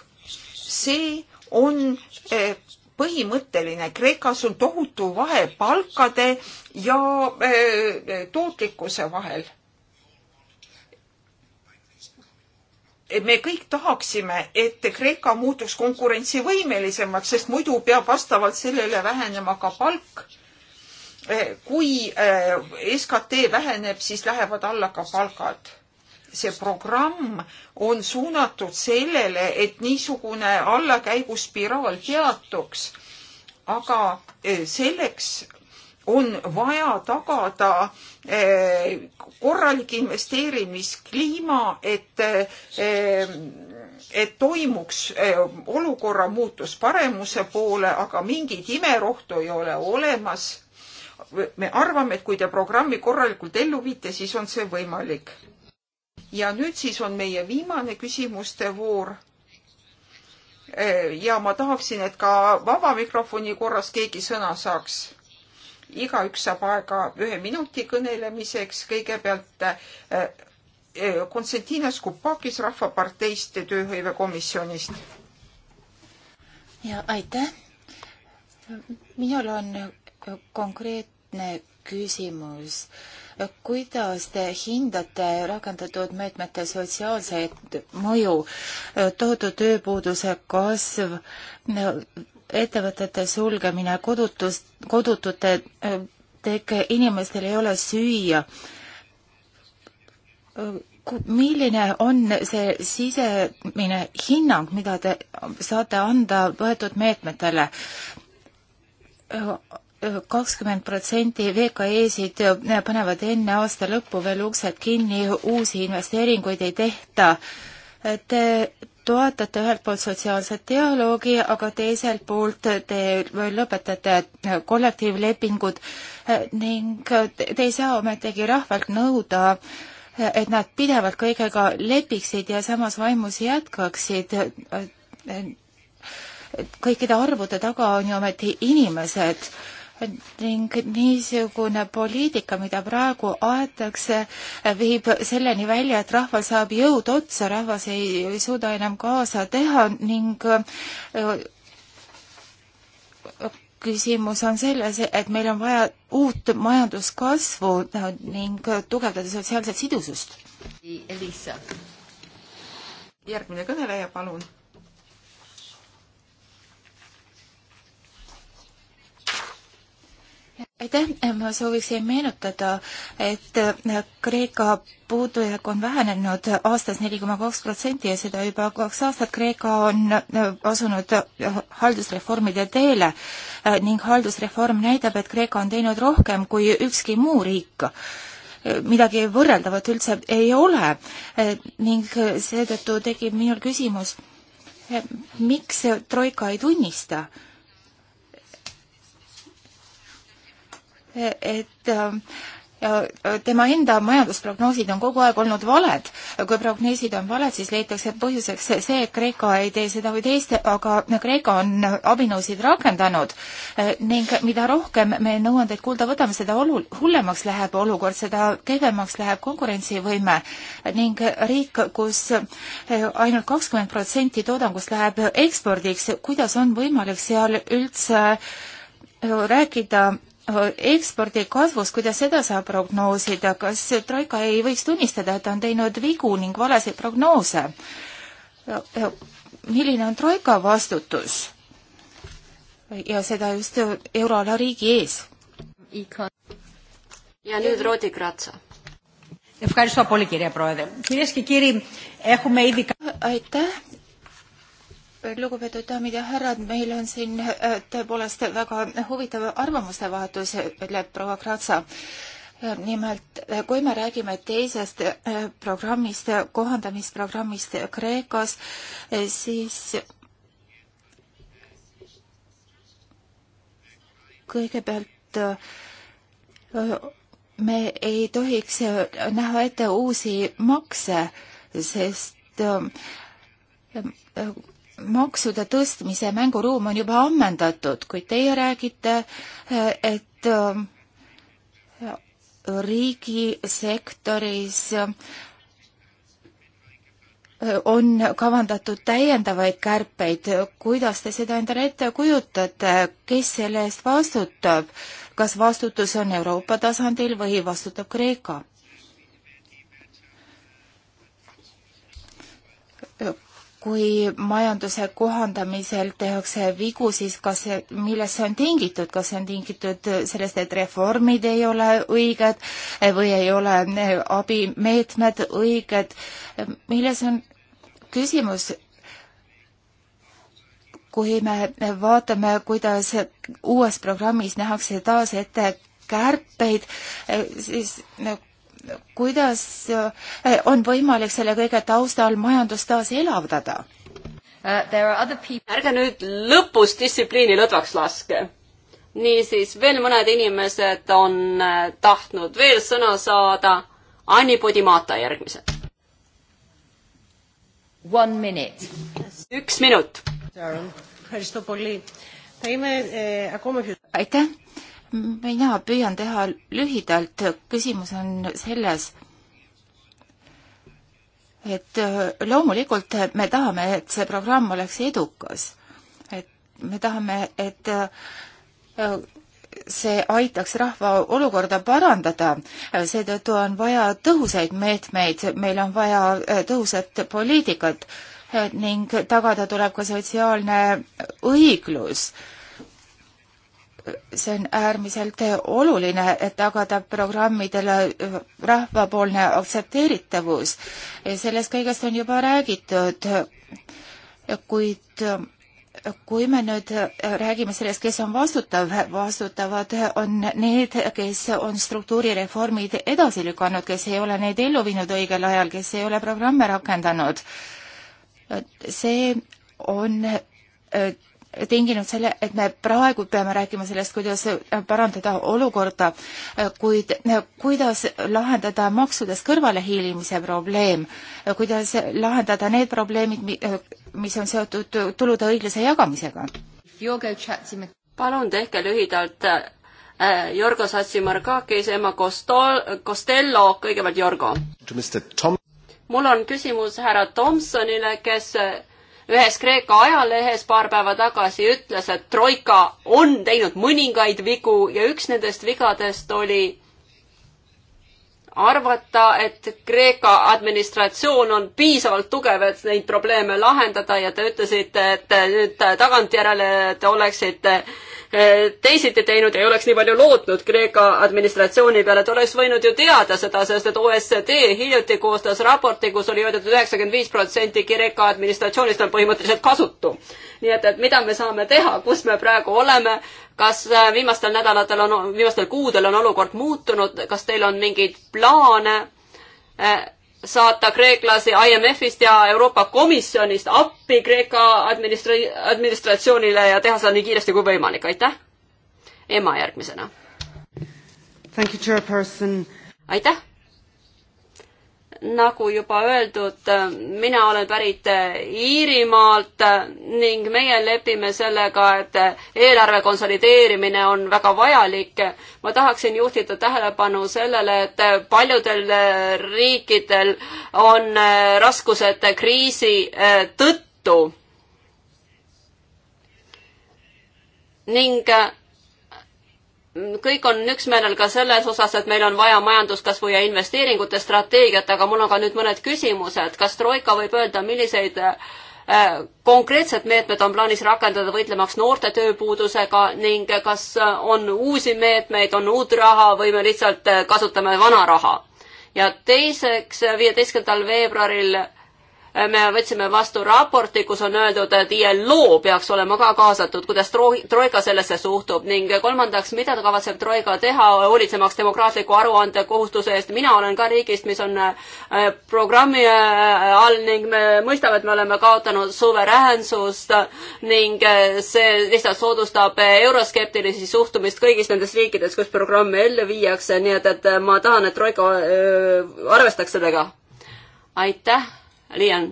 see on eh, põhimõtteline. Kreekas on tohutu vahe palkade ja äh, tootlikkuse vahel. me kõik tahaksime, et Kreeka muutuks konkurentsivõimelisemaks, sest muidu peab vastavalt sellele vähenema ka palk. Äh, kui äh, SKT väheneb, siis lähevad alla ka palgad see programm on suunatud sellele, et niisugune allakäiguspiraal peatuks. aga eh, selleks on vaja tagada eh, korralik investeerimiskliima, et, eh, et toimuks olukorra muutus paremuse poole, aga mingit imerohtu ei ole olemas. me arvame, et kui te programmi korralikult ellu viite, siis on see võimalik ja nüüd siis on meie viimane küsimuste voor. E, ja ma tahaksin, et ka vaba mikrofoni korras keegi sõna saaks. igaüks saab aega ühe minuti kõnelemiseks, kõigepealt e, e, Konstantinas Kupakis Rahvaparteist ja Tööhõivekomisjonist. ja aitäh. minul on konkreetne küsimus äh, kuidas te hindate rakendatud meetmete sotsiaalseid mõju, tohutu tööpuuduse kasv, ettevõtete sulgemine, kodutus, kodutute äh, teke, inimestel ei ole süüa. Äh, milline on see sisemine hinnang, mida te saate anda võetud meetmetele? Äh, kakskümmend protsenti VKE-sid panevad enne aasta lõppu veel uksed kinni, uusi investeeringuid ei tehta. Te toetate ühelt poolt sotsiaalset dialoogi, aga teiselt poolt te lõpetate kollektiivlepingud ning te ei saa ometigi rahvalt nõuda et nad pidevalt kõigega lepiksid ja samas vaimus jätkaksid kõikide arvude taga on ju ometi inimesed ning niisugune poliitika, mida praegu aetakse, viib selleni välja, et rahval saab jõud otsa, rahvas ei, ei suuda enam kaasa teha ning küsimus on selles, et meil on vaja uut majanduskasvu noh, ning tugevdada sotsiaalset sidusust. Elisa. järgmine kõneleja, palun aitäh, ma sooviksin meenutada, et äh, Kreeka puudujääk on vähenenud aastas neli koma kaks protsenti ja seda juba kaks aastat. Kreeka on äh, asunud äh, haldusreformide teele ning haldusreform näitab, et Kreeka on teinud rohkem kui ükski muu riik midagi võrreldavat üldse ei ole ning seetõttu tekib minul küsimus, miks Troika ei tunnista äh, et äh, ja äh, tema enda majandusprognoosid on kogu aeg olnud valed. kui prognoosid on valed, siis leitakse põhjuseks see, et Kreeka ei tee seda või teist, aga Kreeka on abinõusid rakendanud äh, ning mida rohkem me nõuandeid kuulda võtame, seda olu-, hullemaks läheb olukord, seda kehvemaks läheb konkurentsivõime ning riik, kus ainult kakskümmend protsenti toodangust läheb ekspordiks, kuidas on võimalik seal üldse rääkida ekspordi kasvust, kuidas seda saab prognoosida, kas Troika ei võiks tunnistada, et on teinud vigu ning valesid prognoose? milline on Troika vastutus? ja seda just euroala riigi ees. ja nüüd Rodi Kratsa. aitäh lugupeetud daamid ja härrad, meil on siin äh, tõepoolest väga huvitav arvamuste vahetus, ütleb proua Kratsa. Äh, nimelt, äh, kui me räägime teisest programmist, kohandamisprogrammist Kreekas, siis kõigepealt me ei tohiks näha ette uusi makse, sest maksude tõstmise mänguruum on juba ammendatud, kuid teie räägite, et äh, riigisektoris äh, on kavandatud täiendavaid kärpeid, kuidas te seda endale ette kujutate, kes selle eest vastutab, kas vastutus on Euroopa tasandil või vastutab Kreeka? kui majanduse kohandamisel tehakse vigu, siis kas, millest see on tingitud, kas see on tingitud sellest, et reformid ei ole õiged või ei ole eh, abimeetmed õiged, milles on küsimus, kui me vaatame, kuidas uues programmis nähakse taas ette kärpeid, eh, siis kuidas eh, on võimalik selle kõige taustal majandust taas elavdada? Uh, ärge nüüd lõpus distsipliini lõdvaks laske. niisiis, veel mõned inimesed on eh, tahtnud veel sõna saada. Anni Podimata järgmised. üks minut. aitäh mina mm, püüan teha lühidalt, küsimus on selles, et äh, loomulikult me tahame, et see programm oleks edukas. et me tahame, et äh, see aitaks rahva olukorda parandada, seetõttu on vaja tõhusaid meetmeid, meil on vaja äh, tõhusat poliitikat ning tagada tuleb ka sotsiaalne õiglus see on äärmiselt oluline, et tagada programmidele äh, rahvapoolne aktsepteeritavus. sellest kõigest on juba räägitud, kuid äh, kui me nüüd äh, räägime sellest, kes on vastutav, vastutavad on need, kes on struktuurireformid edasi lükanud, kes ei ole neid ellu viinud õigel ajal, kes ei ole programme rakendanud. see on tinginud selle, et me praegu peame rääkima sellest, kuidas parandada olukorda, kuid kuidas lahendada maksudest kõrvalehiilimise probleem, kuidas lahendada need probleemid, mis on seotud tulude õiglase jagamisega? palun tehke lühidalt äh, Jorgo Satsimarkakis, Emma Costo-, Costello, kõigepealt Jorgo. mul on küsimus härra Tomsonile, kes ühes Kreeka ajalehes paar päeva tagasi ütles, et Troika on teinud mõningaid vigu ja üks nendest vigadest oli arvata, et Kreeka administratsioon on piisavalt tugev, et neid probleeme lahendada ja te ütlesite, et nüüd tagantjärele te oleksite äh, Eh, teisiti teinud, ei oleks nii palju lootnud Kreeka administratsiooni peale, et oleks võinud ju teada seda, sest et OSCD hiljuti koostas raporti, kus oli öeldud, et üheksakümmend viis protsenti Kreeka administratsioonist on põhimõtteliselt kasutu. nii et, et mida me saame teha, kus me praegu oleme, kas äh, viimastel nädalatel on, viimastel kuudel on olukord muutunud, kas teil on mingeid plaane? Äh, saata kreeklasi IMF-ist ja Euroopa Komisjonist appi Kreeka administra-, administratsioonile ja teha seda nii kiiresti kui võimalik, aitäh! Emma järgmisena. aitäh! nagu juba öeldud, mina olen pärit Iirimaalt ning meie lepime sellega, et eelarve konsolideerimine on väga vajalik. ma tahaksin juhtida tähelepanu sellele, et paljudel riikidel on raskused kriisi tõttu ning kõik on üksmeelel ka selles osas, et meil on vaja majanduskasvu ja investeeringute strateegiat, aga mul on ka nüüd mõned küsimused. kas Troika võib öelda, milliseid äh, konkreetsed meetmed on plaanis rakendada võitlemaks noorte tööpuudusega ning kas äh, on uusi meetmeid, on uut raha või me lihtsalt äh, kasutame vana raha? ja teiseks, viieteistkümnendal veebruaril me võtsime vastu raporti, kus on öeldud, et ILO peaks olema ka kaasatud, kuidas Troika sellesse suhtub ning kolmandaks, mida ta kavatseb Troika teha, hoolitsemaks demokraatliku aruande kohustuse eest. mina olen ka riigist, mis on äh, programmi äh, all ning me mõistame, et me oleme kaotanud suveräänsust ning äh, see lihtsalt soodustab euroskeptilisi suhtumist kõigis nendes riikides, kus programme ellu viiakse, nii et, et ma tahan, et Troika arvestaks sellega. aitäh Leon.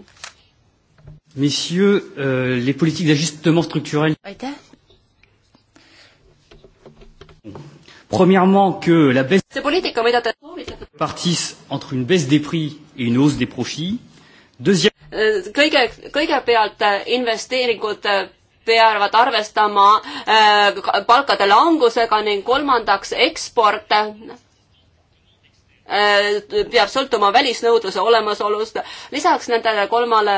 Messieurs, euh, les politiques d'ajustement structurel. aitäh. Premièrement que la baisse see poliitika, mida te soovitate. partisse entre une baisse des prix et une hausse des profits. Deuxième. Äh, kõige, kõigepealt äh, investeeringud äh, peavad arvestama palkade langusega ning kolmandaks eksport Äh, peab sõltuma välisnõudluse olemasolust. lisaks nendele kolmale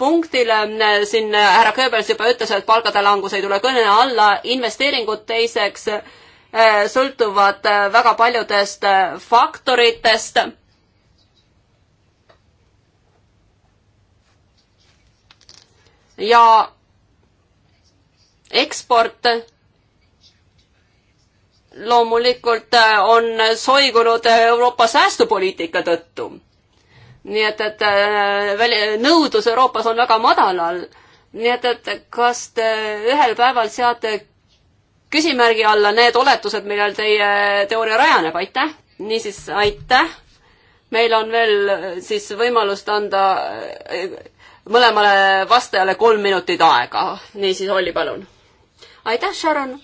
punktile äh, siin härra Goebbels juba ütles, et palgade langus ei tule kõne alla, investeeringud teiseks äh, sõltuvad väga paljudest faktoritest ja eksport loomulikult äh, on soigunud Euroopa säästupoliitika tõttu. nii et, et äh, väli-, nõudlus Euroopas on väga madalal. nii et, et kas te ühel päeval seate küsimärgi alla need oletused, millel teie teooria rajaneb, aitäh! niisiis, aitäh! meil on veel äh, siis võimalust anda mõlemale vastajale kolm minutit aega. niisiis, Olli, palun! aitäh, Sharon!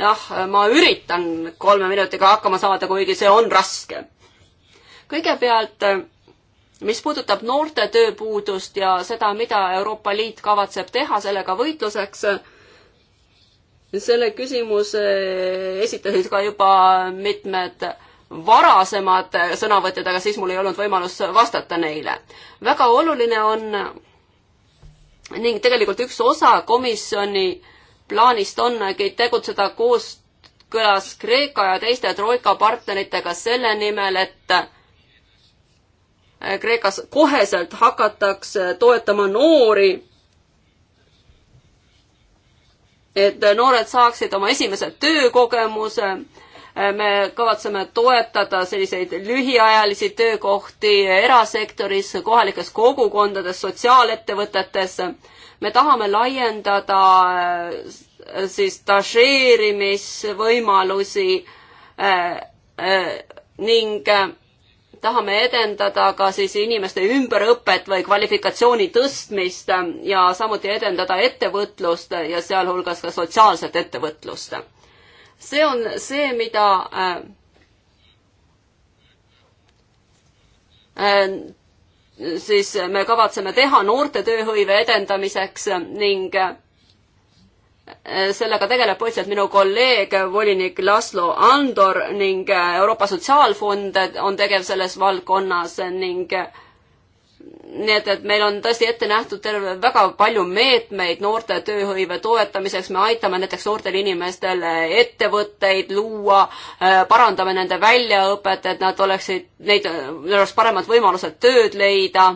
jah, ma üritan kolme minutiga hakkama saada, kuigi see on raske. kõigepealt, mis puudutab noorte tööpuudust ja seda, mida Euroopa Liit kavatseb teha sellega võitluseks, selle küsimuse esitasid ka juba mitmed varasemad sõnavõtjad, aga siis mul ei olnud võimalus vastata neile. väga oluline on ning tegelikult üks osa komisjoni plaanist ongi tegutseda kooskõlas Kreeka ja teiste troika partneritega selle nimel, et eh, Kreekas koheselt hakatakse toetama noori, et noored saaksid oma esimese töökogemuse eh, me kavatseme toetada selliseid lühiajalisi töökohti erasektoris, kohalikes kogukondades, sotsiaalettevõtetes me tahame laiendada äh, siis stažeerimisvõimalusi äh, äh, ning tahame edendada ka siis inimeste ümberõpet või kvalifikatsiooni tõstmist ja samuti edendada ettevõtlust ja sealhulgas ka sotsiaalset ettevõtlust. see on see, mida siis me kavatseme teha noorte tööhõive edendamiseks ning äh, sellega tegeleb põhiliselt minu kolleeg, volinik Laslo Andor ning äh, Euroopa Sotsiaalfond on tegev selles valdkonnas ning äh, nii et, et meil on tõesti ette nähtud terve, väga palju meetmeid noorte tööhõive toetamiseks, me aitame näiteks noortel inimestel ettevõtteid luua, äh, parandame nende väljaõpet, et nad oleksid, neid, neil oleks paremad võimalused tööd leida.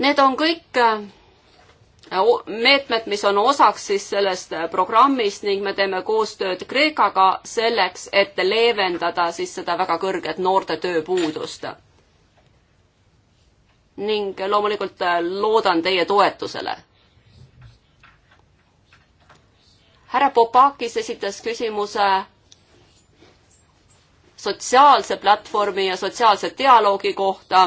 Need on kõik äh, meetmed, mis on osaks siis sellest äh, programmist ning me teeme koostööd Kreekaga selleks, et leevendada siis seda väga kõrget noorte tööpuudust. ning loomulikult äh, loodan teie toetusele. härra Popakis esitas küsimuse sotsiaalse platvormi ja sotsiaalse dialoogi kohta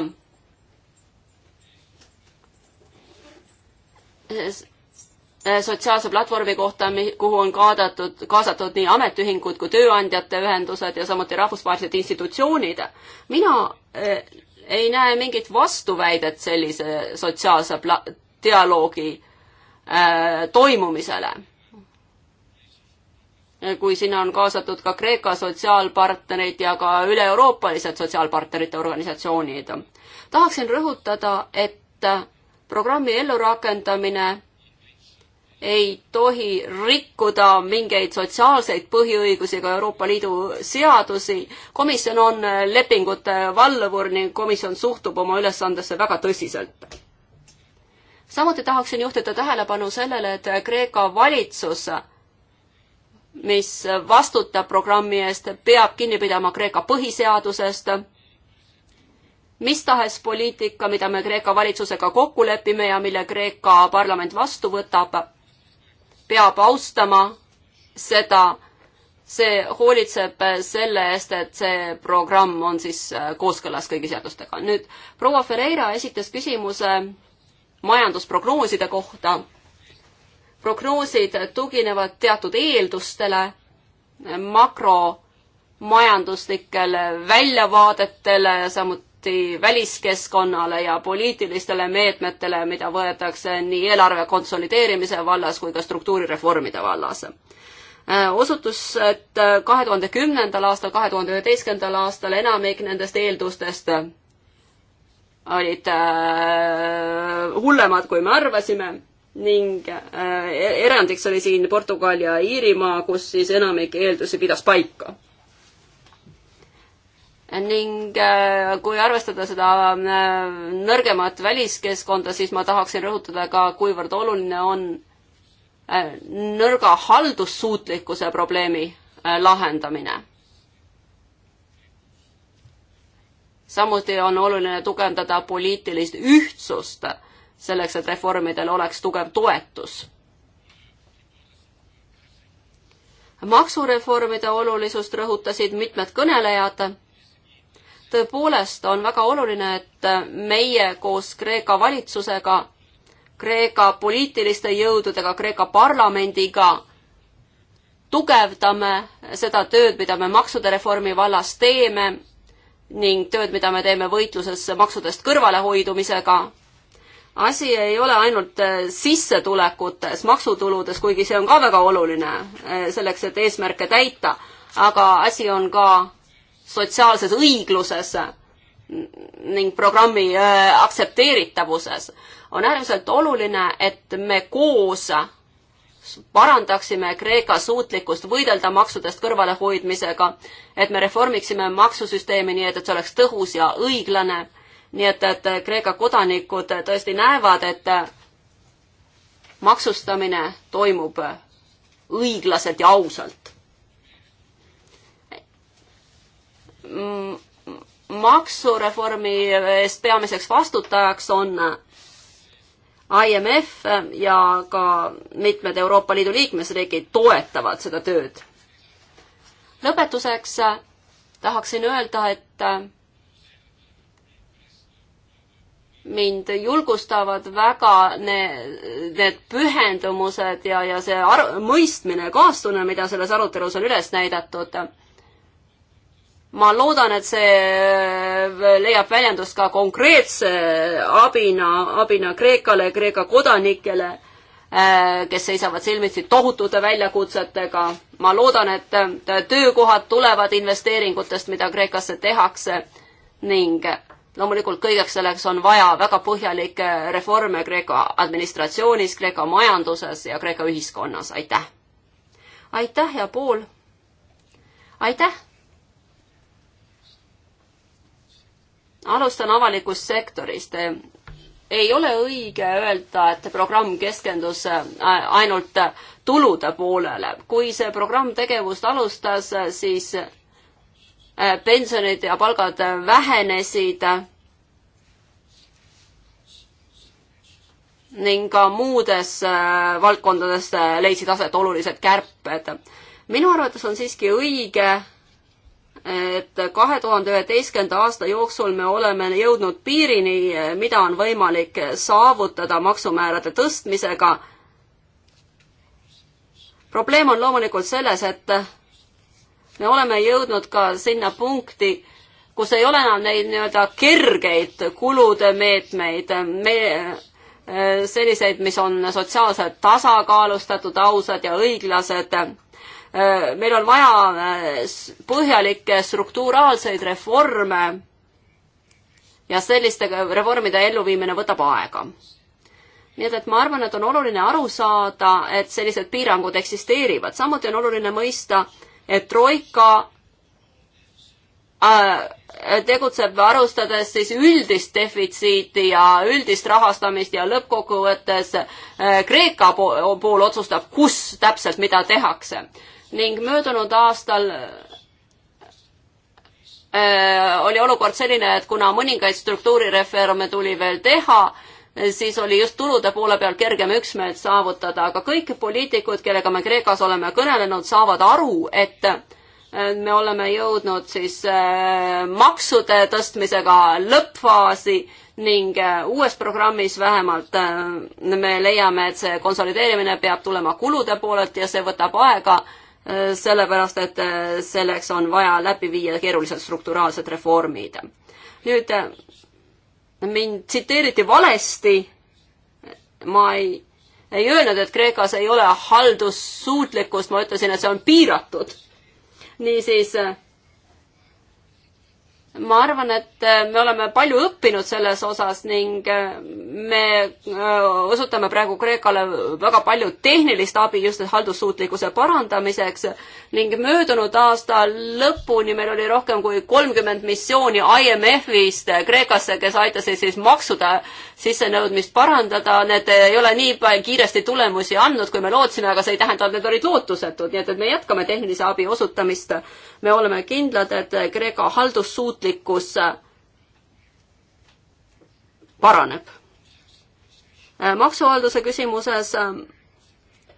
Äh, sotsiaalse platvormi kohta, kuhu on kaadatud, kaasatud nii ametiühingud kui tööandjate ühendused ja samuti rahvusvahelised institutsioonid. mina äh, ei näe mingit vastuväidet sellise sotsiaalse pla-, dialoogi äh, toimumisele. kui sinna on kaasatud ka Kreeka sotsiaalpartnerid ja ka üle-euroopalised sotsiaalpartnerite organisatsioonid. tahaksin rõhutada, et äh, programmi ellurakendamine ei tohi rikkuda mingeid sotsiaalseid põhiõigusi ega Euroopa Liidu seadusi. komisjon on lepingute valvur ning komisjon suhtub oma ülesandesse väga tõsiselt. samuti tahaksin juhtida tähelepanu sellele, et Kreeka valitsus, mis vastutab programmi eest, peab kinni pidama Kreeka põhiseadusest mis tahes poliitika, mida me Kreeka valitsusega kokku lepime ja mille Kreeka parlament vastu võtab, peab austama seda, see hoolitseb selle eest, et see programm on siis äh, kooskõlas kõigi seadustega. nüüd proua Ferreira esitas küsimuse majandusprognooside kohta. prognoosid tuginevad teatud eeldustele, makro majanduslikele väljavaadetele, samuti samuti väliskeskkonnale ja poliitilistele meetmetele, mida võetakse nii eelarve konsolideerimise vallas kui ka struktuurireformide vallas. Äh, osutus, et kahe tuhande kümnendal aastal, kahe tuhande üheteistkümnendal aastal enamik nendest eeldustest olid äh, hullemad, kui me arvasime ning äh, e-, erandiks oli siin Portugal ja Iirimaa, kus siis enamik eeldusi pidas paika ning äh, kui arvestada seda äh, nõrgemat väliskeskkonda, siis ma tahaksin rõhutada ka, kuivõrd oluline on äh, nõrga haldussuutlikkuse probleemi lahendamine. samuti on oluline tugevdada poliitilist ühtsust selleks, et reformidel oleks tugev toetus. maksureformide olulisust rõhutasid mitmed kõnelejad tõepoolest on väga oluline, et meie koos Kreeka valitsusega, Kreeka poliitiliste jõududega, Kreeka parlamendiga tugevdame seda tööd, mida me maksude reformi vallas teeme ning tööd, mida me teeme võitluses maksudest kõrvalehoidumisega. asi ei ole ainult äh, sissetulekutes, maksutuludes, kuigi see on ka väga oluline äh, selleks, et eesmärke täita, aga asi on ka sotsiaalses õigluses ning programmi äh, aktsepteeritavuses, on äärmiselt oluline, et me koos parandaksime Kreeka suutlikkust võidelda maksudest kõrvalehoidmisega, et me reformiksime maksusüsteemi nii, et, et see oleks tõhus ja õiglane, nii et, et Kreeka kodanikud tõesti näevad, et maksustamine toimub õiglaselt ja ausalt maksureformi eest peamiseks vastutajaks on IMF ja ka mitmed Euroopa Liidu liikmesriigid toetavad seda tööd. lõpetuseks tahaksin öelda, et mind julgustavad väga need, need pühendumused ja, ja see aru, mõistmine, kaastunne, mida selles arutelus on üles näidatud ma loodan, et see äh, leiab väljendust ka konkreetse abina, abina Kreekale, Kreeka kodanikele, äh, kes seisavad silmitsi tohutute väljakutsetega. ma loodan, et äh, töökohad tulevad investeeringutest, mida Kreekasse tehakse ning loomulikult kõigeks selleks on vaja väga põhjalikke reforme Kreeka administratsioonis, Kreeka majanduses ja Kreeka ühiskonnas, aitäh! aitäh ja pool! aitäh! alustan avalikust sektorist. ei ole õige öelda, et programm keskendus äh, ainult tulude poolele. kui see programm tegevust alustas, siis äh, pensionid ja palgad vähenesid ning ka muudes äh, valdkondades leidsid aset olulised kärped. minu arvates on siiski õige et kahe tuhande üheteistkümnenda aasta jooksul me oleme jõudnud piirini, mida on võimalik saavutada maksumäärade tõstmisega. probleem on loomulikult selles, et me oleme jõudnud ka sinna punkti, kus ei ole enam neid nii-öelda kergeid kulude meetmeid, me, eh, selliseid, mis on sotsiaalselt tasakaalustatud, ausad ja õiglased Äh, meil on vaja äh, põhjalikke struktuuraalseid reforme ja selliste reformide elluviimine võtab aega. nii et, et ma arvan, et on oluline aru saada, et sellised piirangud eksisteerivad, samuti on oluline mõista, et troika äh, tegutseb arvestades siis üldist defitsiiti ja üldist rahastamist ja lõppkokkuvõttes Kreeka pool, pool otsustab, kus täpselt mida tehakse ning möödunud aastal äh, oli olukord selline, et kuna mõningaid struktuurireforme tuli veel teha, siis oli just tulude poole peal kergem üksmeelt saavutada, aga kõik poliitikud, kellega me Kreekas oleme kõnelenud, saavad aru, et äh, me oleme jõudnud siis äh, maksude tõstmisega lõppfaasi ning uues programmis vähemalt me leiame, et see konsolideerimine peab tulema kulude poolelt ja see võtab aega Äh, sellepärast et äh, selleks on vaja läbi viia keerulised strukturaalsed reformid. nüüd äh, mind tsiteeriti valesti, ma ei, ei öelnud, et Kreekas ei ole haldussuutlikkust, ma ütlesin, et see on piiratud. niisiis ma arvan, et äh, me oleme palju õppinud selles osas ning äh, me äh, osutame praegu Kreekale väga palju tehnilist abi just haldussuutlikkuse parandamiseks ning möödunud aasta lõpuni meil oli rohkem kui kolmkümmend missiooni IMF-ist Kreekasse, kes aitasid siis maksude sissenõudmist parandada, need ei ole nii kiiresti tulemusi andnud, kui me lootsime, aga see ei tähenda, et need olid lootusetud, nii et, et me jätkame tehnilise abi osutamist. me oleme kindlad, et Kreeka haldussuutlikkus paraneb. maksuhalduse küsimuses äh,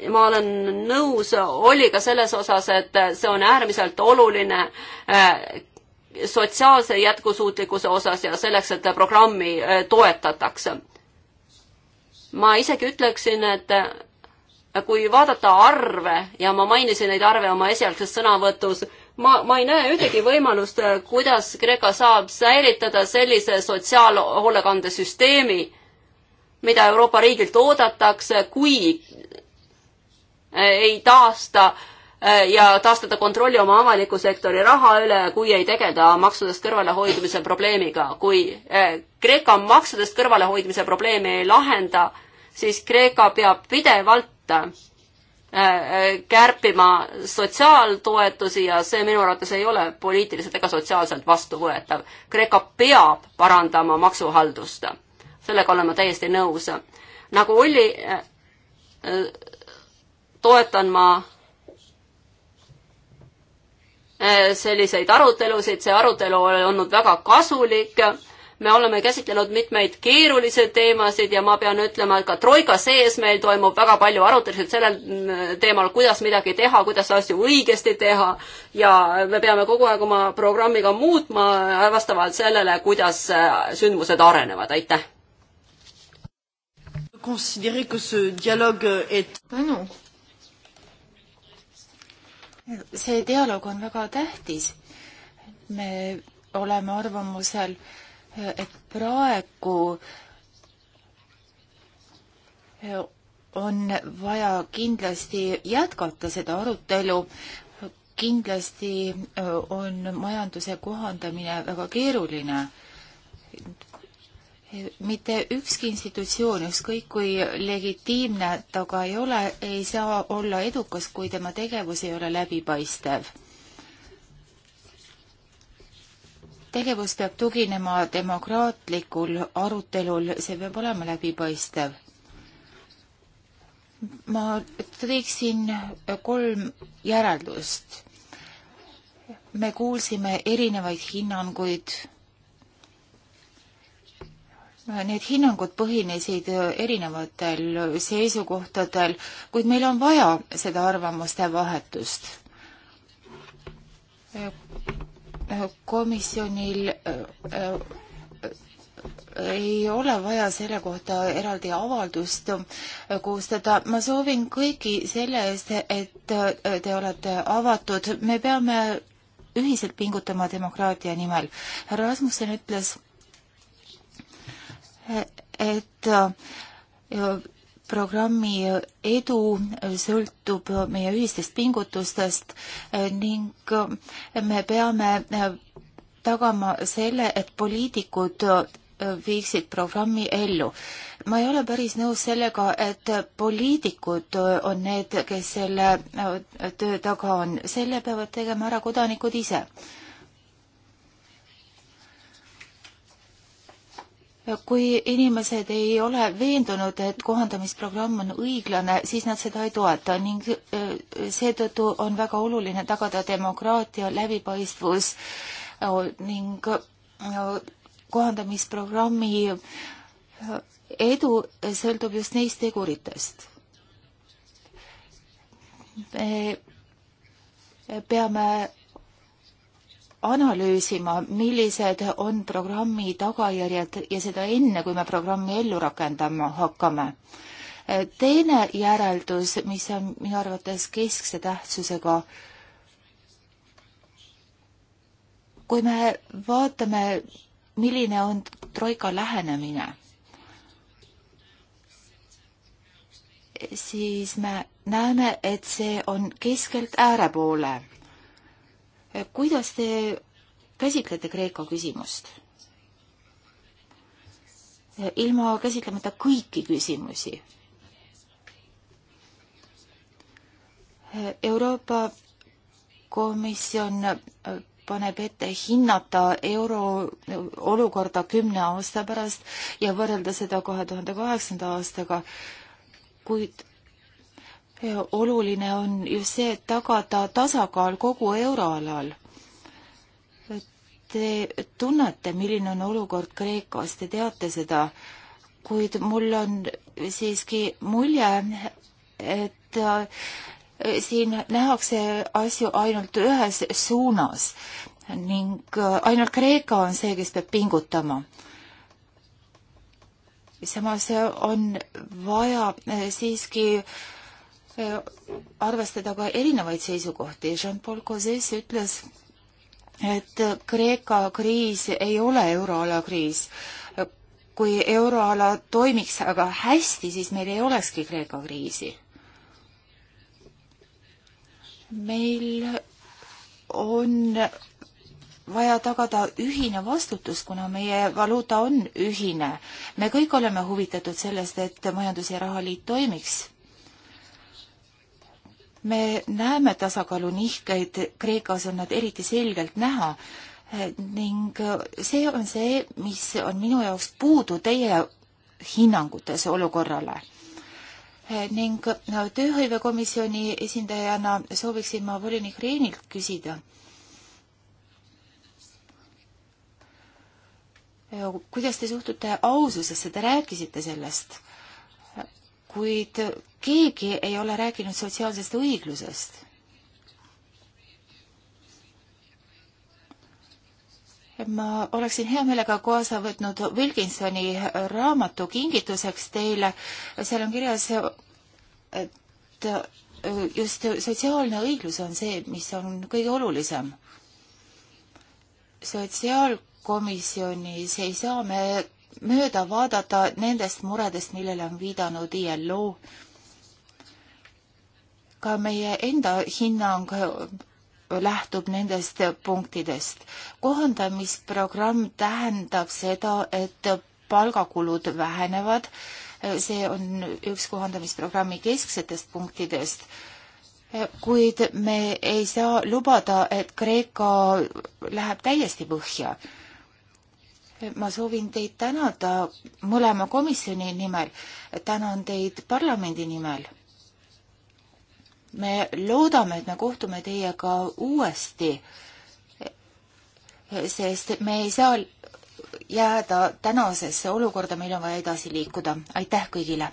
ma olen nõus Olliga selles osas, et see on äärmiselt oluline äh, sotsiaalse jätkusuutlikkuse osas ja selleks, et programmi äh, toetatakse. ma isegi ütleksin, et äh, kui vaadata arve ja ma mainisin neid arve oma esialgses sõnavõtus, ma, ma ei näe ühtegi võimalust, äh, kuidas Kreeka saab säilitada sellise sotsiaalhoolekandesüsteemi, mida Euroopa riigilt oodatakse, kui ei taasta äh, Äh, ja taastada kontrolli oma avaliku sektori raha üle, kui ei tegeleda maksudest kõrvalehoidmise probleemiga. kui äh, Kreeka maksudest kõrvalehoidmise probleemi ei lahenda, siis Kreeka peab pidevalt äh, kärpima sotsiaaltoetusi ja see minu arvates ei ole poliitiliselt ega sotsiaalselt vastuvõetav. Kreeka peab parandama maksuhaldust. sellega olen ma täiesti nõus. nagu Olli, toetan ma Äh, selliseid arutelusid, see arutelu on olnud väga kasulik. me oleme käsitlenud mitmeid keerulisi teemasid ja ma pean ütlema, et ka Troika sees meil toimub väga palju arutelusid sellel äh, teemal, kuidas midagi teha, kuidas asju õigesti teha ja me peame kogu aeg oma programmi ka muutma vastavalt sellele, kuidas äh, sündmused arenevad, aitäh! considérer que ce dialogue est... Ah non see dialoog on väga tähtis. me oleme arvamusel, et praegu on vaja kindlasti jätkata seda arutelu. kindlasti on majanduse kohandamine väga keeruline mitte ükski institutsioon, ükskõik kui legitiimne ta ka ei ole, ei saa olla edukas, kui tema tegevus ei ole läbipaistev. tegevus peab tuginema demokraatlikul arutelul, see peab olema läbipaistev. ma teeksin kolm järeldust. me kuulsime erinevaid hinnanguid Need hinnangud põhinesid erinevatel seisukohtadel, kuid meil on vaja seda arvamuste vahetust. komisjonil äh, äh, ei ole vaja selle kohta eraldi avaldust koostada. ma soovin kõiki selle eest, et äh, te olete avatud. me peame ühiselt pingutama demokraatia nimel. härra Rasmussen ütles, et äh, programmi edu sõltub meie ühistest pingutustest äh, ning äh, me peame tagama selle, et poliitikud viiksid programmi ellu. ma ei ole päris nõus sellega, et poliitikud on need, kes selle töö taga on, selle peavad tegema ära kodanikud ise. kui inimesed ei ole veendunud, et kohandamisprogramm on õiglane, siis nad seda ei toeta ning äh, seetõttu on väga oluline tagada demokraatia läbipaistvus äh, ning äh, kohandamisprogrammi edu sõltub just neist teguritest. me peame analüüsima, millised on programmi tagajärjed ja seda enne, kui me programmi ellu rakendama hakkame. teine järeldus, mis on minu arvates keskse tähtsusega, kui me vaatame, milline on troika lähenemine, siis me näeme, et see on keskelt ääre poole kuidas te käsitlete Kreeka küsimust? ilma käsitlemata kõiki küsimusi. Euroopa Komisjon paneb ette hinnata euro olukorda kümne aasta pärast ja võrrelda seda kahe tuhande kaheksanda aastaga, kuid oluline on ju see, et tagada tasakaal kogu euroalal. Te tunnete, milline on olukord Kreekas, te teate seda, kuid mul on siiski mulje, et äh, siin nähakse asju ainult ühes suunas ning äh, ainult Kreeka on see, kes peab pingutama. samas on vaja äh, siiski äh, Äh, arvestada ka erinevaid seisukohti. Jean-Paul Causes ütles, et Kreeka kriis ei ole euroala kriis. kui euroala toimiks aga hästi, siis meil ei olekski Kreeka kriisi. meil on vaja tagada ühine vastutus, kuna meie valuuta on ühine. me kõik oleme huvitatud sellest, et Majandus- ja Rahaliit toimiks me näeme tasakaalu nihkeid, Kreekas on nad eriti selgelt näha ning see on see, mis on minu jaoks puudu teie hinnangutes olukorrale. ning no, tööhõivekomisjoni esindajana sooviksin ma volinik Reenilt küsida. kuidas te suhtute aususesse, te rääkisite sellest kuid keegi ei ole rääkinud sotsiaalsest õiglusest. ma oleksin hea meelega kaasa võtnud Wilkinsoni raamatu kingituseks teile, seal on kirjas, et just sotsiaalne õiglus on see, mis on kõige olulisem. sotsiaalkomisjonis ei saa me mööda vaadata nendest muredest, millele on viidanud ILO. ka meie enda hinnang lähtub nendest punktidest. kohandamisprogramm tähendab seda, et palgakulud vähenevad, see on üks kohandamisprogrammi kesksetest punktidest, kuid me ei saa lubada, et Kreeka läheb täiesti põhja ma soovin teid tänada mõlema komisjoni nimel, tänan teid parlamendi nimel. me loodame, et me kohtume teiega uuesti, sest me ei saa jääda tänasesse olukorda, meil on vaja edasi liikuda. aitäh kõigile!